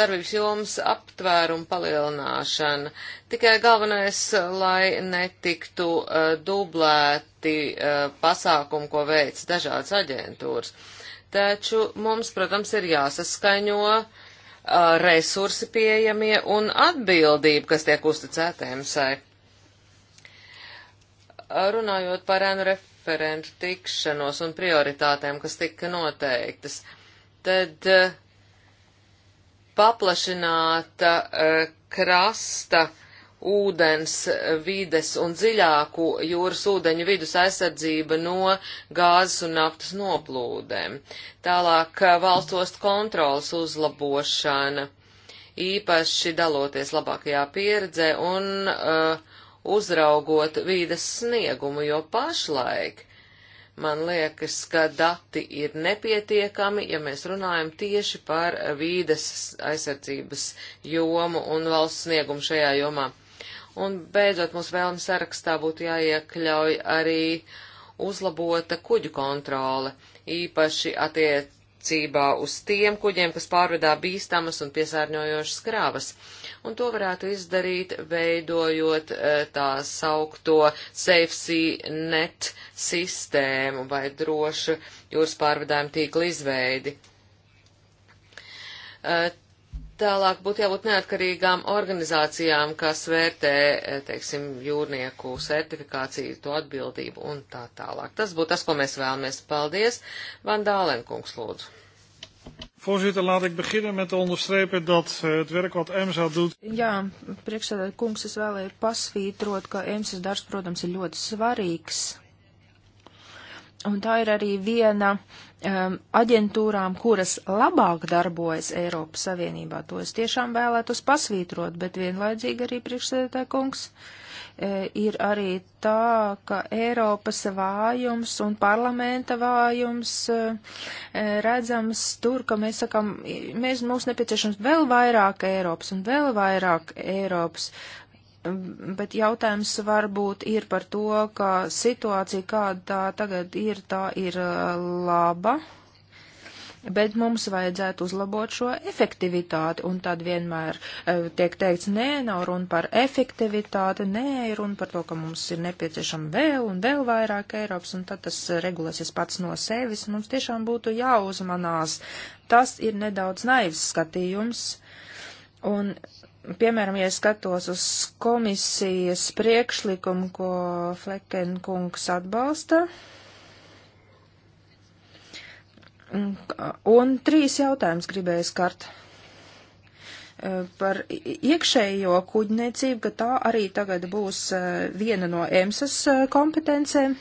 darbības jomas aptvērumu palielināšana. Tikai galvenais, lai netiktu uh, dublēti uh, pasākumi, ko veic dažādas aģentūras. Taču mums, protams, ir jāsaskaņo uh, Uh, resursi pieejamie un atbildība, kas tiek uzticēta EMSai. Uh, runājot par ēnu referentu tikšanos un prioritātēm, kas tika noteiktas, tad uh, paplašināta krasta uh, ūdens vides un dziļāku jūras ūdeņu vidus aizsardzība no gāzes un naftas noplūdēm. Tālāk eh, valstost kontrolas uzlabošana, īpaši daloties labākajā pieredzē un uh, uzraugot vīdes sniegumu, jo pašlaik man liekas, ka dati ir nepietiekami, ja mēs runājam tieši par vīdes aizsardzības jomu un valsts sniegumu šajā jomā. Un beidzot, mūsu vēlmi sarakstā būtu jāiekļauj arī uzlabota kuģu kontrole, īpaši attiecībā uz tiem kuģiem, kas pārvedā bīstamas un piesārņojošas krāvas. Un to varētu izdarīt, veidojot e, tā saukto Safe Net sistēmu vai drošu jūras pārvadājumu tīklu izveidi e, Tālāk būtu jābūt neatkarīgām organizācijām, kas vērtē, e, teiksim, jūrnieku certifikāciju, to atbildību un tā tālāk. Tas būtu tas, ko mēs vēlamies. Paldies. Van Dālenkungs, lūdzu. Voorzitter, laat ik beginnen met te onderstrepen dat eh, het werk wat EMSA doet. Jā, priekšsēdētāj kungs, es vēlēju pasvītrot, ka EMSA darbs, protams, ir ļoti svarīgs. Un tā ir arī viena um, aģentūrām, kuras labāk darbojas Eiropas Savienībā. To es tiešām vēlētos pasvītrot, bet vienlaicīgi arī priekšsēdētāj kungs e, ir arī tā, ka Eiropas vājums un parlamenta vājums e, e redzams tur, ka mēs sakam, mēs mums nepieciešams vēl vairāk Eiropas un vēl vairāk Eiropas, bet jautājums varbūt ir par to, ka situācija, kāda tā tagad ir, tā ir uh, laba, bet mums vajadzētu uzlabot šo efektivitāti, un tad vienmēr uh, tiek teikts, nē, nav runa par efektivitāti, nē, ir runa par to, ka mums ir nepieciešama vēl un vēl vairāk Eiropas, un tad tas regulēsies pats no sevis, mums tiešām būtu jāuzmanās. Tas ir nedaudz naivs skatījums. Un piemēram, ja skatos uz komisijas priekšlikumu, ko Flekenkungs atbalsta, un trīs jautājumus gribēju skart e, par iekšējo kuģniecību, ka tā arī tagad būs e, viena no EMSAS e, kompetencēm.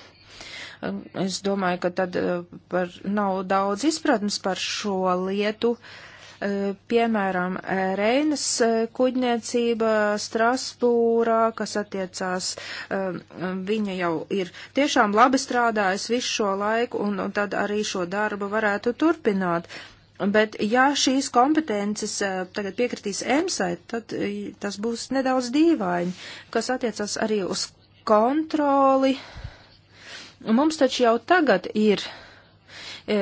Es domāju, ka tad par, nav daudz izpratnes par šo lietu. Uh, Eh, piemēram, Reinas eh, kuģniecība Strasbūrā, kas attiecās, eh, viņa jau ir tiešām labi strādājusi visu šo laiku, un, un tad arī šo darbu varētu turpināt. Bet ja šīs kompetences tagad piekritīs EMSai, tad tas būs nedaudz dīvaini, kas attiecas arī uz kontroli. Mums taču jau tagad ir uh, E,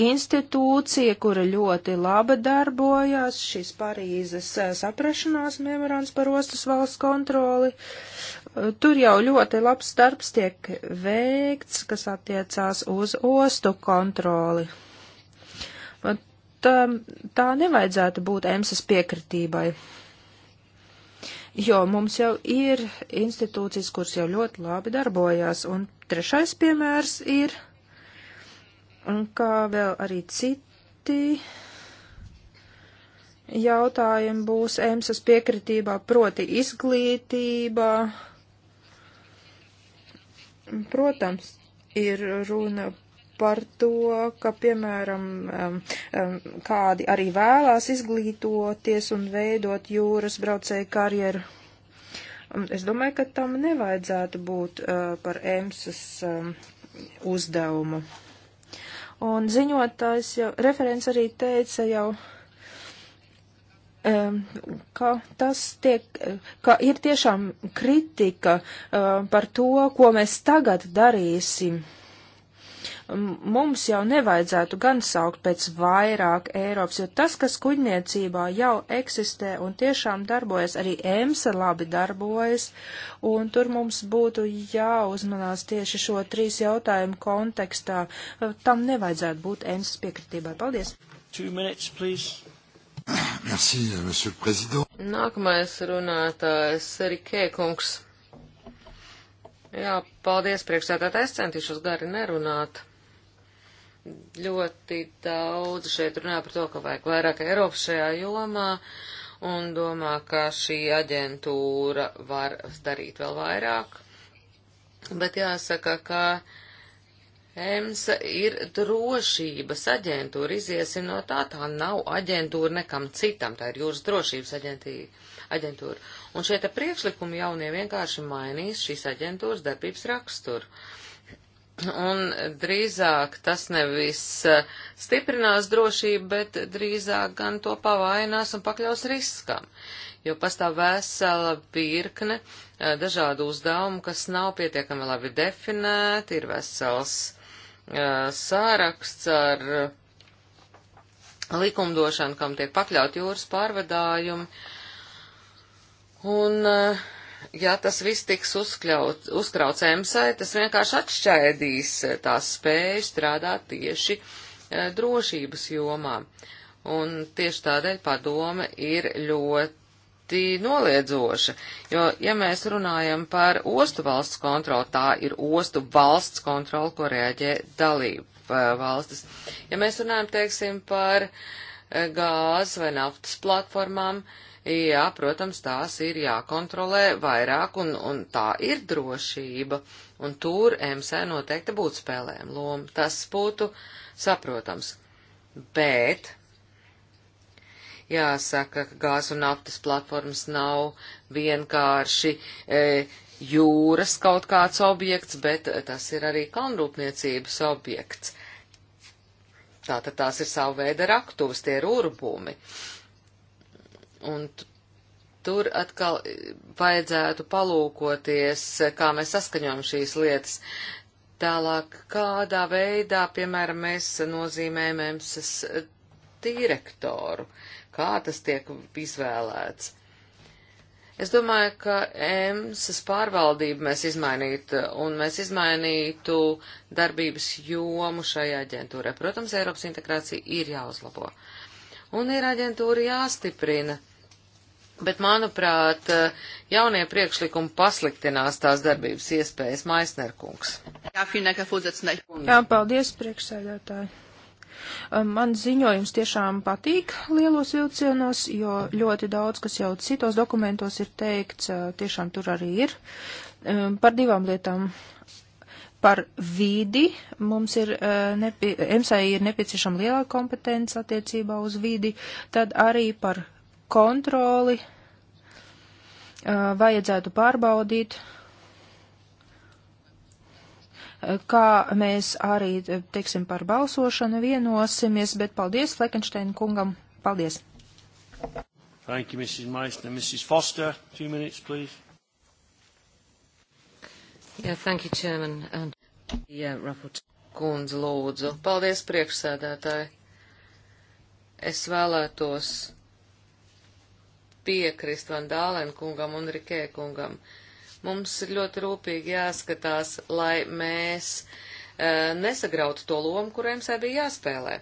institūcija, kura ļoti labi darbojās, šis Parīzes e, saprašanās memorands par ostas valsts kontroli. E, tur jau ļoti labs darbs tiek veikts, kas attiecās uz ostu kontroli. Tā, tā nevajadzētu būt EMSAS piekritībai jo mums jau ir institūcijas, kuras jau ļoti labi darbojās. Un trešais piemērs ir Un kā vēl arī citi jautājumi būs EMSAS piekritībā, proti izglītība. Protams, ir runa par to, ka, piemēram, um, um, kādi arī vēlās izglītoties un veidot jūras braucēju karjeru. Um, es domāju, ka tam nevajadzētu būt uh, par EMSAS uzdevumu. Un ziņotājs jau, referents arī teica jau, um, ka tas tiek, ka ir tiešām kritika uh, par to, ko mēs tagad darīsim Mums jau nevajadzētu gan saukt pēc vairāk Eiropas, jo tas, kas kuģniecībā jau eksistē un tiešām darbojas, arī EMSA labi darbojas, un tur mums būtu jāuzmanās tieši šo trīs jautājumu kontekstā. Tam nevajadzētu būt EMSA piekritībai. Paldies! Two minutes, please. Merci, monsieur le président. Nākamais runātājs Rikē kungs. Jā, paldies priekšsēdētājs, centīšos gari nerunāt ļoti daudz šeit runā par to, ka vajag vairāk Eiropas šajā jomā un domā, ka šī aģentūra var darīt vēl vairāk. Bet jāsaka, ka EMSA ir drošības aģentūra, iziesim no tā, tā nav aģentūra nekam citam, tā ir jūras drošības aģentūra. Un šie te priekšlikumi jaunie vienkārši mainīs šīs aģentūras darbības raksturu. Uh, Un drīzāk tas nevis eh, stiprinās drošību, bet drīzāk gan to pavainās un pakļaus riskam, jo pastāv vesela virkne eh, dažādu uzdevumu, kas nav pietiekami labi definēti, ir vesels uh, sāraksts ar likumdošanu, kam tiek pakļaut jūras pārvadājumi. Un uh, ja tas viss tiks uzkļaut, uzkrauts EMSAI, tas vienkārši atšķaidīs tās spējas strādāt tieši e, drošības jomā. Un tieši tādēļ padome ir ļoti noliedzoša, jo, ja mēs runājam par ostu valsts kontroli, tā ir ostu valsts kontroli, ko reaģē dalība e, valstis. Ja mēs runājam, teiksim, par e, gāzes vai naftas platformām, uh, Jā, protams, tās ir jākontrolē vairāk, un, un tā ir drošība, un tur MSE noteikti būtu spēlēm loma. Tas būtu saprotams. Bet, jāsaka, ka gāzes un naftas platformas nav vienkārši e, jūras kaut kāds objekts, bet tas ir arī kalnrūpniecības objekts. Tātad tās ir savu veidu raktūs, tie ir urbumi. Uh, Un tur atkal vajadzētu palūkoties, kā mēs saskaņojam šīs lietas. Tālāk, kādā veidā, piemēram, mēs nozīmējam EMSAS direktoru, kā tas tiek izvēlēts. Es domāju, ka EMSAS pārvaldību mēs izmainītu, un mēs izmainītu darbības jomu šajā aģentūrē. Protams, Eiropas integrācija ir jāuzlabo. Un ir aģentūra jāstiprina. Uh, Bet, manuprāt, eh, jaunie priekšlikumi pasliktinās tās darbības iespējas Maisnerkungs. Jā, paldies, priekšsēdētāji. Eh, man ziņojums tiešām patīk lielos vilcienos, jo ļoti daudz, kas jau citos dokumentos ir teikts, eh, tiešām tur arī ir. Par divām lietām. Par vīdi mums ir, nepie, MSAI ir nepieciešama lielāka kompetence attiecībā uz vīdi, tad arī par kontroli uh, vajadzētu pārbaudīt, kā mēs arī, teiksim, par balsošanu vienosimies, bet paldies Fleckensteina kungam. Paldies! Thank you, Mrs. Meissner. Mrs. Foster, two minutes, please. Yeah, thank you, Chairman. And, yeah, Rapport. Kundze, lūdzu. Paldies, priekšsēdētāji. Es vēlētos piekrist Van Dālen kungam un Rikē kungam. Mums ir ļoti rūpīgi jāskatās, lai mēs e, nesagrautu to lomu, kuriem sē bija jāspēlē.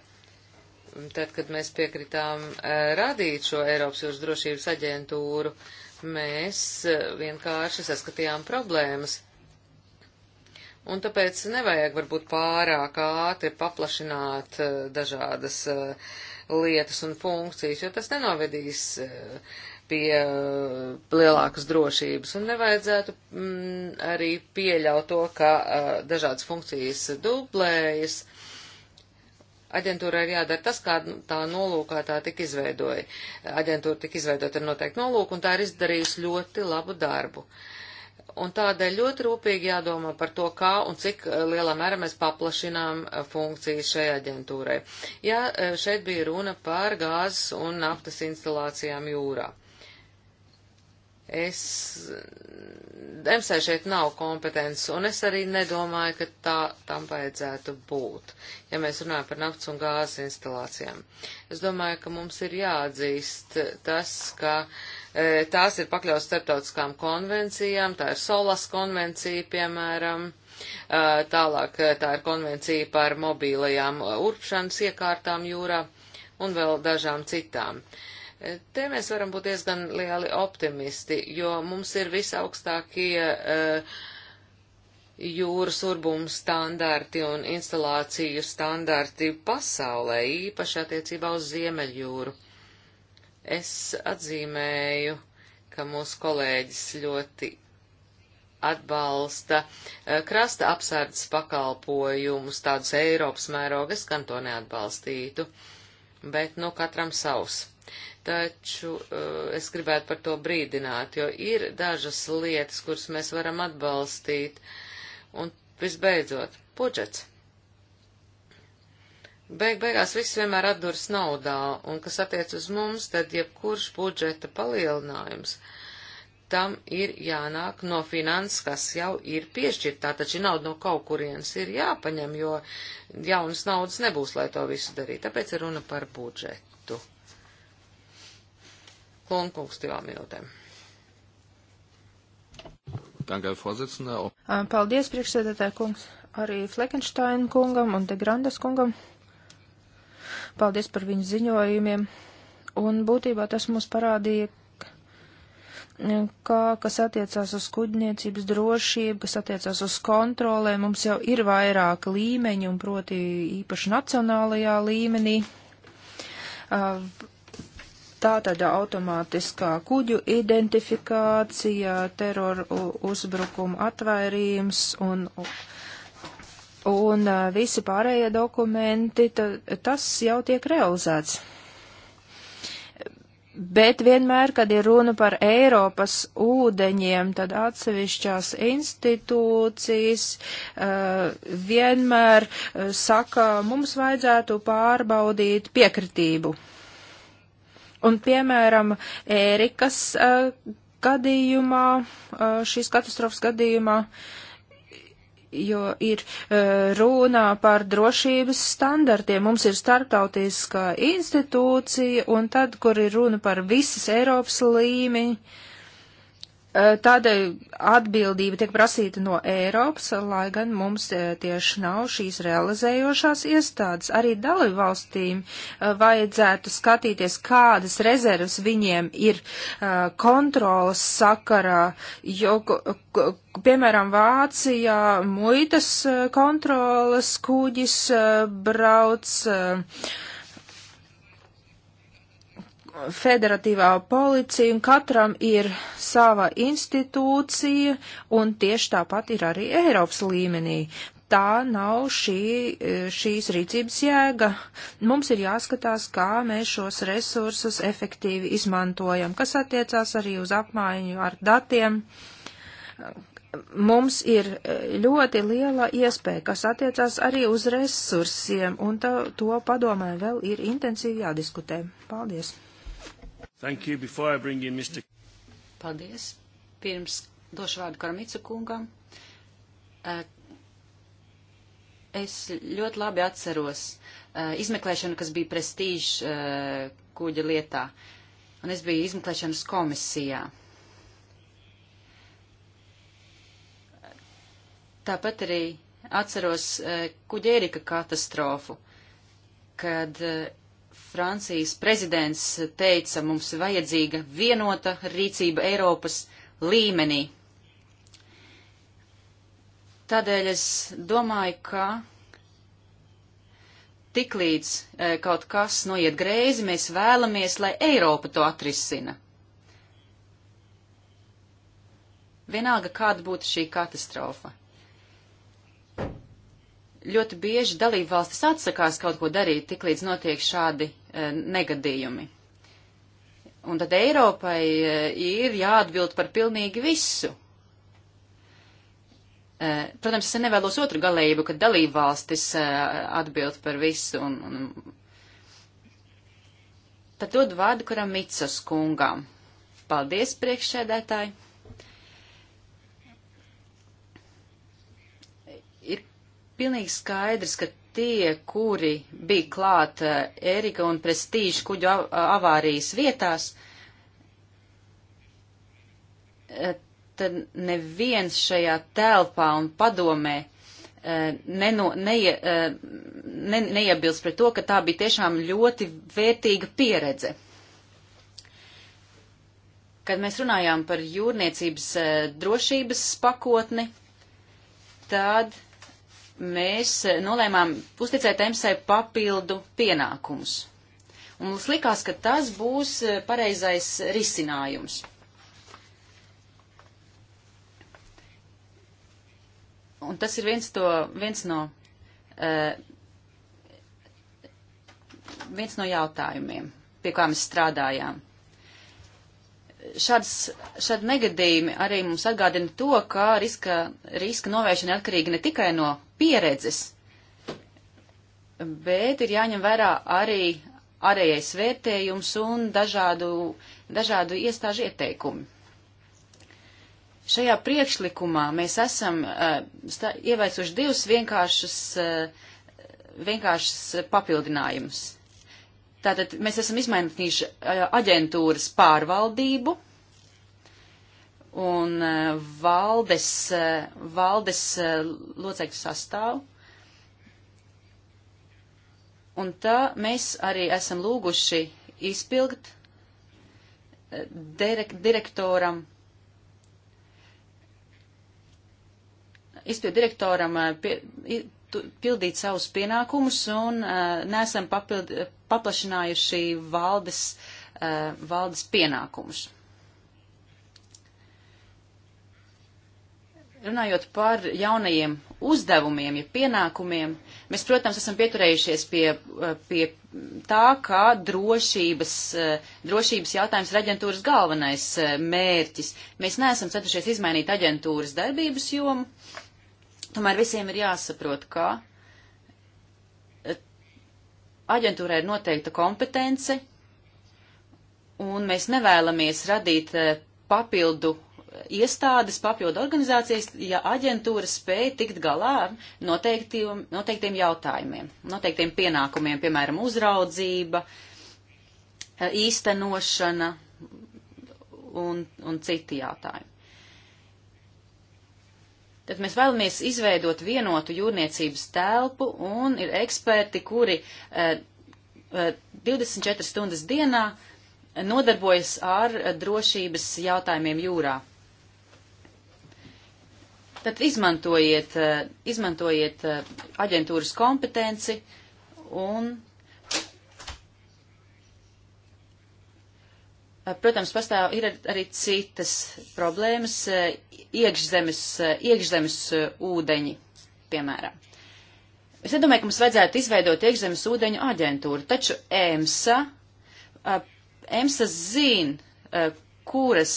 Tad, kad mēs piekritām e, radīt šo Eiropas jūras drošības aģentūru, mēs e, vienkārši saskatījām problēmas. Un tāpēc nevajag varbūt pārāk ātri paplašināt dažādas uh, lietas un funkcijas, jo tas nenovedīs pie lielākas drošības un nevajadzētu mm, arī pieļaut to, ka uh, dažādas funkcijas dublējas. Aģentūra ir jādara tas, kā nu, tā nolūkā tā tika izveidoja. Aģentūra tika izveidota ar noteiktu nolūku un tā ir izdarījusi ļoti labu darbu. Un tādēļ ļoti rūpīgi jādomā par to, kā un cik lielā mērā mēs paplašinām funkcijas šai aģentūrai. Jā, šeit bija runa par gāzes un naftas instalācijām jūrā. Es, MSA šeit nav kompetence, un es arī nedomāju, ka tā tam vajadzētu būt, ja mēs runājam par nafts un gāzes instalācijām. Es domāju, ka mums ir jāatzīst tas, ka e, tās ir pakļauts starptautiskām konvencijām, tā ir Solas konvencija, piemēram, e, tālāk e, tā ir konvencija par mobīlajām e, urpšanas iekārtām jūrā un vēl dažām citām. E, Te mēs varam būt diezgan lieli optimisti, jo mums ir visaugstākie uh, jūras urbuma standarti un instalāciju standarti pasaulē, īpaši attiecībā uz Ziemeļjūru. Es atzīmēju, ka mūsu kolēģis ļoti atbalsta eh, krasta apsardzes pakalpojumus, tādus Eiropas mērogas, gan to neatbalstītu, bet nu katram savs taču eh, es gribētu par to brīdināt, jo ir dažas lietas, kuras mēs varam atbalstīt. Un visbeidzot, budžets. Beig beigās viss vienmēr atduras naudā, un kas attiec uz mums, tad jebkurš budžeta palielinājums tam ir jānāk no finanses, kas jau ir piešķirtā, taču nauda no kaut kurienes ir jāpaņem, jo jaunas naudas nebūs, lai to visu darītu. Tāpēc ir runa par budžetu. Klonkungs divām minūtēm. Paldies, priekšsēdētāja kungs, arī Fleckensteina kungam un De Grandes kungam. Paldies par viņu ziņojumiem. Un būtībā tas mums parādīja, kā, kas attiecās uz kuģniecības drošību, kas attiecās uz kontrolē, mums jau ir vairāk līmeņu, un proti īpaši nacionālajā līmenī. Uh, Tātad automātiskā kuģu identifikācija, teroru uzbrukumu atvairījums un, un uh, visi pārējie dokumenti, ta, tas jau tiek realizēts. Bet vienmēr, kad ir runa par Eiropas ūdeņiem, tad atsevišķās institūcijas uh, vienmēr uh, saka, mums vajadzētu pārbaudīt piekritību. Un, piemēram, Ērikas uh, gadījumā, uh, šīs katastrofas gadījumā, jo ir uh, eh, runā par drošības standartiem. Mums ir starptautiskā institūcija, un tad, kur ir runa par visas Eiropas līmeņu, Eh, tādēļ atbildība tiek prasīta no Eiropas, lai gan mums eh, tieši nav šīs realizējošās iestādes. Arī dalībvalstīm eh, vajadzētu skatīties, kādas rezervas viņiem ir kontrolas sakarā, jo, piemēram, Vācijā muitas kontrolas kuģis brauc federatīvā policija, un katram ir sava institūcija, un tieši tāpat ir arī Eiropas līmenī. Tā nav šī, šīs rīcības jēga. Mums ir jāskatās, kā mēs šos resursus efektīvi izmantojam, kas attiecās arī uz apmaiņu ar datiem. Mums ir ļoti liela iespēja, kas attiecās arī uz resursiem, un tā, to padomē vēl ir intensīvi jādiskutē. Paldies! Thank you. Before I bring in Mr. Paldies. Pirms došu vārdu Karamicu kungam. Eh, es ļoti labi atceros eh, izmeklēšanu, kas bija prestīžu eh, kuģa lietā. Un es biju izmeklēšanas komisijā. Tāpat arī atceros kuģērika katastrofu, kad Francijas prezidents teica, mums vajadzīga vienota rīcība Eiropas līmenī. Tādēļ es domāju, ka tiklīdz e, kaut kas noiet greizi, mēs vēlamies, lai Eiropa to atrisina. Vienalga, kāda būtu šī katastrofa ļoti bieži dalību valstis atsakās kaut ko darīt, tik līdz notiek šādi e, negadījumi. Un tad Eiropai e, ir jāatbild par pilnīgi visu. E, protams, es nevēlos otru galību, kad dalību valstis e, atbild par visu. Un, un... Tad dod vārdu kuram Micas kungām. Paldies, priekšsēdētāji! pilnīgi skaidrs, ka tie, kuri bija klāt eh, Erika un Prestīža kuģu av avārijas vietās, eh, tad neviens šajā telpā un padomē eh, neno, neie, ne, neiebilst pret to, ka tā bija tiešām ļoti vērtīga pieredze. Kad mēs runājām par jūrniecības drošības pakotni, tad mēs e, nolēmām uzticēt EMSAI papildu pienākumus. Un mums likās, ka tas būs e, pareizais risinājums. Un tas ir viens, to, viens no. Uh, viens no jautājumiem, pie kā mēs strādājām šāds, šādi negadījumi arī mums atgādina to, ka riska, riska novēršana atkarīga ne tikai no pieredzes, bet ir jāņem vērā arī ārējais vērtējums un dažādu, dažādu iestāžu ieteikumi. Šajā priekšlikumā mēs esam uh, eh, stā, ievaicuši divus vienkāršus, uh, vienkāršus papildinājumus. Tātad mēs esam izmainījuši eh, aģentūras pārvaldību un eh, valdes, eh, valdes locekļu sastāvu. Un tā mēs arī esam lūguši izpilgt direktoram, izpildu direktoram pie, pildīt savus pienākumus un nesam papild, paplašinājuši valdes, valdes pienākumus. Runājot par jaunajiem uzdevumiem, ja pienākumiem, mēs, protams, esam pieturējušies pie, pie tā, kā drošības, drošības jautājums ir aģentūras galvenais mērķis. Mēs neesam centušies izmainīt aģentūras darbības jomu. Uh, Tomēr visiem ir jāsaprot, ka e, aģentūrai ir noteikta kompetence, un mēs nevēlamies radīt e, papildu iestādes, papildu organizācijas, ja aģentūra spēja tikt galā ar noteiktiem, noteiktiem jautājumiem, noteiktiem pienākumiem, piemēram, uzraudzība, e, īstenošana un, un citi jautājumi. Tad mēs vēlamies izveidot vienotu jūrniecības telpu un ir eksperti, kuri eh, 24 eh, stundas dienā nodarbojas ar eh, drošības jautājumiem jūrā. Tad izmantojiet, eh, izmantojiet aģentūras kompetenci un Protams, pastāv ir arī citas problēmas, eh, iekšzemes, eh, iekšzemes eh, ūdeņi, piemēram. Es nedomāju, ka mums vajadzētu izveidot iekšzemes ūdeņu aģentūru, taču EMSA, EMSA zina, kuras,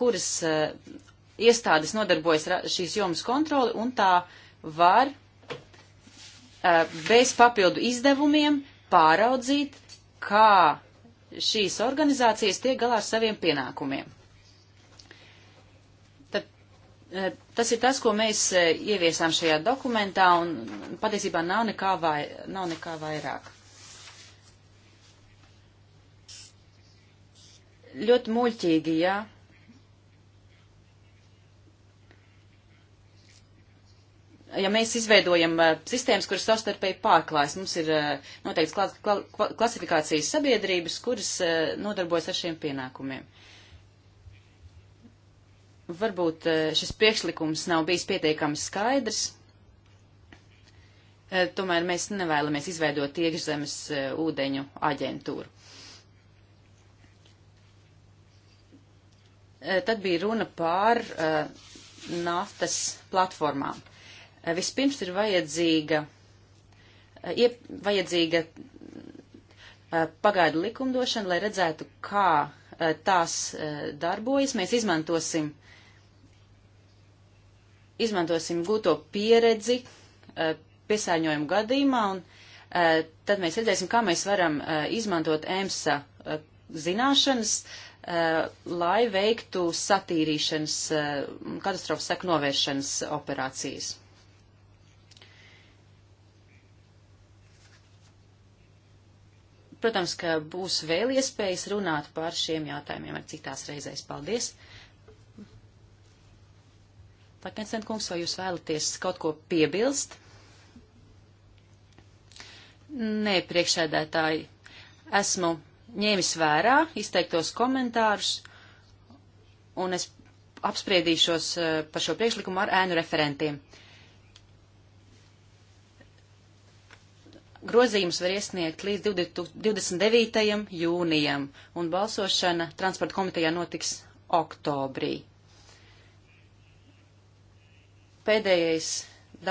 kuras iestādes nodarbojas ar šīs jomas kontroli un tā var bez papildu izdevumiem pāraudzīt, kā šīs organizācijas tiek galā ar saviem pienākumiem. Tad, eh, tas ir tas, ko mēs eh, ieviesām šajā dokumentā, un patiesībā nav nekā, vai, nav nekā vairāk. Ļoti muļķīgi, jā. Ja? ja mēs izveidojam eh, sistēmas, kuras savstarpēji pārklājas, mums ir eh, noteikts kla kla klasifikācijas sabiedrības, kuras eh, nodarbojas ar šiem pienākumiem. Varbūt šis priekšlikums nav bijis pietiekami skaidrs. Tomēr mēs nevēlamies izveidot iekšzemes ūdeņu aģentūru. Tad bija runa pār naftas platformām Vispirms ir vajadzīga, iep, vajadzīga pagaidu likumdošana, lai redzētu, kā tās darbojas. Mēs izmantosim, izmantosim gūto pieredzi piesāņojumu gadījumā, un tad mēs redzēsim, kā mēs varam izmantot EMSA zināšanas, lai veiktu satīrīšanas un katastrofas seku novēršanas operācijas. Protams, ka būs vēl iespējas runāt par šiem jautājumiem ar citās reizēs. Paldies! Pakensen kungs, vai jūs vēlaties kaut ko piebilst? Nē, priekšēdētāji, esmu ņēmis vērā izteiktos komentārus, un es apspriedīšos eh, par šo priekšlikumu ar ēnu referentiem. Grozījums var iesniegt līdz 29. jūnijam, un balsošana transporta komitejā notiks oktobrī. Pēdējais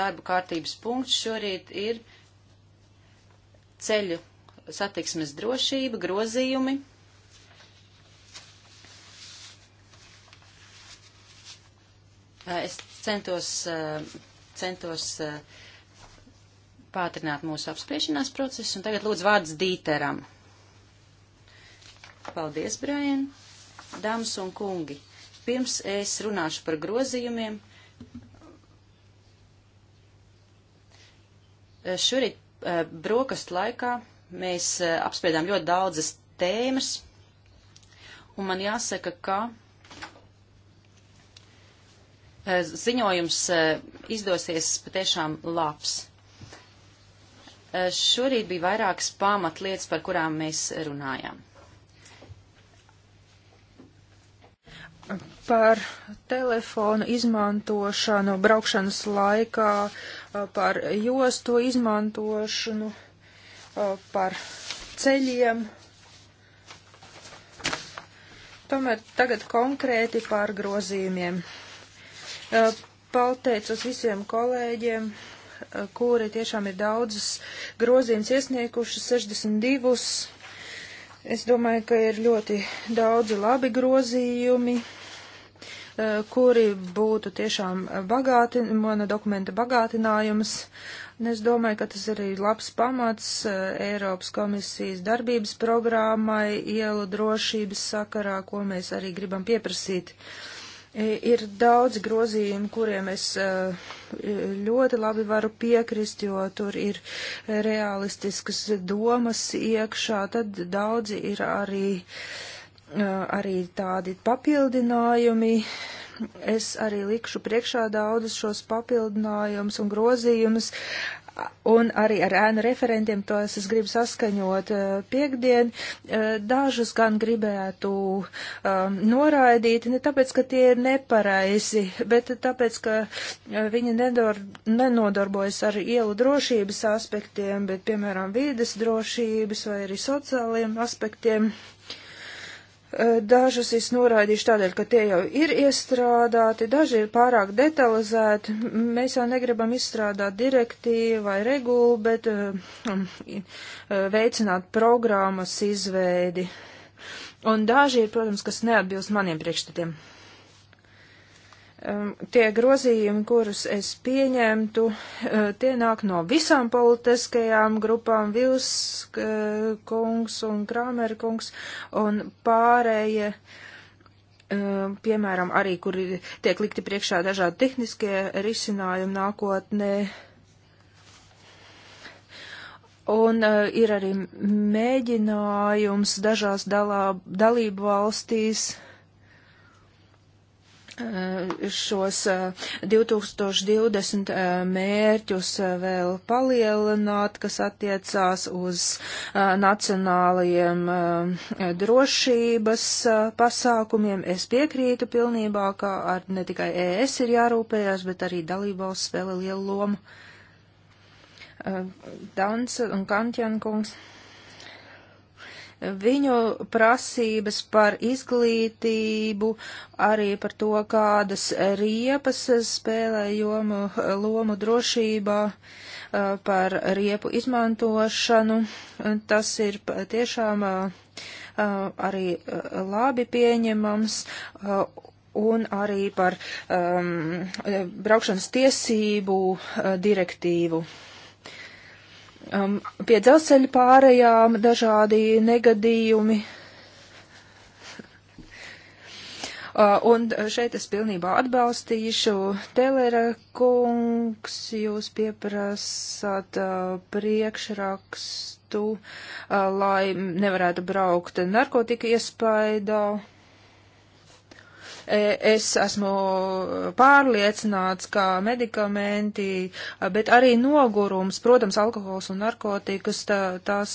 darba kārtības punkts šorīt ir ceļu satiksmes drošība, grozījumi. Es centos, eh, centos eh, pātrināt mūsu apspriešanās procesu. Un tagad lūdzu vārds Dīteram. Paldies, Brian. Dāmas un kungi, pirms es runāšu par grozījumiem, šorīt eh, brokastu laikā mēs eh, apspriedām ļoti daudzas tēmas, un man jāsaka, ka eh, ziņojums izdosies patiešām labs. Eh, šorīt bija vairākas pamatlietas, par kurām mēs runājām. Par telefonu izmantošanu braukšanas laikā, eh, par jostu izmantošanu, eh, par ceļiem. Tomēr tagad konkrēti par grozījumiem. Paldies visiem kolēģiem kuri tiešām ir daudzas grozījums iesnieguši, 62. Es domāju, ka ir ļoti daudzi labi grozījumi, eh, kuri būtu tiešām bagāti, mana dokumenta bagātinājums. Un es domāju, ka tas arī labs pamats eh, Eiropas komisijas darbības programmai ielu drošības sakarā, ko mēs arī gribam pieprasīt. Uh, E, ir daudz grozījumu, kuriem es e, ļoti labi varu piekrist, jo tur ir realistiskas domas iekšā, tad daudzi ir arī, e, arī tādi papildinājumi, es arī likšu priekšā daudzus šos papildinājumus un grozījumus, un arī ar ēnu referentiem tos es gribu saskaņot eh, piekdien. Eh, dažus gan gribētu um, noraidīt, ne tāpēc, ka tie ir nepareizi, bet tāpēc, ka viņi nedor, nenodarbojas ar ielu drošības aspektiem, bet, piemēram, vīdes drošības vai arī sociāliem aspektiem. Uh, Eh, Dažus es noraidīšu tādēļ, ka tie jau ir iestrādāti, daži ir pārāk detalizēti. Mēs jau negribam izstrādāt direktīvu vai regulu, bet eh, um, eh, veicināt programmas izveidi. Un daži ir, protams, kas neatbilst maniem priekšstatiem. Um, tie grozījumi, kurus es pieņemtu, uh, tie nāk no visām politiskajām grupām, Vils kungs un Kramer kungs un pārējie um, piemēram, arī, kur tiek likti priekšā dažādi tehniskie risinājumi nākotnē. Un uh, ir arī mēģinājums dažās dalā, dalību valstīs uh, Eh, šos 2020 eh, eh, mērķus vēl palielināt, kas attiecās uz nacionālajiem drošības pasākumiem. Es piekrītu pilnībā, ka ar ne tikai ES ir jārūpējas, bet arī dalībvalsts spēlē lielu lomu. Dans un Kantjankungs. kungs viņu prasības par izglītību, arī par to, kādas riepas spēlē jomu, lomu drošībā, par riepu izmantošanu. Tas ir tiešām arī labi pieņemams un arī par um, braukšanas tiesību direktīvu um, pie dzelzceļa pārējām dažādi negadījumi. Uh, un šeit es pilnībā atbalstīšu Telera kungs, jūs pieprasāt uh, priekšrakstu, uh, lai nevarētu braukt narkotika iespaidā. Uh, Es esmu pārliecināts, ka medikamenti, bet arī nogurums, protams, alkohols un narkotikas, tā, tās,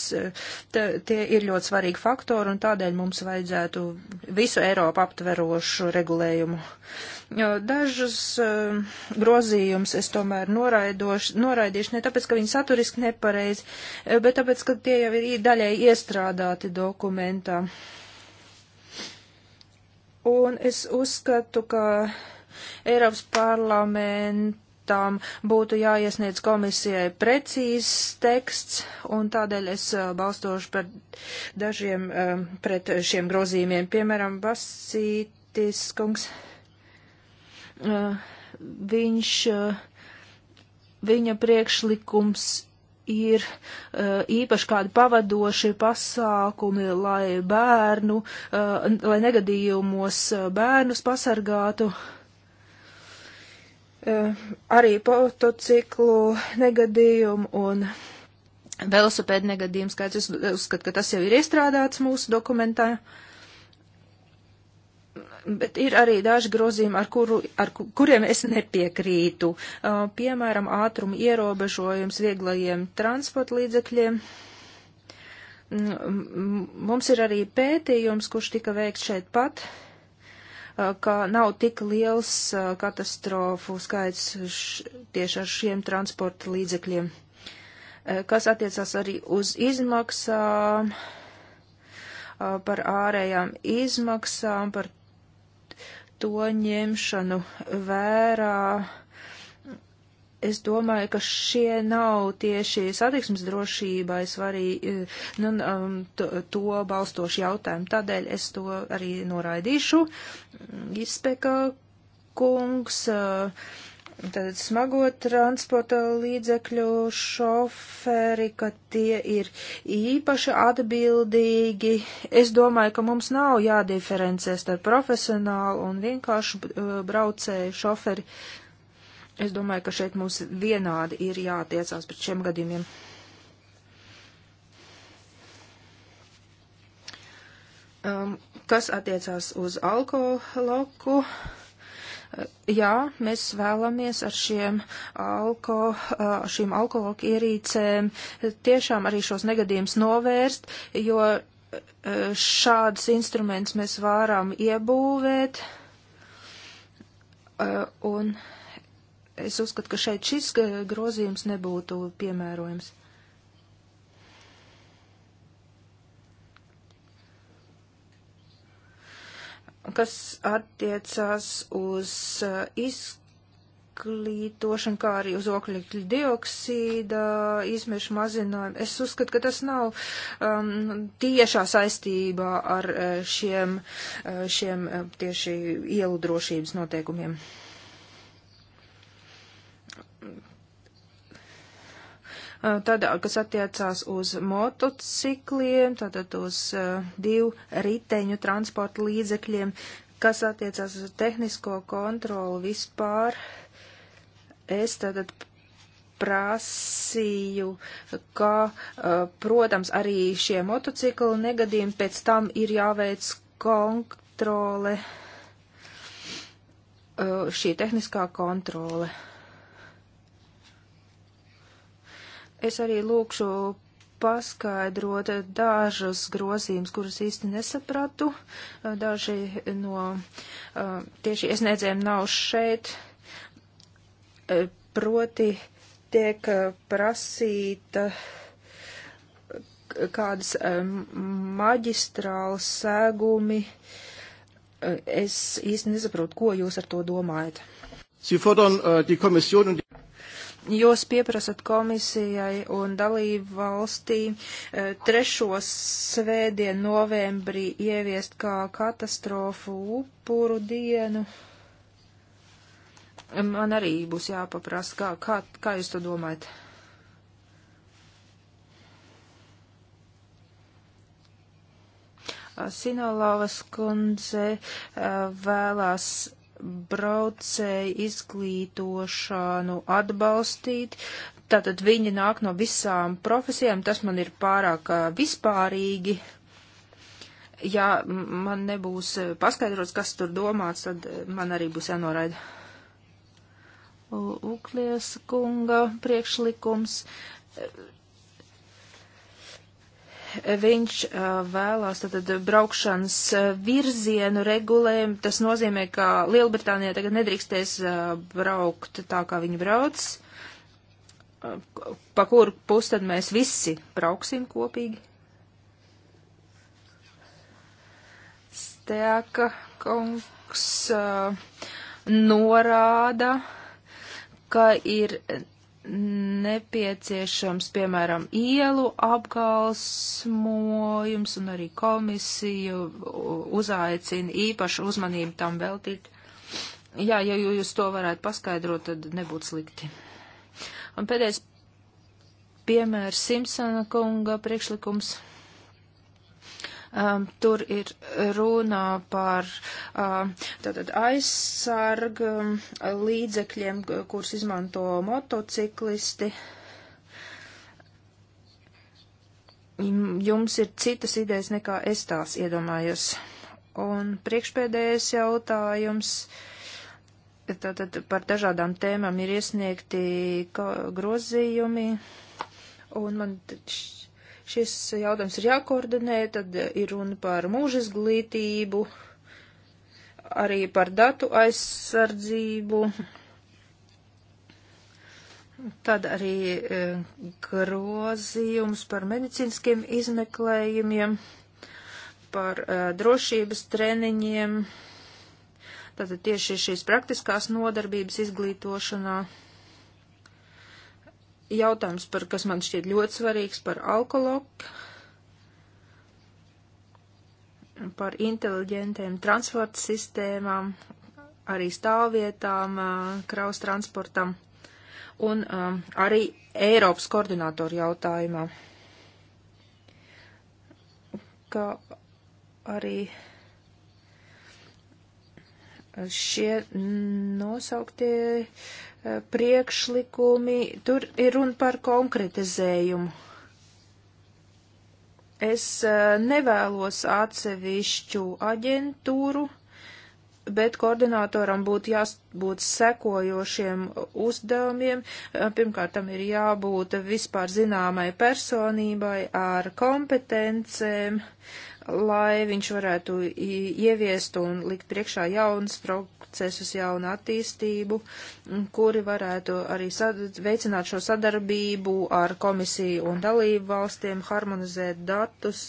tā, tie ir ļoti svarīgi faktori, un tādēļ mums vajadzētu visu Eiropu aptverošu regulējumu. Dažus eh, grozījumus es tomēr noraidīšu ne tāpēc, ka viņi saturiski nepareizi, eh, bet tāpēc, ka tie jau ir daļai iestrādāti dokumentā. Un es uzskatu, ka Eiropas parlamentam būtu jāiesniedz komisijai precīzs teksts, un tādēļ es uh, balstošu par dažiem um, pret šiem grozījumiem. Piemēram, Basītis kungs, uh, viņš, uh, viņa priekšlikums ir uh, īpaši kādi pavadoši pasākumi, lai bērnu, uh, lai negadījumos eh, bērnus pasargātu. Uh, arī potociklu negadījumu un velosipēdu negadījumu skaits. Es uzskatu, ka tas jau ir iestrādāts mūsu dokumentā. Uh, Bet ir arī daži grozījumi, ar, kuru, ar kuriem es nepiekrītu. Uh, piemēram, ātruma ierobežojums vieglajiem transporta līdzekļiem. Mm, mums ir arī pētījums, kurš tika veikts šeit pat, uh, ka nav tik liels uh, katastrofu skaits š, tieši ar šiem transporta līdzekļiem, uh, kas attiecās arī uz izmaksām uh, par ārējām izmaksām, par to ņemšanu vērā. Es domāju, ka šie nav tieši satiksmes drošībai svarīgi, nu, um, to, to balstoši jautājumi. Tādēļ es to arī noraidīšu. Izspēkā kungs. Uh, Tad smago transporta līdzekļu šoferi, ka tie ir īpaši atbildīgi. Es domāju, ka mums nav jādiferencē starp profesionālu un vienkāršu eh, braucēju šoferi. Es domāju, ka šeit mums vienādi ir jātiecās pret šiem gadījumiem. Um, kas attiecās uz alkoholoku? Uh, Eh, jā, mēs vēlamies ar šiem alko, eh, šīm alkohola ierīcēm tiešām arī šos negadījumus novērst, jo eh, šādas instruments mēs varam iebūvēt. Un es uzskatu, ka šeit šis grozījums nebūtu piemērojams. kas attiecās uz uh, izglītošanu, kā arī uz okļu dioksīda izmešu mazinājumu. Es uzskatu, ka tas nav um, tiešā saistībā ar uh, šiem, uh, šiem tieši ielu drošības noteikumiem. Uh, Eh, tad, kas attiecās uz motocikliem, tātad uz uh, divu riteņu transporta līdzekļiem, kas attiecās uz tehnisko kontroli vispār. Es tātad prasīju, ka, uh, protams, arī šie motocikli negadījumi pēc tam ir jāveic kontrole, uh, šī tehniskā kontrole. Uh, Es arī lūkšu paskaidrot dažas grozījumus, kuras īsti nesapratu. Daži no tieši iesniedzējiem nav šeit. Proti tiek prasīta kādas maģistrāls sēgumi. Es īsti nesaprotu, ko jūs ar to domājat. Sie fordern äh, die Kommission und die jūs pieprasat komisijai un dalību valstī e, trešo svētdienu novembrī ieviest kā katastrofu upuru dienu. Man arī būs jāpaprast, kā, kā, kā jūs to domājat? Sinolovas kundze e, vēlās braucēju izglītošanu atbalstīt. Tātad viņi nāk no visām profesijām, tas man ir pārāk vispārīgi. Ja man nebūs paskaidrots, kas tur domāts, tad man arī būs jānoraida. Uklies kunga priekšlikums viņš uh, vēlās tātad braukšanas uh, virzienu regulējumu. Tas nozīmē, ka Lielbritānijā tagad nedrīkstēs uh, braukt tā, kā viņi brauc. Pa kuru pusi tad mēs visi brauksim kopīgi? Stēka kungs norāda, ka ir nepieciešams, piemēram, ielu apgalsmojums un arī komisiju uzaicina īpašu uzmanību tam veltīt. Jā, ja jūs to varētu paskaidrot, tad nebūtu slikti. Un pēdējais piemērs Simpsona kunga priekšlikums Um, tur ir runa par um, tātad aizsargu um, līdzekļiem, kurus izmanto motociklisti. Jums ir citas idejas nekā es tās iedomājos. Un priekšpēdējais jautājums. Tātad par dažādām tēmām ir iesniegti grozījumi, un man šķiet, Šis jautājums ir jākoordinē, tad ir runa par mūža izglītību, arī par datu aizsardzību. Tad arī e, grozījums par medicīniskiem izmeklējumiem, par e, drošības treniņiem, tātad tieši šīs praktiskās nodarbības izglītošanā jautājums, par, kas man šķiet ļoti svarīgs, par alkoholu, par inteliģentiem transporta sistēmām, arī stāvvietām, kraus transportam un um, arī Eiropas koordinātoru jautājumā, kā arī šie nosauktie priekšlikumi, tur ir runa par konkretizējumu. Es e, nevēlos atsevišķu aģentūru, bet koordinatoram būtu jābūt sekojošiem uzdevumiem. E, Pirmkārt, tam ir jābūt vispār zināmai personībai ar kompetencēm, uh, lai viņš varētu ieviest un likt priekšā jaunas procesus, jaunu attīstību, kuri varētu arī veicināt šo sadarbību ar komisiju un dalību valstiem, harmonizēt datus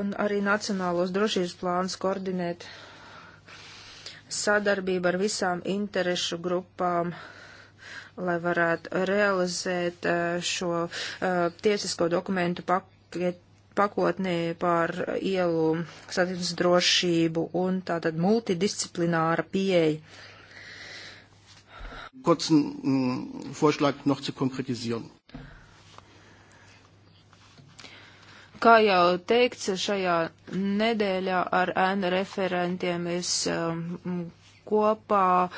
un arī nacionālos drošības plānus koordinēt sadarbību ar visām interešu grupām, lai varētu realizēt eh, šo uh, tiesisko dokumentu paketu pakotnē par ielu satiksmes drošību un tātad multidisciplināra pieeja. Kurzen mm, Vorschlag noch zu konkretisieren. Kā jau teikts, šajā nedēļā ar ēnu referentiem es um, kopā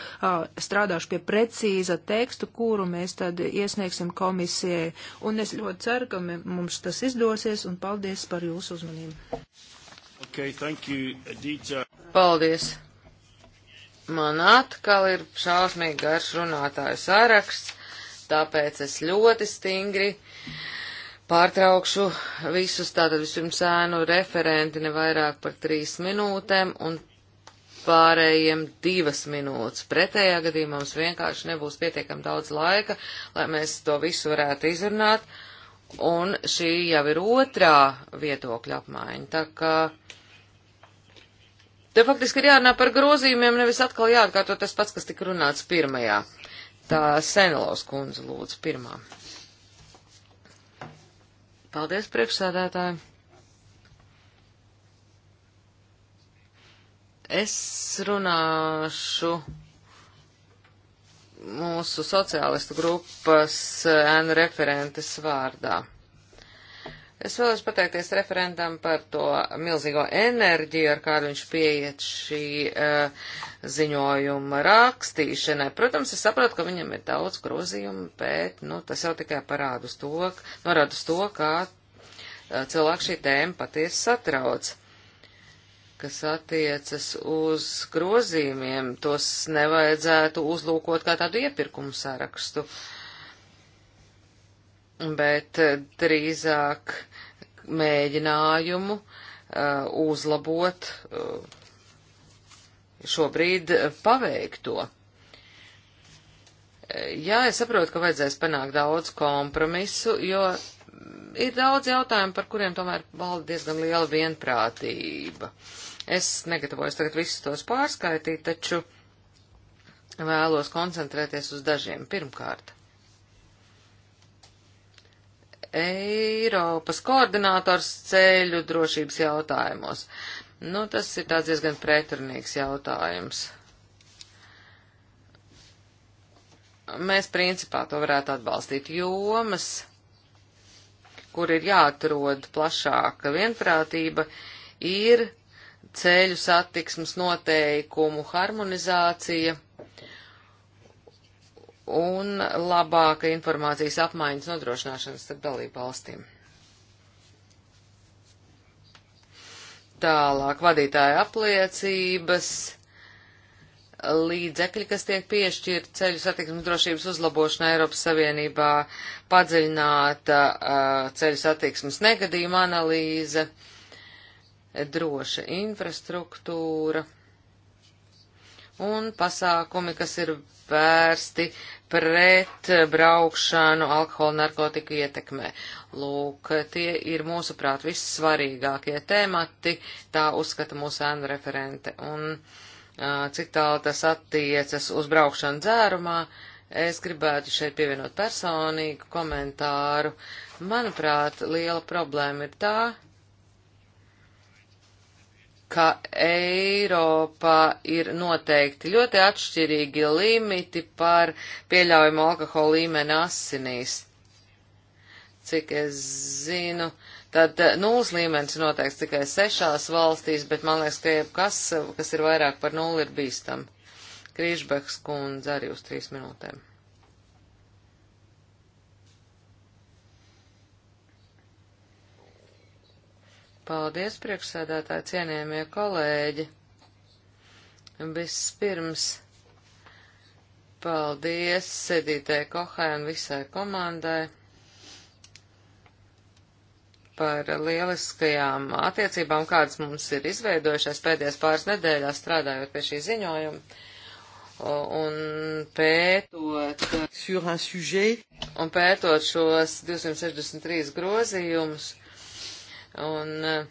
strādāšu pie precīza tekstu, kuru mēs tad iesniegsim komisijai. Un es ļoti ceru, ka mums tas izdosies, un paldies par jūsu uzmanību. Okay, thank you, Adita. Paldies. Man atkal ir šausmīgi garš runātāju saraksts, tāpēc es ļoti stingri pārtraukšu visus, tātad vispirms ēnu referenti ne vairāk par trīs minūtēm, un pārējiem divas minūtes. Pretējā gadījumā mums vienkārši nebūs pietiekam daudz laika, lai mēs to visu varētu izrunāt. Un šī jau ir otrā viedokļa apmaiņa. Tā kā te faktiski ir jārunā par grozījumiem, nevis atkal jāatkārto tas pats, kas tika runāts pirmajā. Tā Senelovs kundze lūdzu pirmā. Paldies priekšsēdētāji! Es runāšu mūsu sociālistu grupas eh, ēnu referentes vārdā. Es vēlos pateikties referentam par to milzīgo enerģiju, ar kādu viņš pieiet šī uh, ziņojuma rakstīšanai. Protams, es saprotu, ka viņam ir daudz grozījumu, bet nu, tas jau tikai parāda uz to, norāda uz to, kā uh, eh, cilvēku šī tēma patiesi satrauc kas attiecas uz grozījumiem, tos nevajadzētu uzlūkot kā tādu iepirkumu sarakstu, bet eh, drīzāk mēģinājumu uh, uzlabot uh, šobrīd paveikto. Jā, es saprotu, ka vajadzēs panākt daudz kompromisu, jo ir daudz jautājumu, par kuriem tomēr valda diezgan liela vienprātība. Uh, Es negatavojos tagad visus tos pārskaitīt, taču vēlos koncentrēties uz dažiem. Pirmkārt, Eiropas koordinators ceļu drošības jautājumos. Nu, tas ir tāds diezgan pretrunīgs jautājums. Mēs principā to varētu atbalstīt jomas, kur ir jāatrod plašāka vienprātība, ir ceļu satiksmes noteikumu harmonizācija un labāka informācijas apmaiņas nodrošināšana starp dalību valstīm. Tālāk vadītāja apliecības, līdzekļi, kas tiek piešķirti ceļu satiksmes drošības uzlabošanai Eiropas Savienībā, padziļināta uh, ceļu satiksmes negadījuma analīze. Uh, droša infrastruktūra un pasākumi, kas ir vērsti pret braukšanu alkohola narkotiku ietekmē. Lūk, tie ir mūsuprāt vissvarīgākie temati, tā uzskata mūsu ēnu referente. Un cik tālu tas attiecas uz braukšanu dzērumā, es gribētu šeit pievienot personīgu komentāru. Manuprāt, liela problēma ir tā, ka Eiropā ir noteikti ļoti atšķirīgi limiti par pieļaujumu alkohola līmeni asinīs. Cik es zinu, tad nulles līmenis noteikts tikai sešās valstīs, bet man liekas, ka jebkas, kas ir vairāk par nulli, ir bīstam. Krīžbeks kundze arī uz trīs minūtēm. Paldies, priekšsēdētāji, cienījamie kolēģi. Vispirms paldies Sedītē Kohai un visai komandai par lieliskajām attiecībām, kādas mums ir izveidojušās pēdējās pāris nedēļās strādājot pie šī ziņojuma un pētot, un pētot šos 263 grozījumus Un eh,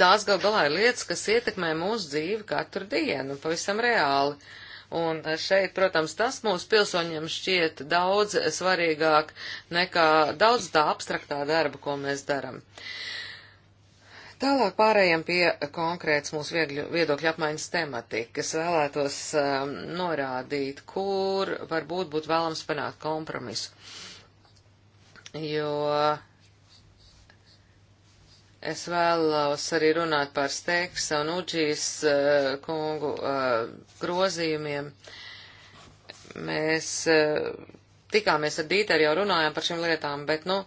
tās gal galā ir lietas, kas ietekmē mūsu dzīvi katru dienu, pavisam reāli. Un eh, šeit, protams, tas mūsu pilsoņiem šķiet daudz svarīgāk nekā daudz tā abstraktā darba, ko mēs daram. Tālāk pārējiem pie konkrēts mūsu viegļu, viedokļu apmaiņas tematikas. Vēlētos um, norādīt, kur varbūt būtu vēlams panākt kompromisu. Jo Es vēlos arī runāt par Steiksa un Uģijas uh, eh, kungu uh, grozījumiem. Mēs uh, tikāmies ar Dīteru, jau runājām par šīm lietām, bet, nu,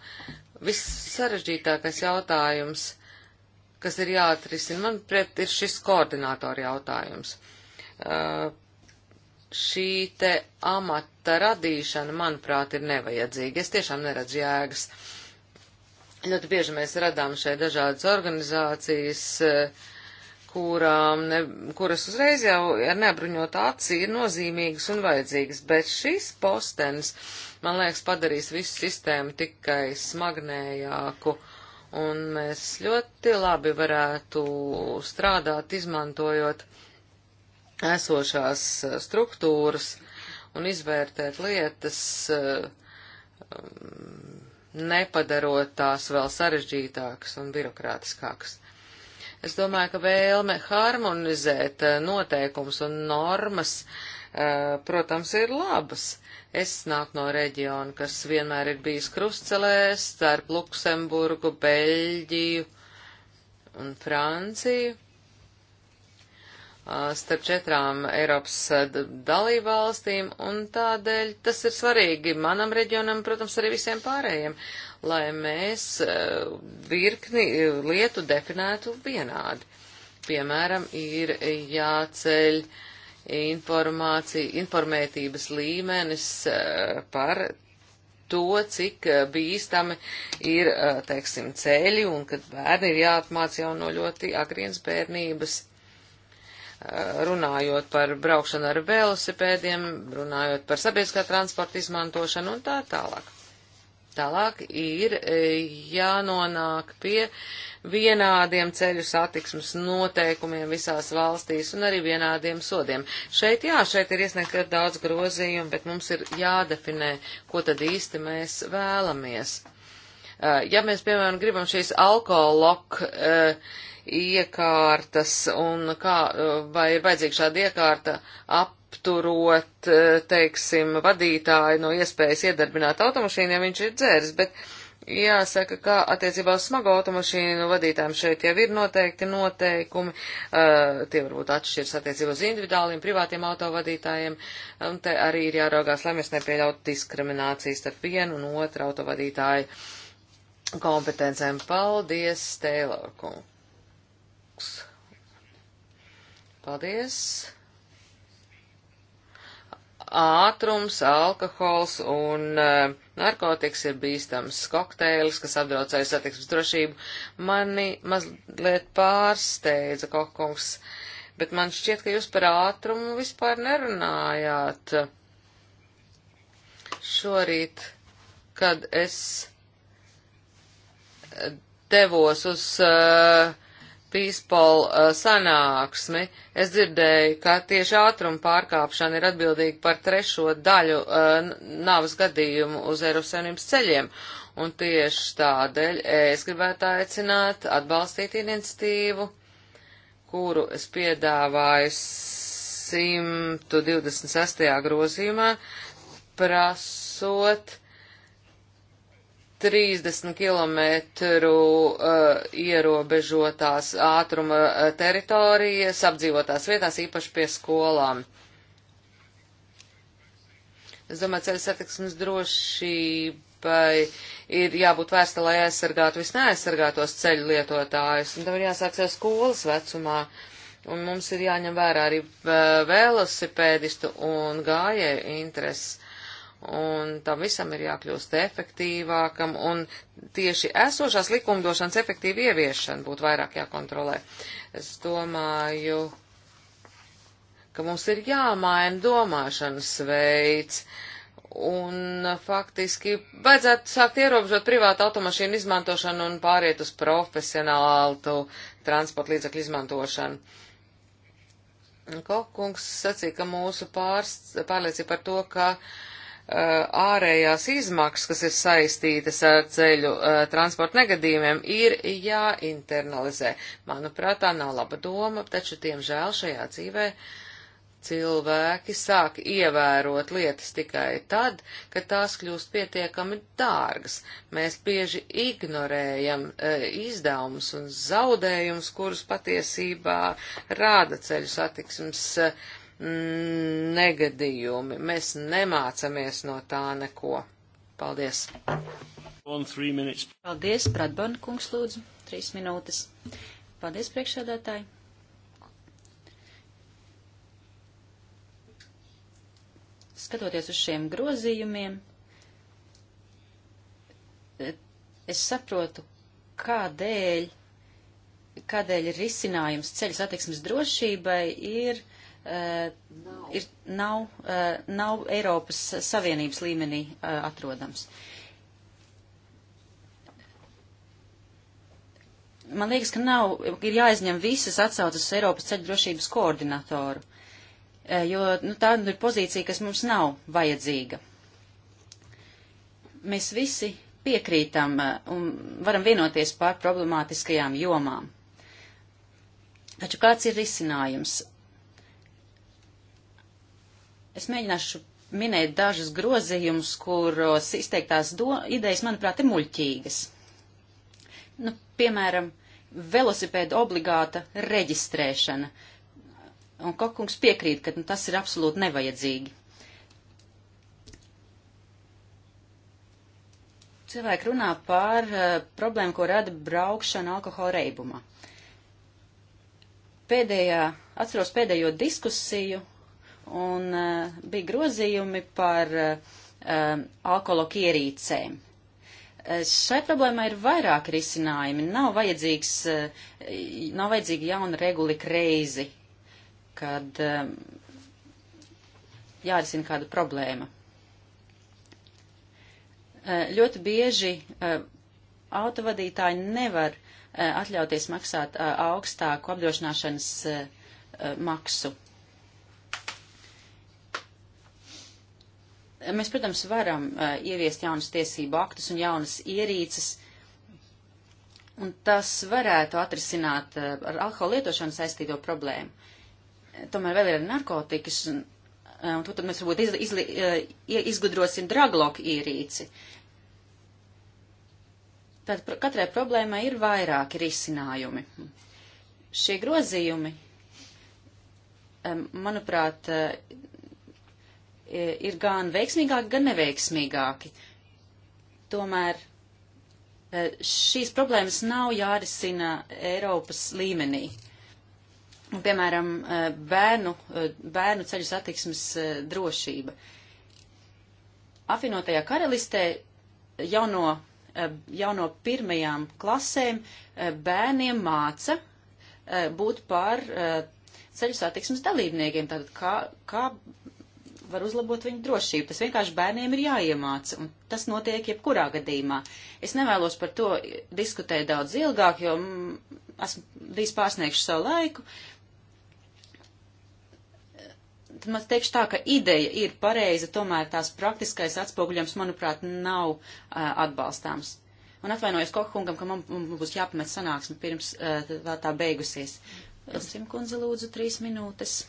viss sarežģītākais jautājums, kas ir jāatrisina, manuprāt, ir šis koordinātori jautājums. Uh, šī te amata radīšana, manuprāt, ir nevajadzīga. Es tiešām neredzu jēgas. Uh, Ļoti bieži mēs radām šeit dažādas organizācijas, eh, kurām, ne, kuras uzreiz jau ar neapbruņotā acī ir nozīmīgas un vajadzīgas, bet šis postenis, man liekas, padarīs visu sistēmu tikai smagnējāku, un mēs ļoti labi varētu strādāt, izmantojot esošās eh, struktūras un izvērtēt lietas eh, nepadarot tās vēl sarežģītākas un birokrātiskākas. Es domāju, ka vēlme harmonizēt eh, noteikums un normas, eh, protams, ir labas. Es nāku no reģiona, kas vienmēr ir bijis krustcelēs starp Luksemburgu, Beļģiju un Franciju starp četrām Eiropas dalībvalstīm, un tādēļ tas ir svarīgi manam reģionam, protams, arī visiem pārējiem, lai mēs virkni lietu definētu vienādi. Piemēram, ir jāceļ informācija, informētības līmenis par to, cik bīstami ir, teiksim, ceļi, un kad bērni ir jāatmāc jau no ļoti agrīnas bērnības runājot par braukšanu ar velosipēdiem, runājot par sabiedriskā transporta izmantošanu un tā tālāk. Tālāk ir e, jānonāk pie vienādiem ceļu satiksmes noteikumiem visās valstīs un arī vienādiem sodiem. Šeit, jā, šeit ir iesniegt ļoti daudz grozījumu, bet mums ir jādefinē, ko tad īsti mēs vēlamies. E, ja mēs, piemēram, gribam šīs alkoholoku e, iekārtas un kā, vai ir vajadzīga šāda iekārta apturot, eh, teiksim, vadītāju no iespējas iedarbināt automašīnu, ja viņš ir dzērs, bet jāsaka, ka attiecībā uz smago automašīnu vadītājiem šeit jau ir noteikti noteikumi, uh, tie varbūt atšķirs attiecībā uz individuāliem, privātiem autovadītājiem, un te arī ir jāraugās, lai mēs nepieļautu diskriminācijas starp vienu un otru autovadītāju kompetencēm. Paldies, Teilorkungs! kungs. Paldies! ātrums, alkohols un uh, narkotikas ir bīstams kokteils, kas apdraucēja satiksmes drošību. Mani mazliet pārsteidza kokungs, bet man šķiet, ka jūs par ātrumu vispār nerunājāt. Šorīt, kad es devos uz uh, Pīspol uh, sanāksmi, es dzirdēju, ka tieši ātruma pārkāpšana ir atbildīga par trešo daļu uh, navas gadījumu uz Eiropas Savienības ceļiem. Un tieši tādēļ es gribētu aicināt atbalstīt iniciatīvu, kuru es piedāvāju 126. grozījumā, prasot uh, 30 km uh, ierobežotās ātruma uh, teritorijas apdzīvotās vietās, īpaši pie skolām. Es domāju, ceļu satiksmes drošībai ir jābūt vērsta, lai aizsargātu visneaizsargātos ceļu lietotājus, un tam ir jāsāks jau skolas vecumā. Un mums ir jāņem vērā arī uh, velosipēdistu un gājēju intereses un tam visam ir jākļūst efektīvākam, un tieši esošās likumdošanas efektīva ieviešana būtu vairāk jākontrolē. Es domāju, ka mums ir jāmaina domāšanas veids, un faktiski vajadzētu sākt ierobežot privātu automašīnu izmantošanu un pāriet uz profesionālu transporta līdzekļu izmantošanu. Kokungs sacīja, ka mūsu pārs, pārliecība par to, ka uh, Eh, ārējās izmaksas, kas ir saistītas ar ceļu eh, transporta negadījumiem, ir jāinternalizē. Manuprāt, tā nav laba doma, taču, tiemžēl, šajā dzīvē cilvēki sāk ievērot lietas tikai tad, kad tās kļūst pietiekami dārgas. Mēs bieži ignorējam e, izdevumus un zaudējumus, kurus patiesībā rāda ceļu satiksmes. E, negadījumi. Mēs nemācamies no tā neko. Paldies. Paldies, Bradbana kungs, lūdzu. Trīs minūtes. Paldies, priekšsēdētāji. Skatoties uz šiem grozījumiem, es saprotu, kādēļ, kādēļ risinājums ceļu satiksmes drošībai ir uh, Eh, ir, nav, eh, nav Eiropas Savienības līmenī eh, atrodams. Man liekas, ka nav, ir jāizņem visas atsaucas uz Eiropas ceļu drošības koordinatoru, jo nu, tā ir pozīcija, kas mums nav vajadzīga. Mēs visi piekrītam un varam vienoties par problemātiskajām jomām. Taču kāds ir risinājums? Es mēģināšu minēt dažus grozījumus, kuros izteiktās do, idejas, manuprāt, ir muļķīgas. Nu, piemēram, velosipēda obligāta reģistrēšana. Un Kokungs piekrīt, ka nu, tas ir absolūti nevajadzīgi. Cilvēki runā par uh, problēmu, ko rada braukšana alkohola reibumā. Pēdējā, atceros pēdējo diskusiju un uh, bija grozījumi par uh, e, e, alkoholoku ierīcēm. Uh, šai problēmai ir vairāk risinājumi. Nav, vajadzīgs, uh, nav vajadzīga jauna regula reizi, kad uh, jārisina kāda problēma. Ļoti bieži autovadītāji nevar atļauties maksāt augstāku apdrošināšanas maksu. Mēs, protams, varam uh, ieviest jaunas tiesību aktus un jaunas ierīces, un tas varētu atrisināt uh, ar alkohola lietošanu saistīto problēmu. Tomēr vēl ir narkotikas, un, uh, un to tad mēs varbūt iz, izli, uh, izgudrosim dragloku ierīci. Tad pr katrai problēmai ir vairāki risinājumi. Šie grozījumi, um, manuprāt, uh, E, ir gan veiksmīgāki, gan neveiksmīgāki. Tomēr e, šīs problēmas nav jārisina Eiropas līmenī. Un, piemēram, e, bērnu, bērnu ceļu satiksmes drošība. Apvienotajā karalistē jau no, jau no pirmajām klasēm bērniem māca būt par ceļu satiksmes dalībniekiem, tātad kā, kā var uzlabot viņu drošību. Tas vienkārši bērniem ir jāiemāca, un tas notiek jebkurā gadījumā. Es nevēlos par to diskutēt daudz ilgāk, jo mm, esmu drīz pārsniegšu savu laiku. Tad man teikšu tā, ka ideja ir pareiza, tomēr tās praktiskais atspoguļojums, manuprāt, nav uh, atbalstāms. Un atvainojos Kokungam, ka man, man būs jāpamet sanāksme pirms uh, tā beigusies. Elsim kundze lūdzu trīs minūtes.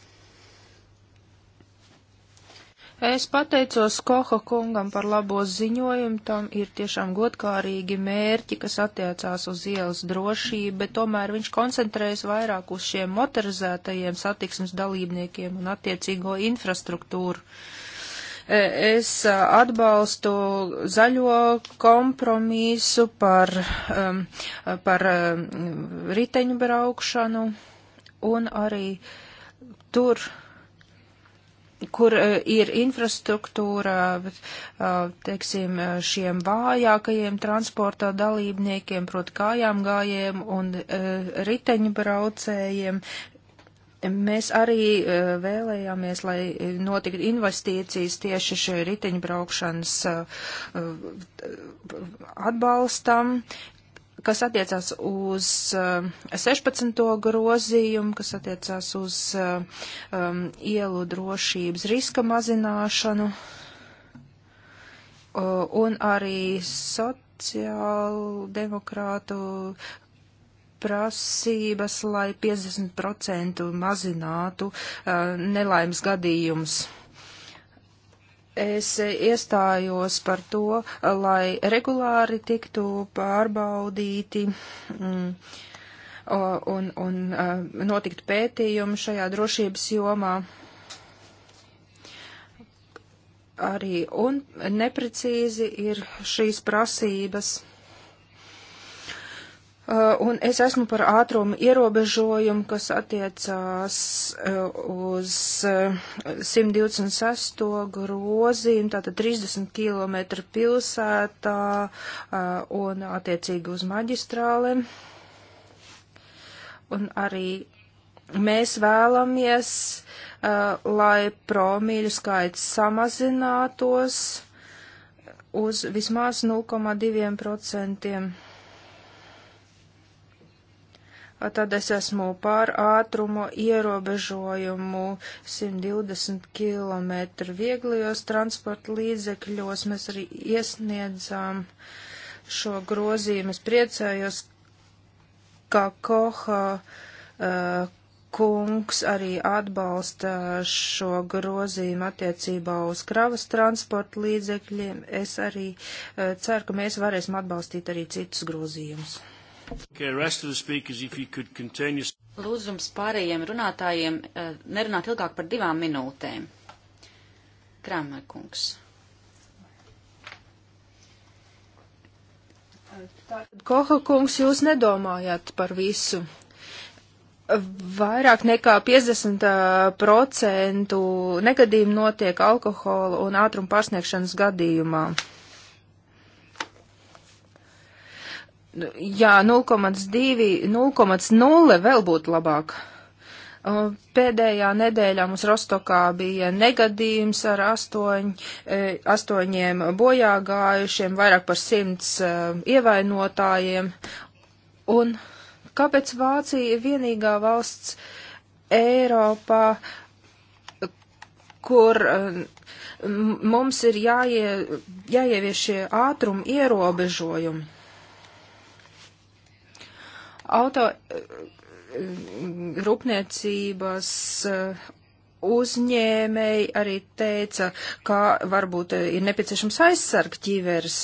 Es pateicos Koha kungam par labo ziņojumu, tam ir tiešām godkārīgi mērķi, kas attiecās uz ielas drošību, bet tomēr viņš koncentrējas vairāk uz šiem motorizētajiem satiksmes dalībniekiem un attiecīgo infrastruktūru. E, es atbalstu zaļo kompromisu par, um, par um, riteņu braukšanu un arī tur kur eh, ir infrastruktūra, eh, teiksim, eh, šiem vājākajiem transporta dalībniekiem, proti kājām gājiem un riteņu braucējiem. Mēs arī vēlējāmies, lai notiktu investīcijas tieši šai riteņbraukšanas atbalstam, kas attiecās uz 16. Eh, grozījumu, kas attiecās uz eh, um, ielu drošības riska mazināšanu eh, un arī sociāldemokrātu prasības, lai 50% mazinātu uh, nelaimes gadījumus es iestājos par to, lai regulāri tiktu pārbaudīti mm, un, un notiktu pētījumi šajā drošības jomā. Arī un neprecīzi ir šīs prasības. Uh, un es esmu par ātrumu ierobežojumu, kas attiecās uh, uz 126. Uh, grozīm, tātad 30 km pilsētā un attiecīgi uz maģistrālēm. Un arī mēs vēlamies, lai promīļu skaits samazinātos uz vismaz 0,2% tad es esmu pār ātrumu ierobežojumu 120 km vieglajos transporta līdzekļos. Mēs arī iesniedzām šo grozījumu. Es priecājos, ka Koha uh, kungs arī atbalsta šo grozījumu attiecībā uz kravas transporta līdzekļiem. Es arī uh, ceru, ka mēs varēsim atbalstīt arī citus grozījumus. Lūdzums pārējiem runātājiem eh, nerunāt ilgāk par divām minūtēm. Kramerkungs. Koha kungs, jūs nedomājat par visu. Vairāk nekā 50% eh, negadījumu notiek alkohola un ātruma pārsniegšanas gadījumā. Nu, jā, 0,2, 0,0 vēl būtu labāk. Pēdējā nedēļā mums Rostokā bija negadījums ar astoņ, e, astoņiem bojā gājušiem, vairāk par simts e, ievainotājiem. Un kāpēc Vācija ir vienīgā valsts Eiropā, kur e, mums ir jāie, jāievieš šie ātruma ierobežojumi? Auto eh, rūpniecības eh, uzņēmēji arī teica, ka varbūt eh, ir nepieciešams aizsargt ķivers.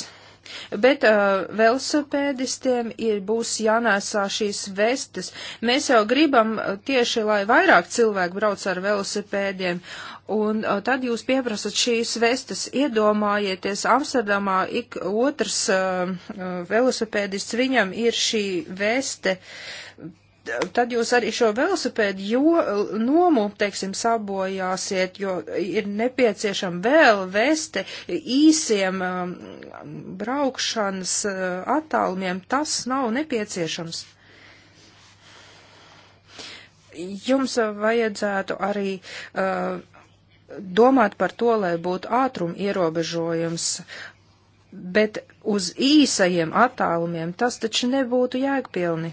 Bet uh, velosipēdistiem ir būs jānēsā šīs vestes. Mēs jau gribam tieši, lai vairāk cilvēku brauc ar velosipēdiem, Un uh, tad jūs pieprasat šīs vestes. Iedomājieties, Amsterdamā ik otrs uh, velosipēdists, viņam ir šī veste. Tad jūs arī šo velosipēdu jo, nomu, teiksim, sabojāsiet, jo ir nepieciešama vēl veste īsiem um, braukšanas uh, attālumiem. Tas nav nepieciešams jums vajadzētu arī uh, domāt par to, lai būtu ātrum ierobežojums, bet uz īsajiem attālumiem tas taču nebūtu jēgpilni.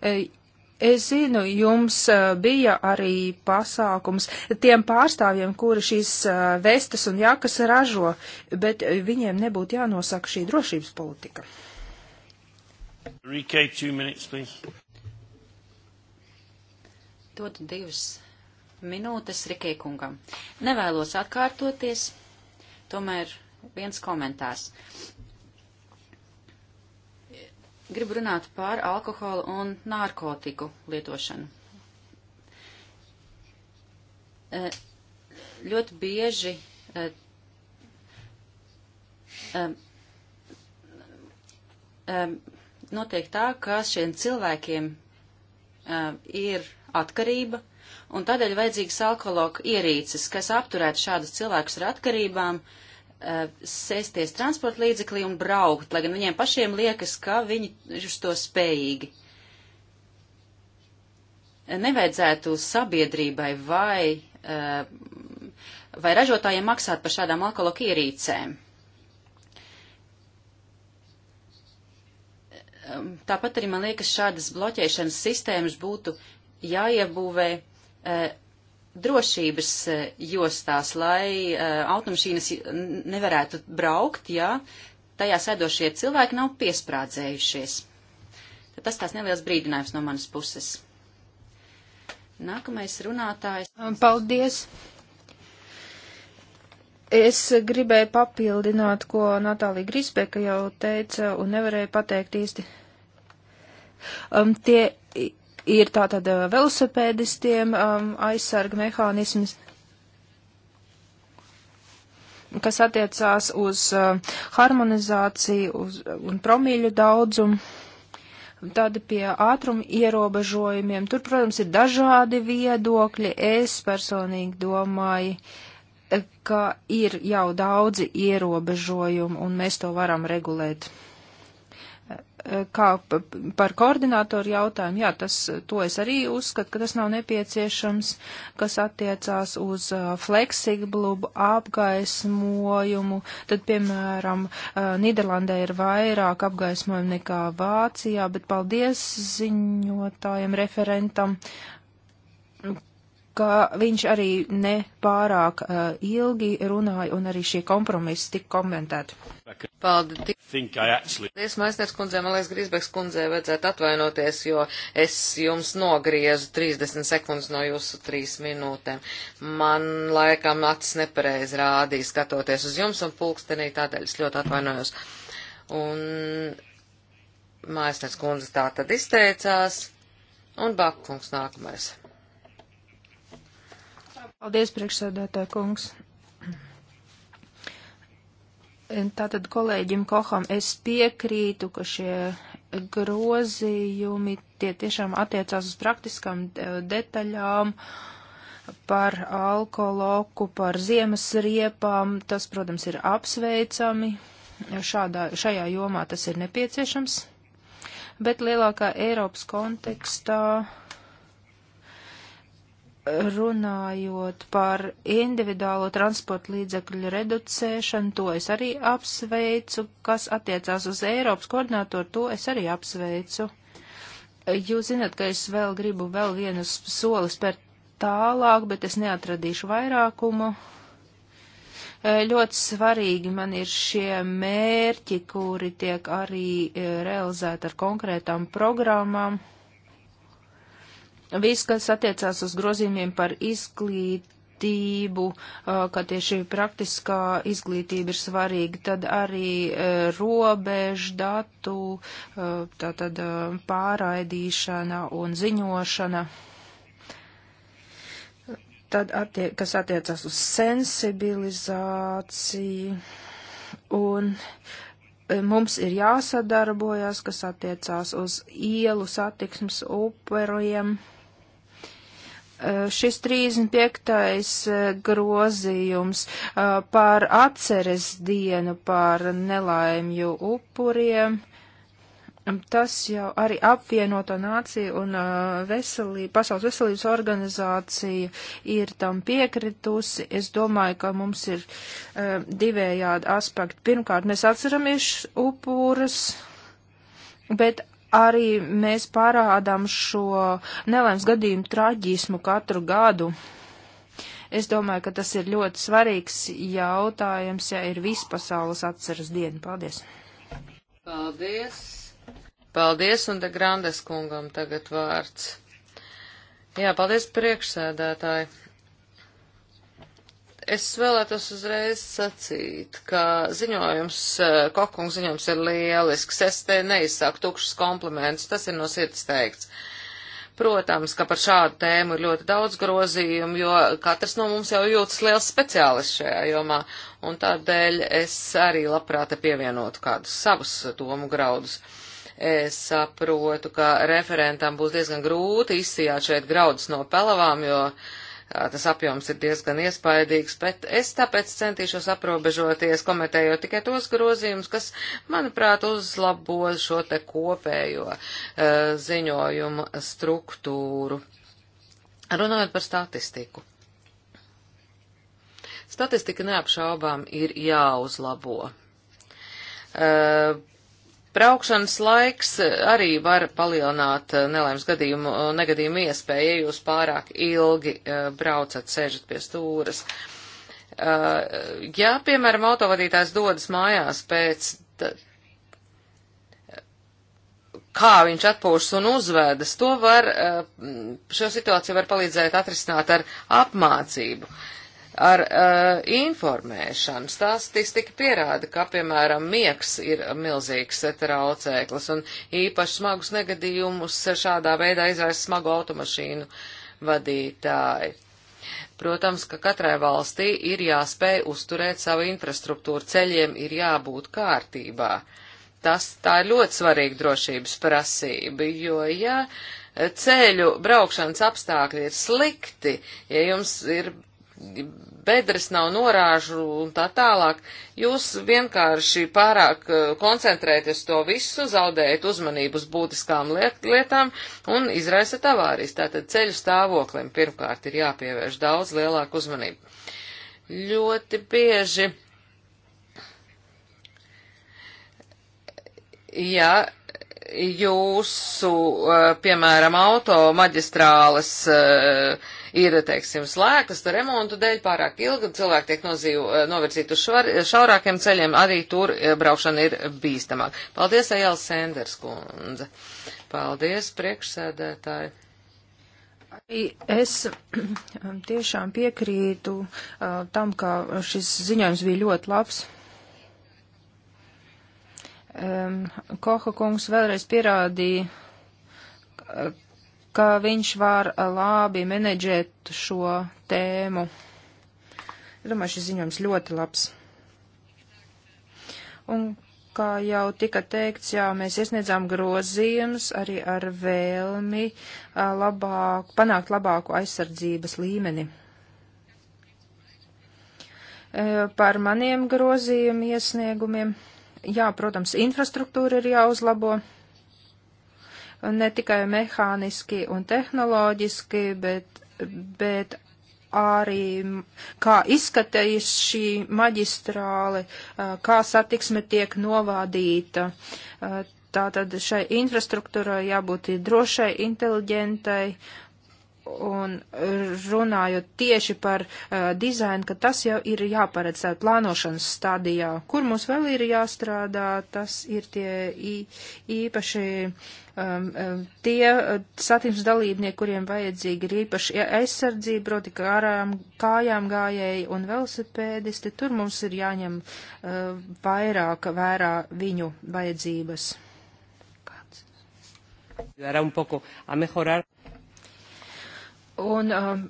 E, es zinu, jums e, bija arī pasākums tiem pārstāvjiem, kuri šīs e, vestas un jakas ražo, bet viņiem nebūtu jānosaka šī drošības politika. Rīkei, two minutes, please. Dod divas minūtes Rikē kungam. Nevēlos atkārtoties, tomēr viens komentārs. Gribu runāt par alkoholu un narkotiku lietošanu. Eh, ļoti bieži eh, eh, notiek tā, ka šiem cilvēkiem ir atkarība un tādēļ vajadzīgas alkoholoka ierīces, kas apturētu šādus cilvēkus ar atkarībām, eh, sēsties transporta līdzeklī un braukt, lai gan viņiem pašiem liekas, ka viņi uz to spējīgi. Nevajadzētu sabiedrībai vai, eh, vai ražotājiem maksāt par šādām alkoholoka ierīcēm. Ehm, tāpat arī man liekas, šādas bloķēšanas sistēmas būtu jāiebūvē uh, E, drošības e, jostās, lai e, automašīnas nevarētu braukt, ja tajā sēdošie cilvēki nav piesprādzējušies. Tad tas tās neliels brīdinājums no manas puses. Nākamais runātājs. Paldies! Es gribēju papildināt, ko Natālija Grisbeka jau teica un nevarēju pateikt īsti. Um, tie ir tātad eh, velosipēdistiem um, aizsarga mehānisms, kas attiecās uz uh, harmonizāciju uz, un promīļu daudzumu. Tāda pie ātruma ierobežojumiem. Tur, protams, ir dažādi viedokļi. Es personīgi domāju, eh, ka ir jau daudzi ierobežojumi, un mēs to varam regulēt. Eh, kā par koordinātoru jautājumu, jā, tas, to es arī uzskatu, ka tas nav nepieciešams, kas attiecās uz eh, fleksiglu apgaismojumu. Tad, piemēram, eh, Nīderlandē ir vairāk apgaismojumu nekā Vācijā, bet paldies ziņotājiem referentam. Uh, ka viņš arī nepārāk uh, ilgi runāja un arī šie kompromisi tik komentēti. Paldies. Paldies, Maisnieks kundzē, man liekas, Grīsbeks kundzē vajadzētu atvainoties, jo es jums nogriezu 30 sekundes no jūsu 3 minūtēm. Man laikam acis nepareiz rādīja skatoties uz jums un pulkstenī, tādēļ es ļoti atvainojos. Un Maisnieks kundze tā tad izteicās, un Bakungs nākamais. Paldies, priekšsēdētāja kungs. Tātad kolēģim Koham es piekrītu, ka šie grozījumi tie tiešām attiecās uz praktiskām e, detaļām par alkoloku, par ziemas riepām. Tas, protams, ir apsveicami. Šādā, šajā jomā tas ir nepieciešams. Bet lielākā Eiropas kontekstā runājot par individuālo transporta līdzekļu reducēšanu, to es arī apsveicu. Kas attiecās uz Eiropas koordinātoru, to es arī apsveicu. Jūs zinat, ka es vēl gribu vēl vienu soli spērt tālāk, bet es neatradīšu vairākumu. E, ļoti svarīgi man ir šie mērķi, kuri tiek arī e, realizēti ar konkrētām programmām Viss, kas attiecās uz grozījumiem par izglītību, ka tieši praktiskā izglītība ir svarīga, tad arī robežu datu, tātad pārraidīšana un ziņošana. Tad, attie, kas attiecās uz sensibilizāciju un uh, mums ir jāsadarbojas, kas attiecās uz ielu satiksmes upuriem. Eh, šis 35. Eh, grozījums eh, par atceres dienu, par nelaimju upuriem, tas jau arī apvienoto nāciju un veselību, Pasaules veselības organizācija ir tam piekritusi. Es domāju, ka mums ir divējādi aspekti. Pirmkārt, mēs atceramies upurus, bet arī mēs parādām šo nelēms gadījumu traģismu katru gadu. Es domāju, ka tas ir ļoti svarīgs jautājums, ja ir vispasaules atceras diena. Paldies! Paldies! Paldies, un de Grandes kungam tagad vārds. Jā, paldies priekšsēdētāji. Es vēlētos uzreiz sacīt, ka ziņojums, eh, kokungs ziņojums ir lielisks. Es te neizsāku tukšus komplimentus, tas ir no sirds teikts. Protams, ka par šādu tēmu ir ļoti daudz grozījumu, jo katrs no mums jau jūtas liels speciālists šajā jomā, un tādēļ es arī labprāt pievienotu kādus savus domu graudus. Es saprotu, ka referentam būs diezgan grūti izsijāt šeit graudus no pelavām, jo uh, tas apjoms ir diezgan iespaidīgs, bet es tāpēc centīšos aprobežoties, komentējot tikai tos grozījumus, kas, manuprāt, uzlabo šo te kopējo ziņojumu struktūru. Runājot par statistiku. Statistika neapšaubām ir jāuzlabo. Braukšanas laiks eh, arī var palielināt eh, nelaimes gadījumu, eh, negadījumu iespēju, ja jūs pārāk ilgi braucat, sēžat pie stūras. Ja, piemēram, autovadītājs dodas mājās pēc kā viņš atpūšas un uzvedas, to var, šo situāciju var palīdzēt atrisināt ar apmācību. Uh, ar uh, informēšanu. Statistika pierāda, ka, piemēram, miegs ir milzīgs traucēklis un īpaši smagus negadījumus šādā veidā izraisa smagu automašīnu vadītāji. Protams, ka katrai valstī ir jāspēj uzturēt savu infrastruktūru, ceļiem ir jābūt kārtībā. Tas tā ir ļoti svarīga drošības prasība, jo, ja ceļu braukšanas apstākļi ir slikti, ja jums ir bedres nav norāžu un tā tālāk. Jūs vienkārši pārāk eh, koncentrēties to visu, zaudējat uzmanību uz būtiskām liet lietām un izraisat avārijas. Tātad ceļu stāvoklim pirmkārt ir jāpievērš daudz lielāku uzmanību. Ļoti bieži. Ja jūsu, eh, piemēram, auto maģistrāles uh, eh, ir, teiksim, slēgtas remontu dēļ pārāk ilgi, cilvēki tiek nozīv, eh, novirzīti uz šaurākiem ceļiem, arī tur eh, braukšana ir bīstamāk. Paldies, Ejāls Senders kundze. Paldies, priekšsēdētāji. Arī es tiešām piekrītu uh, tam, ka šis ziņojums bija ļoti labs. Um, Koha kungs vēlreiz pierādīja, ka viņš var eh, labi menedžēt šo tēmu. Es domāju, šis ziņojums ļoti labs. Un kā jau tika teikts, jā, mēs iesniedzām grozījumus arī ar vēlmi eh, labāk, panākt labāku aizsardzības līmeni. Eh, par maniem grozījumu iesniegumiem, jā, protams, infrastruktūra ir jāuzlabo ne tikai mehāniski un tehnoloģiski, bet, bet arī kā izskatījis šī maģistrāle, kā satiksme tiek novādīta. Tātad šai infrastruktūrai jābūt drošai, inteliģentai. Un runājot tieši par uh, dizainu, ka tas jau ir jāparedz tādā plānošanas stadijā. Kur mums vēl ir jāstrādā, tas ir tie īpaši uh, Um, um, tie uh, satiksmes dalībnieki, kuriem vajadzīgi ir īpaši aizsardzība, proti ārām, kājām gājēji un velosipēdisti, tur mums ir jāņem uh, vairāk vērā viņu vajadzības. Un um,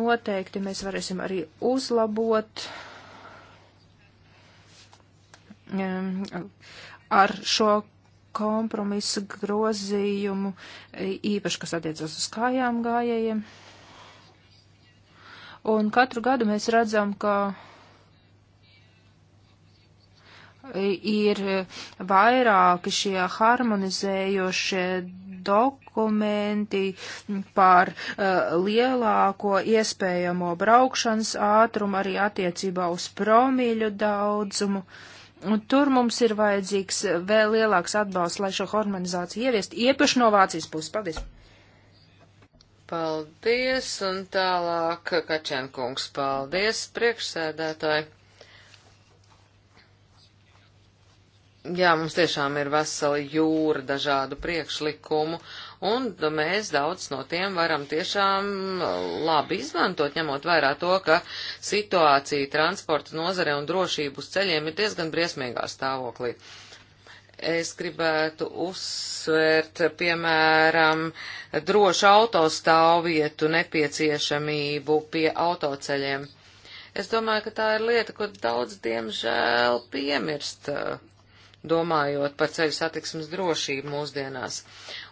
noteikti mēs varēsim arī uzlabot um, ar šo kompromisu grozījumu, īpaši, kas attiecas uz kājām gājējiem. Un katru gadu mēs redzam, ka ir vairāki šie harmonizējošie dokumenti par uh, lielāko iespējamo braukšanas ātrumu arī attiecībā uz promīļu daudzumu. Uh, Un tur mums ir vajadzīgs vēl lielāks atbalsts, lai šo harmonizāciju ieviest, iepaši no Vācijas puses. Paldies! Paldies, un tālāk Kačenkungs, paldies, priekšsēdētāji! Jā, mums tiešām ir vesela jūra dažādu priekšlikumu, un mēs daudz no tiem varam tiešām uh, labi izmantot, ņemot vērā to, ka situācija transporta nozare un drošības ceļiem ir diezgan briesmīgā stāvoklī. Es gribētu uzsvērt, piemēram, drošu autostāvvietu nepieciešamību pie autoceļiem. Es domāju, ka tā ir lieta, ko daudz, diemžēl, piemirst domājot par ceļu satiksmes drošību mūsdienās.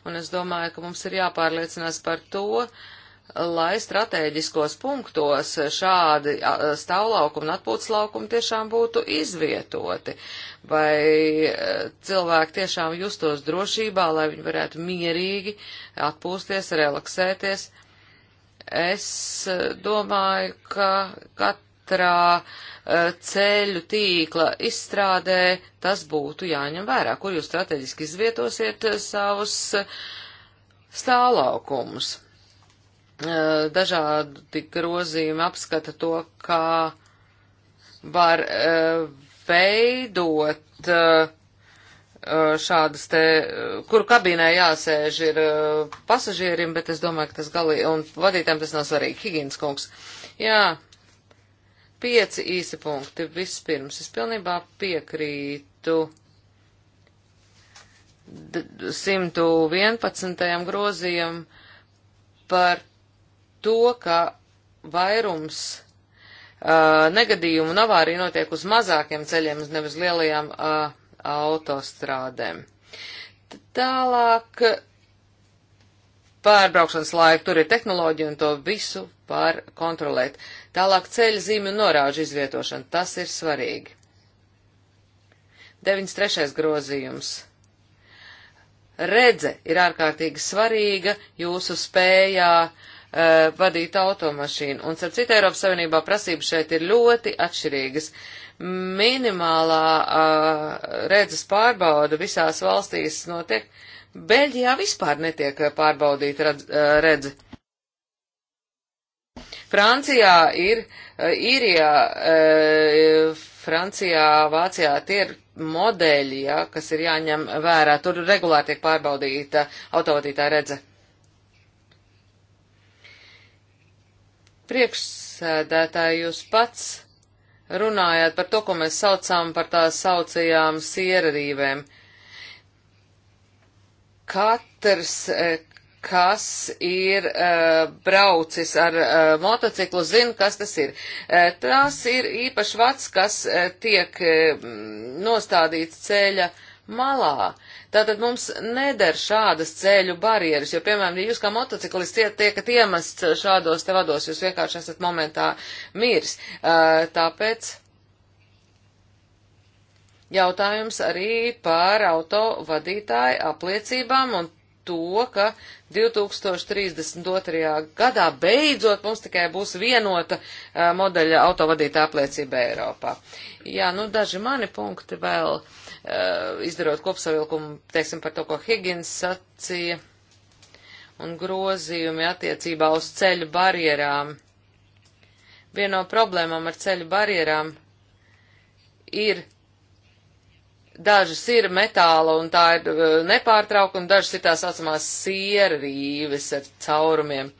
Un es domāju, ka mums ir jāpārliecinās par to, lai strateģiskos punktos šādi stāvlaukumi un atpūtas laukumi tiešām būtu izvietoti, vai e, cilvēki tiešām justos drošībā, lai viņi varētu mierīgi atpūsties, relaksēties. Es e, domāju, ka, ka katrā e, ceļu tīkla izstrādē tas būtu jāņem vērā, kur jūs strateģiski izvietosiet e, savus e, stāvlaukumus. Dažādi grozījumi apskata to, kā var veidot šādas te, kuru kabīnē jāsēž ir pasažierim, bet es domāju, ka tas galīgi, un vadītājiem tas nav svarīgi, Higīns kungs. Jā, Pieci īsi punkti. Vispirms, es pilnībā piekrītu 111. grozījumam par to, ka vairums uh, negadījumu un avāriju notiek uz mazākiem ceļiem, nevis lielajām uh, autostrādēm. Tālāk pārbraukšanas laiku, tur ir tehnoloģija un to visu pārkontrolēt. Tālāk ceļa zīmju norāžu izvietošana, tas ir svarīgi. 93. grozījums. Redze ir ārkārtīgi svarīga jūsu spējā uh, vadīt automašīnu, un starp citu Eiropas Savienībā prasības šeit ir ļoti atšķirīgas. Minimālā uh, redzes pārbauda visās valstīs notiek uh, Beļģijā vispār netiek eh, pārbaudīta eh, redze. Francijā ir, eh, īrijā, Francijā, Vācijā tie ir modeļi, ja, kas ir jāņem vērā. Tur regulāri tiek pārbaudīta autovadītāja redze. Priekšsēdētāji, jūs pats runājāt par to, ko mēs saucām par tā saucajām sierarīvēm. Uh, Katrs, eh, kas ir uh, braucis ar uh, motociklu, zina, kas tas ir. Uh, tās ir īpaši vats, kas uh, tiek uh, nostādīts ceļa malā. Tātad mums neder šādas ceļu barjeras, jo, piemēram, ja jūs kā motociklists tie, tiekat iemests šādos te vados, jūs vienkārši esat momentā miris. Uh, tāpēc jautājums arī par auto vadītāju apliecībām un to, ka 2032. gadā beidzot mums tikai būs vienota uh, modeļa autovadītāja apliecība Eiropā. Jā, nu daži mani punkti vēl uh, izdarot kopsavilkumu, teiksim, par to, ko Higgins sacīja un grozījumi attiecībā uz ceļu barjerām. Viena no problēmām ar ceļu barjerām ir dažas ir metāla un tā ir uh, nepārtrauka, un dažas ir tā saucamās sierrīves ar caurumiem.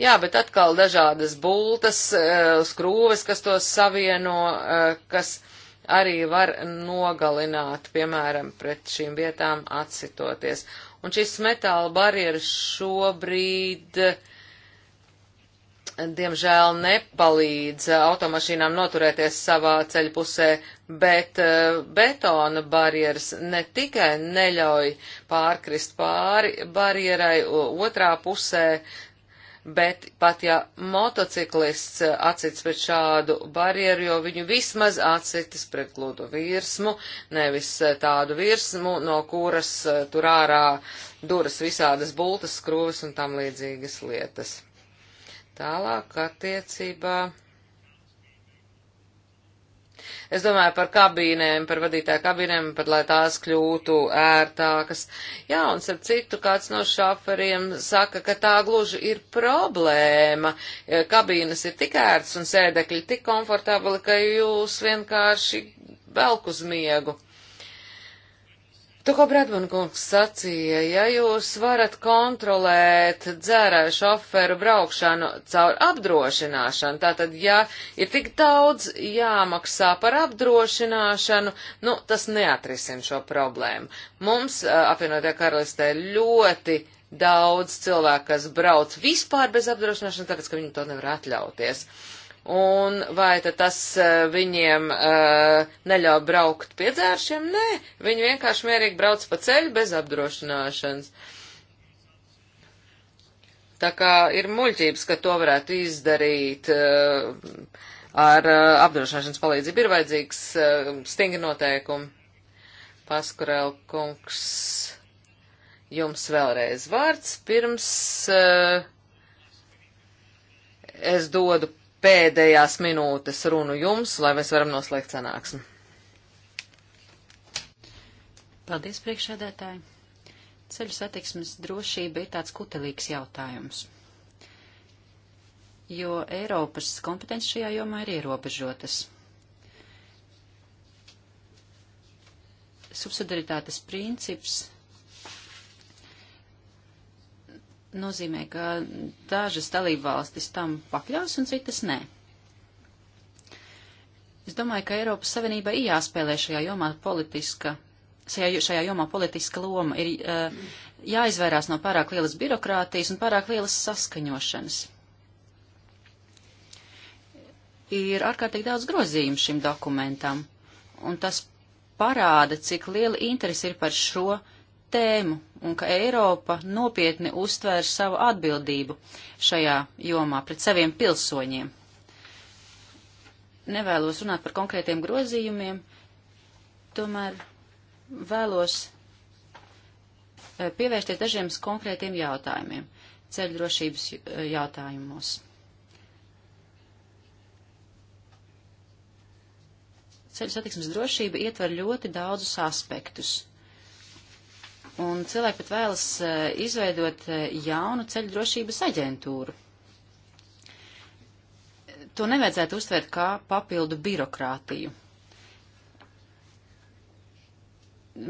Jā, bet atkal dažādas bultas, uh, skrūves, kas tos savieno, uh, kas arī var nogalināt, piemēram, pret šīm vietām atsitoties. Un šis metāla barjeras šobrīd uh, diemžēl nepalīdz automašīnām noturēties savā ceļa pusē, bet eh, betona barjeras ne tikai neļauj pārkrist pāri barjerai otrā pusē, bet pat ja motociklists atsits pret šādu barjeru, jo viņu vismaz atsitis pret gludu virsmu, nevis eh, tādu virsmu, no kuras eh, tur ārā duras visādas bultas, skrūves un tam līdzīgas lietas. Tālāk attiecībā. Es domāju par kabīnēm, par vadītāju kabīnēm, pat lai tās kļūtu ērtākas. Jā, un starp citu, kāds no šoferiem saka, ka tā gluži ir problēma. Kabīnes ir tik ērtas un sēdekļi tik komfortabli, ka jūs vienkārši velk uz miegu. To, ko Bredmankungs sacīja, ja jūs varat kontrolēt dzērāju šoferu braukšanu caur apdrošināšanu, tātad, ja ir tik daudz jāmaksā par apdrošināšanu, nu, tas neatrisin šo problēmu. Mums, apvienotie karalistē, ļoti daudz cilvēku, kas brauc vispār bez apdrošināšanas, tāpēc, ka viņi to nevar atļauties. Uh, Un vai tad tas eh, viņiem uh, neļauj braukt piedzēršiem? Nē, viņi vienkārši mierīgi brauc pa ceļu bez apdrošināšanas. Tā kā ir muļķības, ka to varētu izdarīt uh, ar uh, apdrošināšanas palīdzību. Ir vajadzīgs uh, stingri noteikumi. Paskurēl kungs, jums vēlreiz vārds pirms. Uh, es dodu pēdējās minūtes runu jums, lai mēs varam noslēgt sanāksmi. Paldies, priekšsēdētāji. Ceļu satiksmes drošība ir tāds kutelīgs jautājums, jo Eiropas kompetences šajā jomā ir ierobežotas. Subsidaritātes princips nozīmē, ka dažas dalībvalstis tam pakļaus un citas nē. Es domāju, ka Eiropas Savienībai ir jāspēlē šajā jomā politiska, šajā, šajā jomā politiska loma, ir uh, jāizvairās no pārāk lielas birokrātijas un pārāk lielas saskaņošanas. Ir ārkārtīgi daudz grozījumu šim dokumentam, un tas parāda, cik liela interese ir par šo tēmu, un ka Eiropa nopietni uztvēr savu atbildību šajā jomā pret saviem pilsoņiem. Nevēlos runāt par konkrētiem grozījumiem, tomēr vēlos eh, pievērsties dažiem konkrētiem jautājumiem ceļdrošības eh, jautājumos. Ceļu satiksmes drošība ietver ļoti daudzus aspektus un cilvēki pat vēlas eh, izveidot eh, jaunu ceļu drošības aģentūru. To nevajadzētu uztvert kā papildu birokrātiju,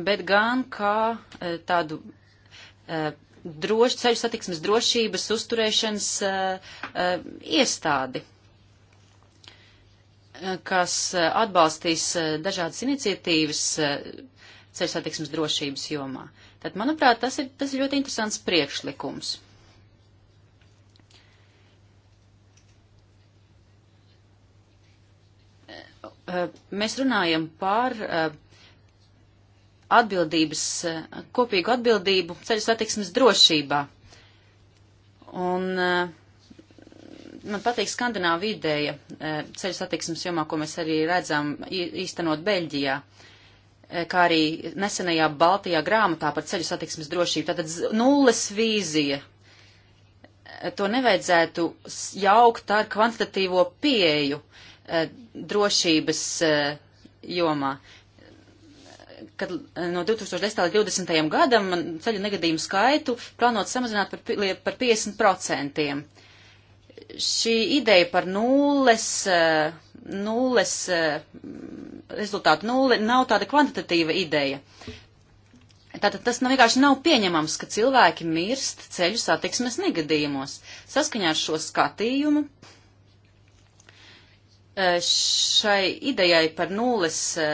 bet gan kā eh, tādu droši, ceļu satiksmes drošības uzturēšanas iestādi kas atbalstīs dažādas iniciatīvas ceļu satiksmes drošības jomā. Tad, manuprāt, tas ir, tas ir ļoti interesants priekšlikums. Eh, eh, mēs runājam par eh, atbildības, kopīgu atbildību ceļu satiksmes drošībā. Un man patīk skandināva ideja ceļu satiksmes jomā, ko mēs arī redzam īstenot Beļģijā. Uh, kā arī nesenajā Baltijā grāmatā par ceļu satiksmes drošību. Tātad nulles vīzija. To nevajadzētu jaukt ar kvantitatīvo pieeju e, drošības e, jomā. Kad e, no 2010. līdz 2020. gadam ceļu negadījumu skaitu plānot samazināt par, par 50%. Šī ideja par nulles, nulles rezultātu nulle nav tāda kvantitatīva ideja. Tātad tas nav vienkārši nav pieņemams, ka cilvēki mirst ceļu satiksmes negadījumos. Saskaņā ar šo skatījumu e, šai idejai par nulles e,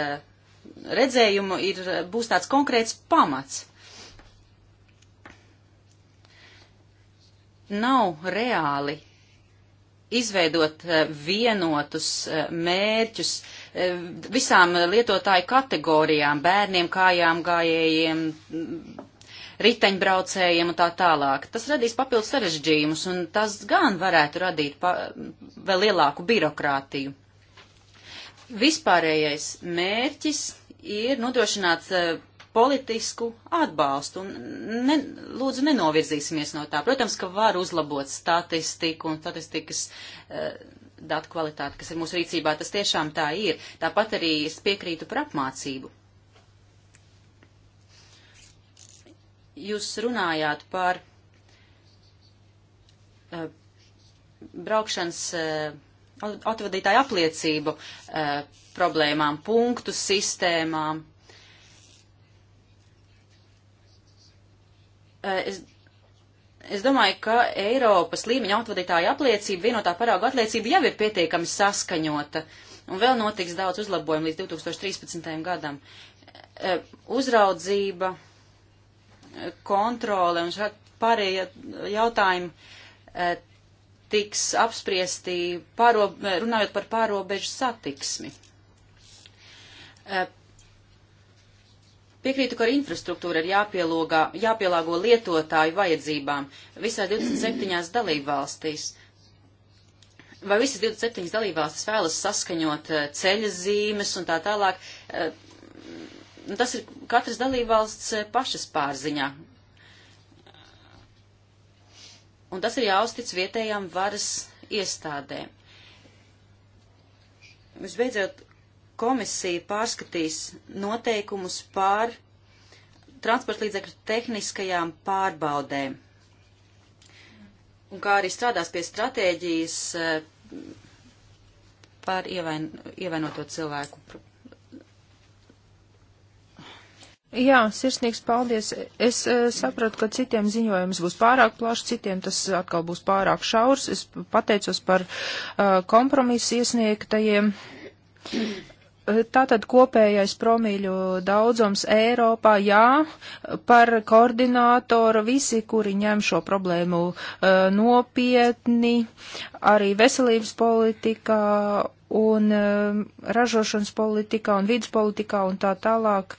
redzējumu ir, e, būs tāds konkrēts pamats. Nav reāli izveidot vienotus mērķus visām lietotāju kategorijām - bērniem, kājām gājējiem, riteņbraucējiem un tā tālāk. Tas radīs papildus sarežģījumus, un tas gan varētu radīt pa, vēl lielāku birokrātiju. Vispārējais mērķis ir nodrošināt eh, politisku atbalstu. Un ne, lūdzu, nenovirzīsimies no tā. Protams, ka var uzlabot statistiku un statistikas uh, datu kvalitāti, kas ir mūsu rīcībā. Tas tiešām tā ir. Tāpat arī es piekrītu par apmācību. Jūs runājāt par uh, braukšanas uh, eh, atvadītāju apliecību uh, problēmām, punktu sistēmām. Uh, es Es domāju, ka Eiropas līmeņa autovadītāja apliecība, vienotā parauga apliecība jau ir pietiekami saskaņota, un vēl notiks daudz uzlabojumu līdz 2013. gadam. E, uzraudzība, e, kontrole un šādi pārējie jautājumi e, tiks apspriesti, pārobe, runājot par pārobežu satiksmi. Piekrītu, ka infrastruktūra ir jāpielogā, jāpielāgo lietotāju vajadzībām visā 27 dalību valstīs. Vai visas 27 dalībvalstis vēlas saskaņot eh, ceļa zīmes un tā tālāk? Eh, tas ir katras dalībvalsts eh, pašas pārziņā. Un tas ir jāuztic vietējām varas iestādēm. Visbeidzot, komisija pārskatīs noteikumus pār transporta līdzekļu tehniskajām pārbaudēm. Un kā arī strādās pie stratēģijas eh, pār ievain, ievainoto cilvēku. Jā, sirsnīgs paldies. Es e, sapratu, ka citiem ziņojums būs pārāk plašs, citiem tas atkal būs pārāk šaurs. Es pateicos par e, kompromisu iesniegtajiem Tātad kopējais promīļu daudzums Eiropā, jā, par koordinātoru visi, kuri ņem šo problēmu nopietni, arī veselības politikā un ražošanas politikā un vidas politikā un tā tālāk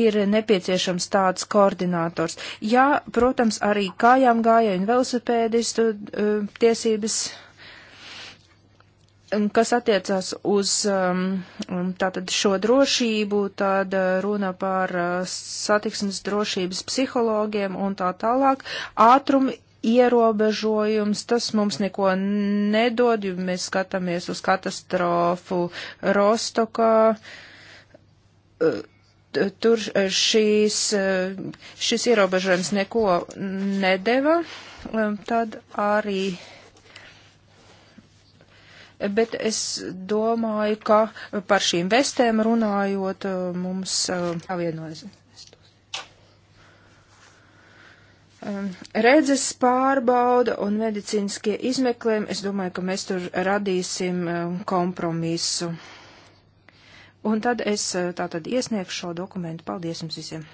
ir nepieciešams tāds koordinators. Jā, protams, arī kājām gāja un velosipēdistu tiesības Um, kas attiecas uz um, um, tātad šo drošību, tad uh, runa par uh, satiksmes drošības psihologiem un tā tālāk. Ātrumi ierobežojums, tas mums neko nedod, jo mēs skatāmies uz katastrofu Rostokā. Uh, tur šīs, šis ierobežojums neko nedeva. Tad arī bet es domāju, ka par šīm vestēm runājot mums eh, jāvienojas. Ehm, redzes pārbauda un medicīniskie izmeklējumi, es domāju, ka mēs tur radīsim ehm, kompromisu. Un tad es eh, tātad iesniegšu šo dokumentu. Paldies jums visiem!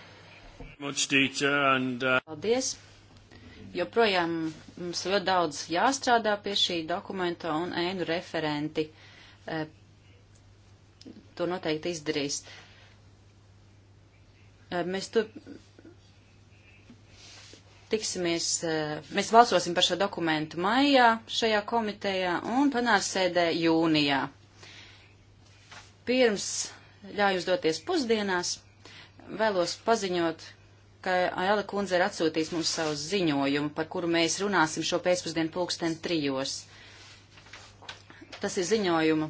Uh, Paldies! Joprojām Mums ļoti daudz jāstrādā pie šī dokumenta un ēnu referenti e, to noteikti izdarīs. E, mēs tur tiksimies, e, mēs balsosim par šo dokumentu maijā šajā komitejā un panārsēdē jūnijā. Pirms ļājus doties pusdienās, vēlos paziņot, ka Aela kundze ir atsūtījis mums savu ziņojumu, par kuru mēs runāsim šo pēcpusdienu pulksten trijos. Tas ir ziņojuma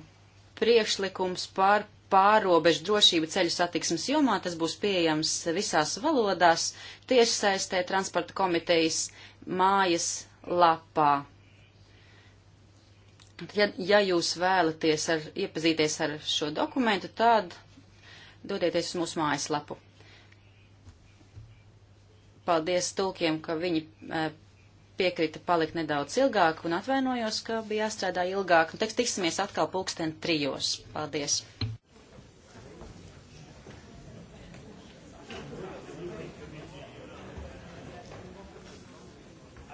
priekšlikums par pārobežu drošību ceļu satiksmes jomā. Tas būs pieejams visās valodās tiešsaistē transporta komitejas mājas lapā. Ja, ja jūs vēlaties ar, iepazīties ar šo dokumentu, tad dodieties uz mūsu mājaslapu paldies tulkiem, ka viņi eh, piekrita palikt nedaudz ilgāk un atvainojos, ka bija jāstrādā ilgāk. Nu, teiks, tiksimies atkal pulksten trijos. Paldies!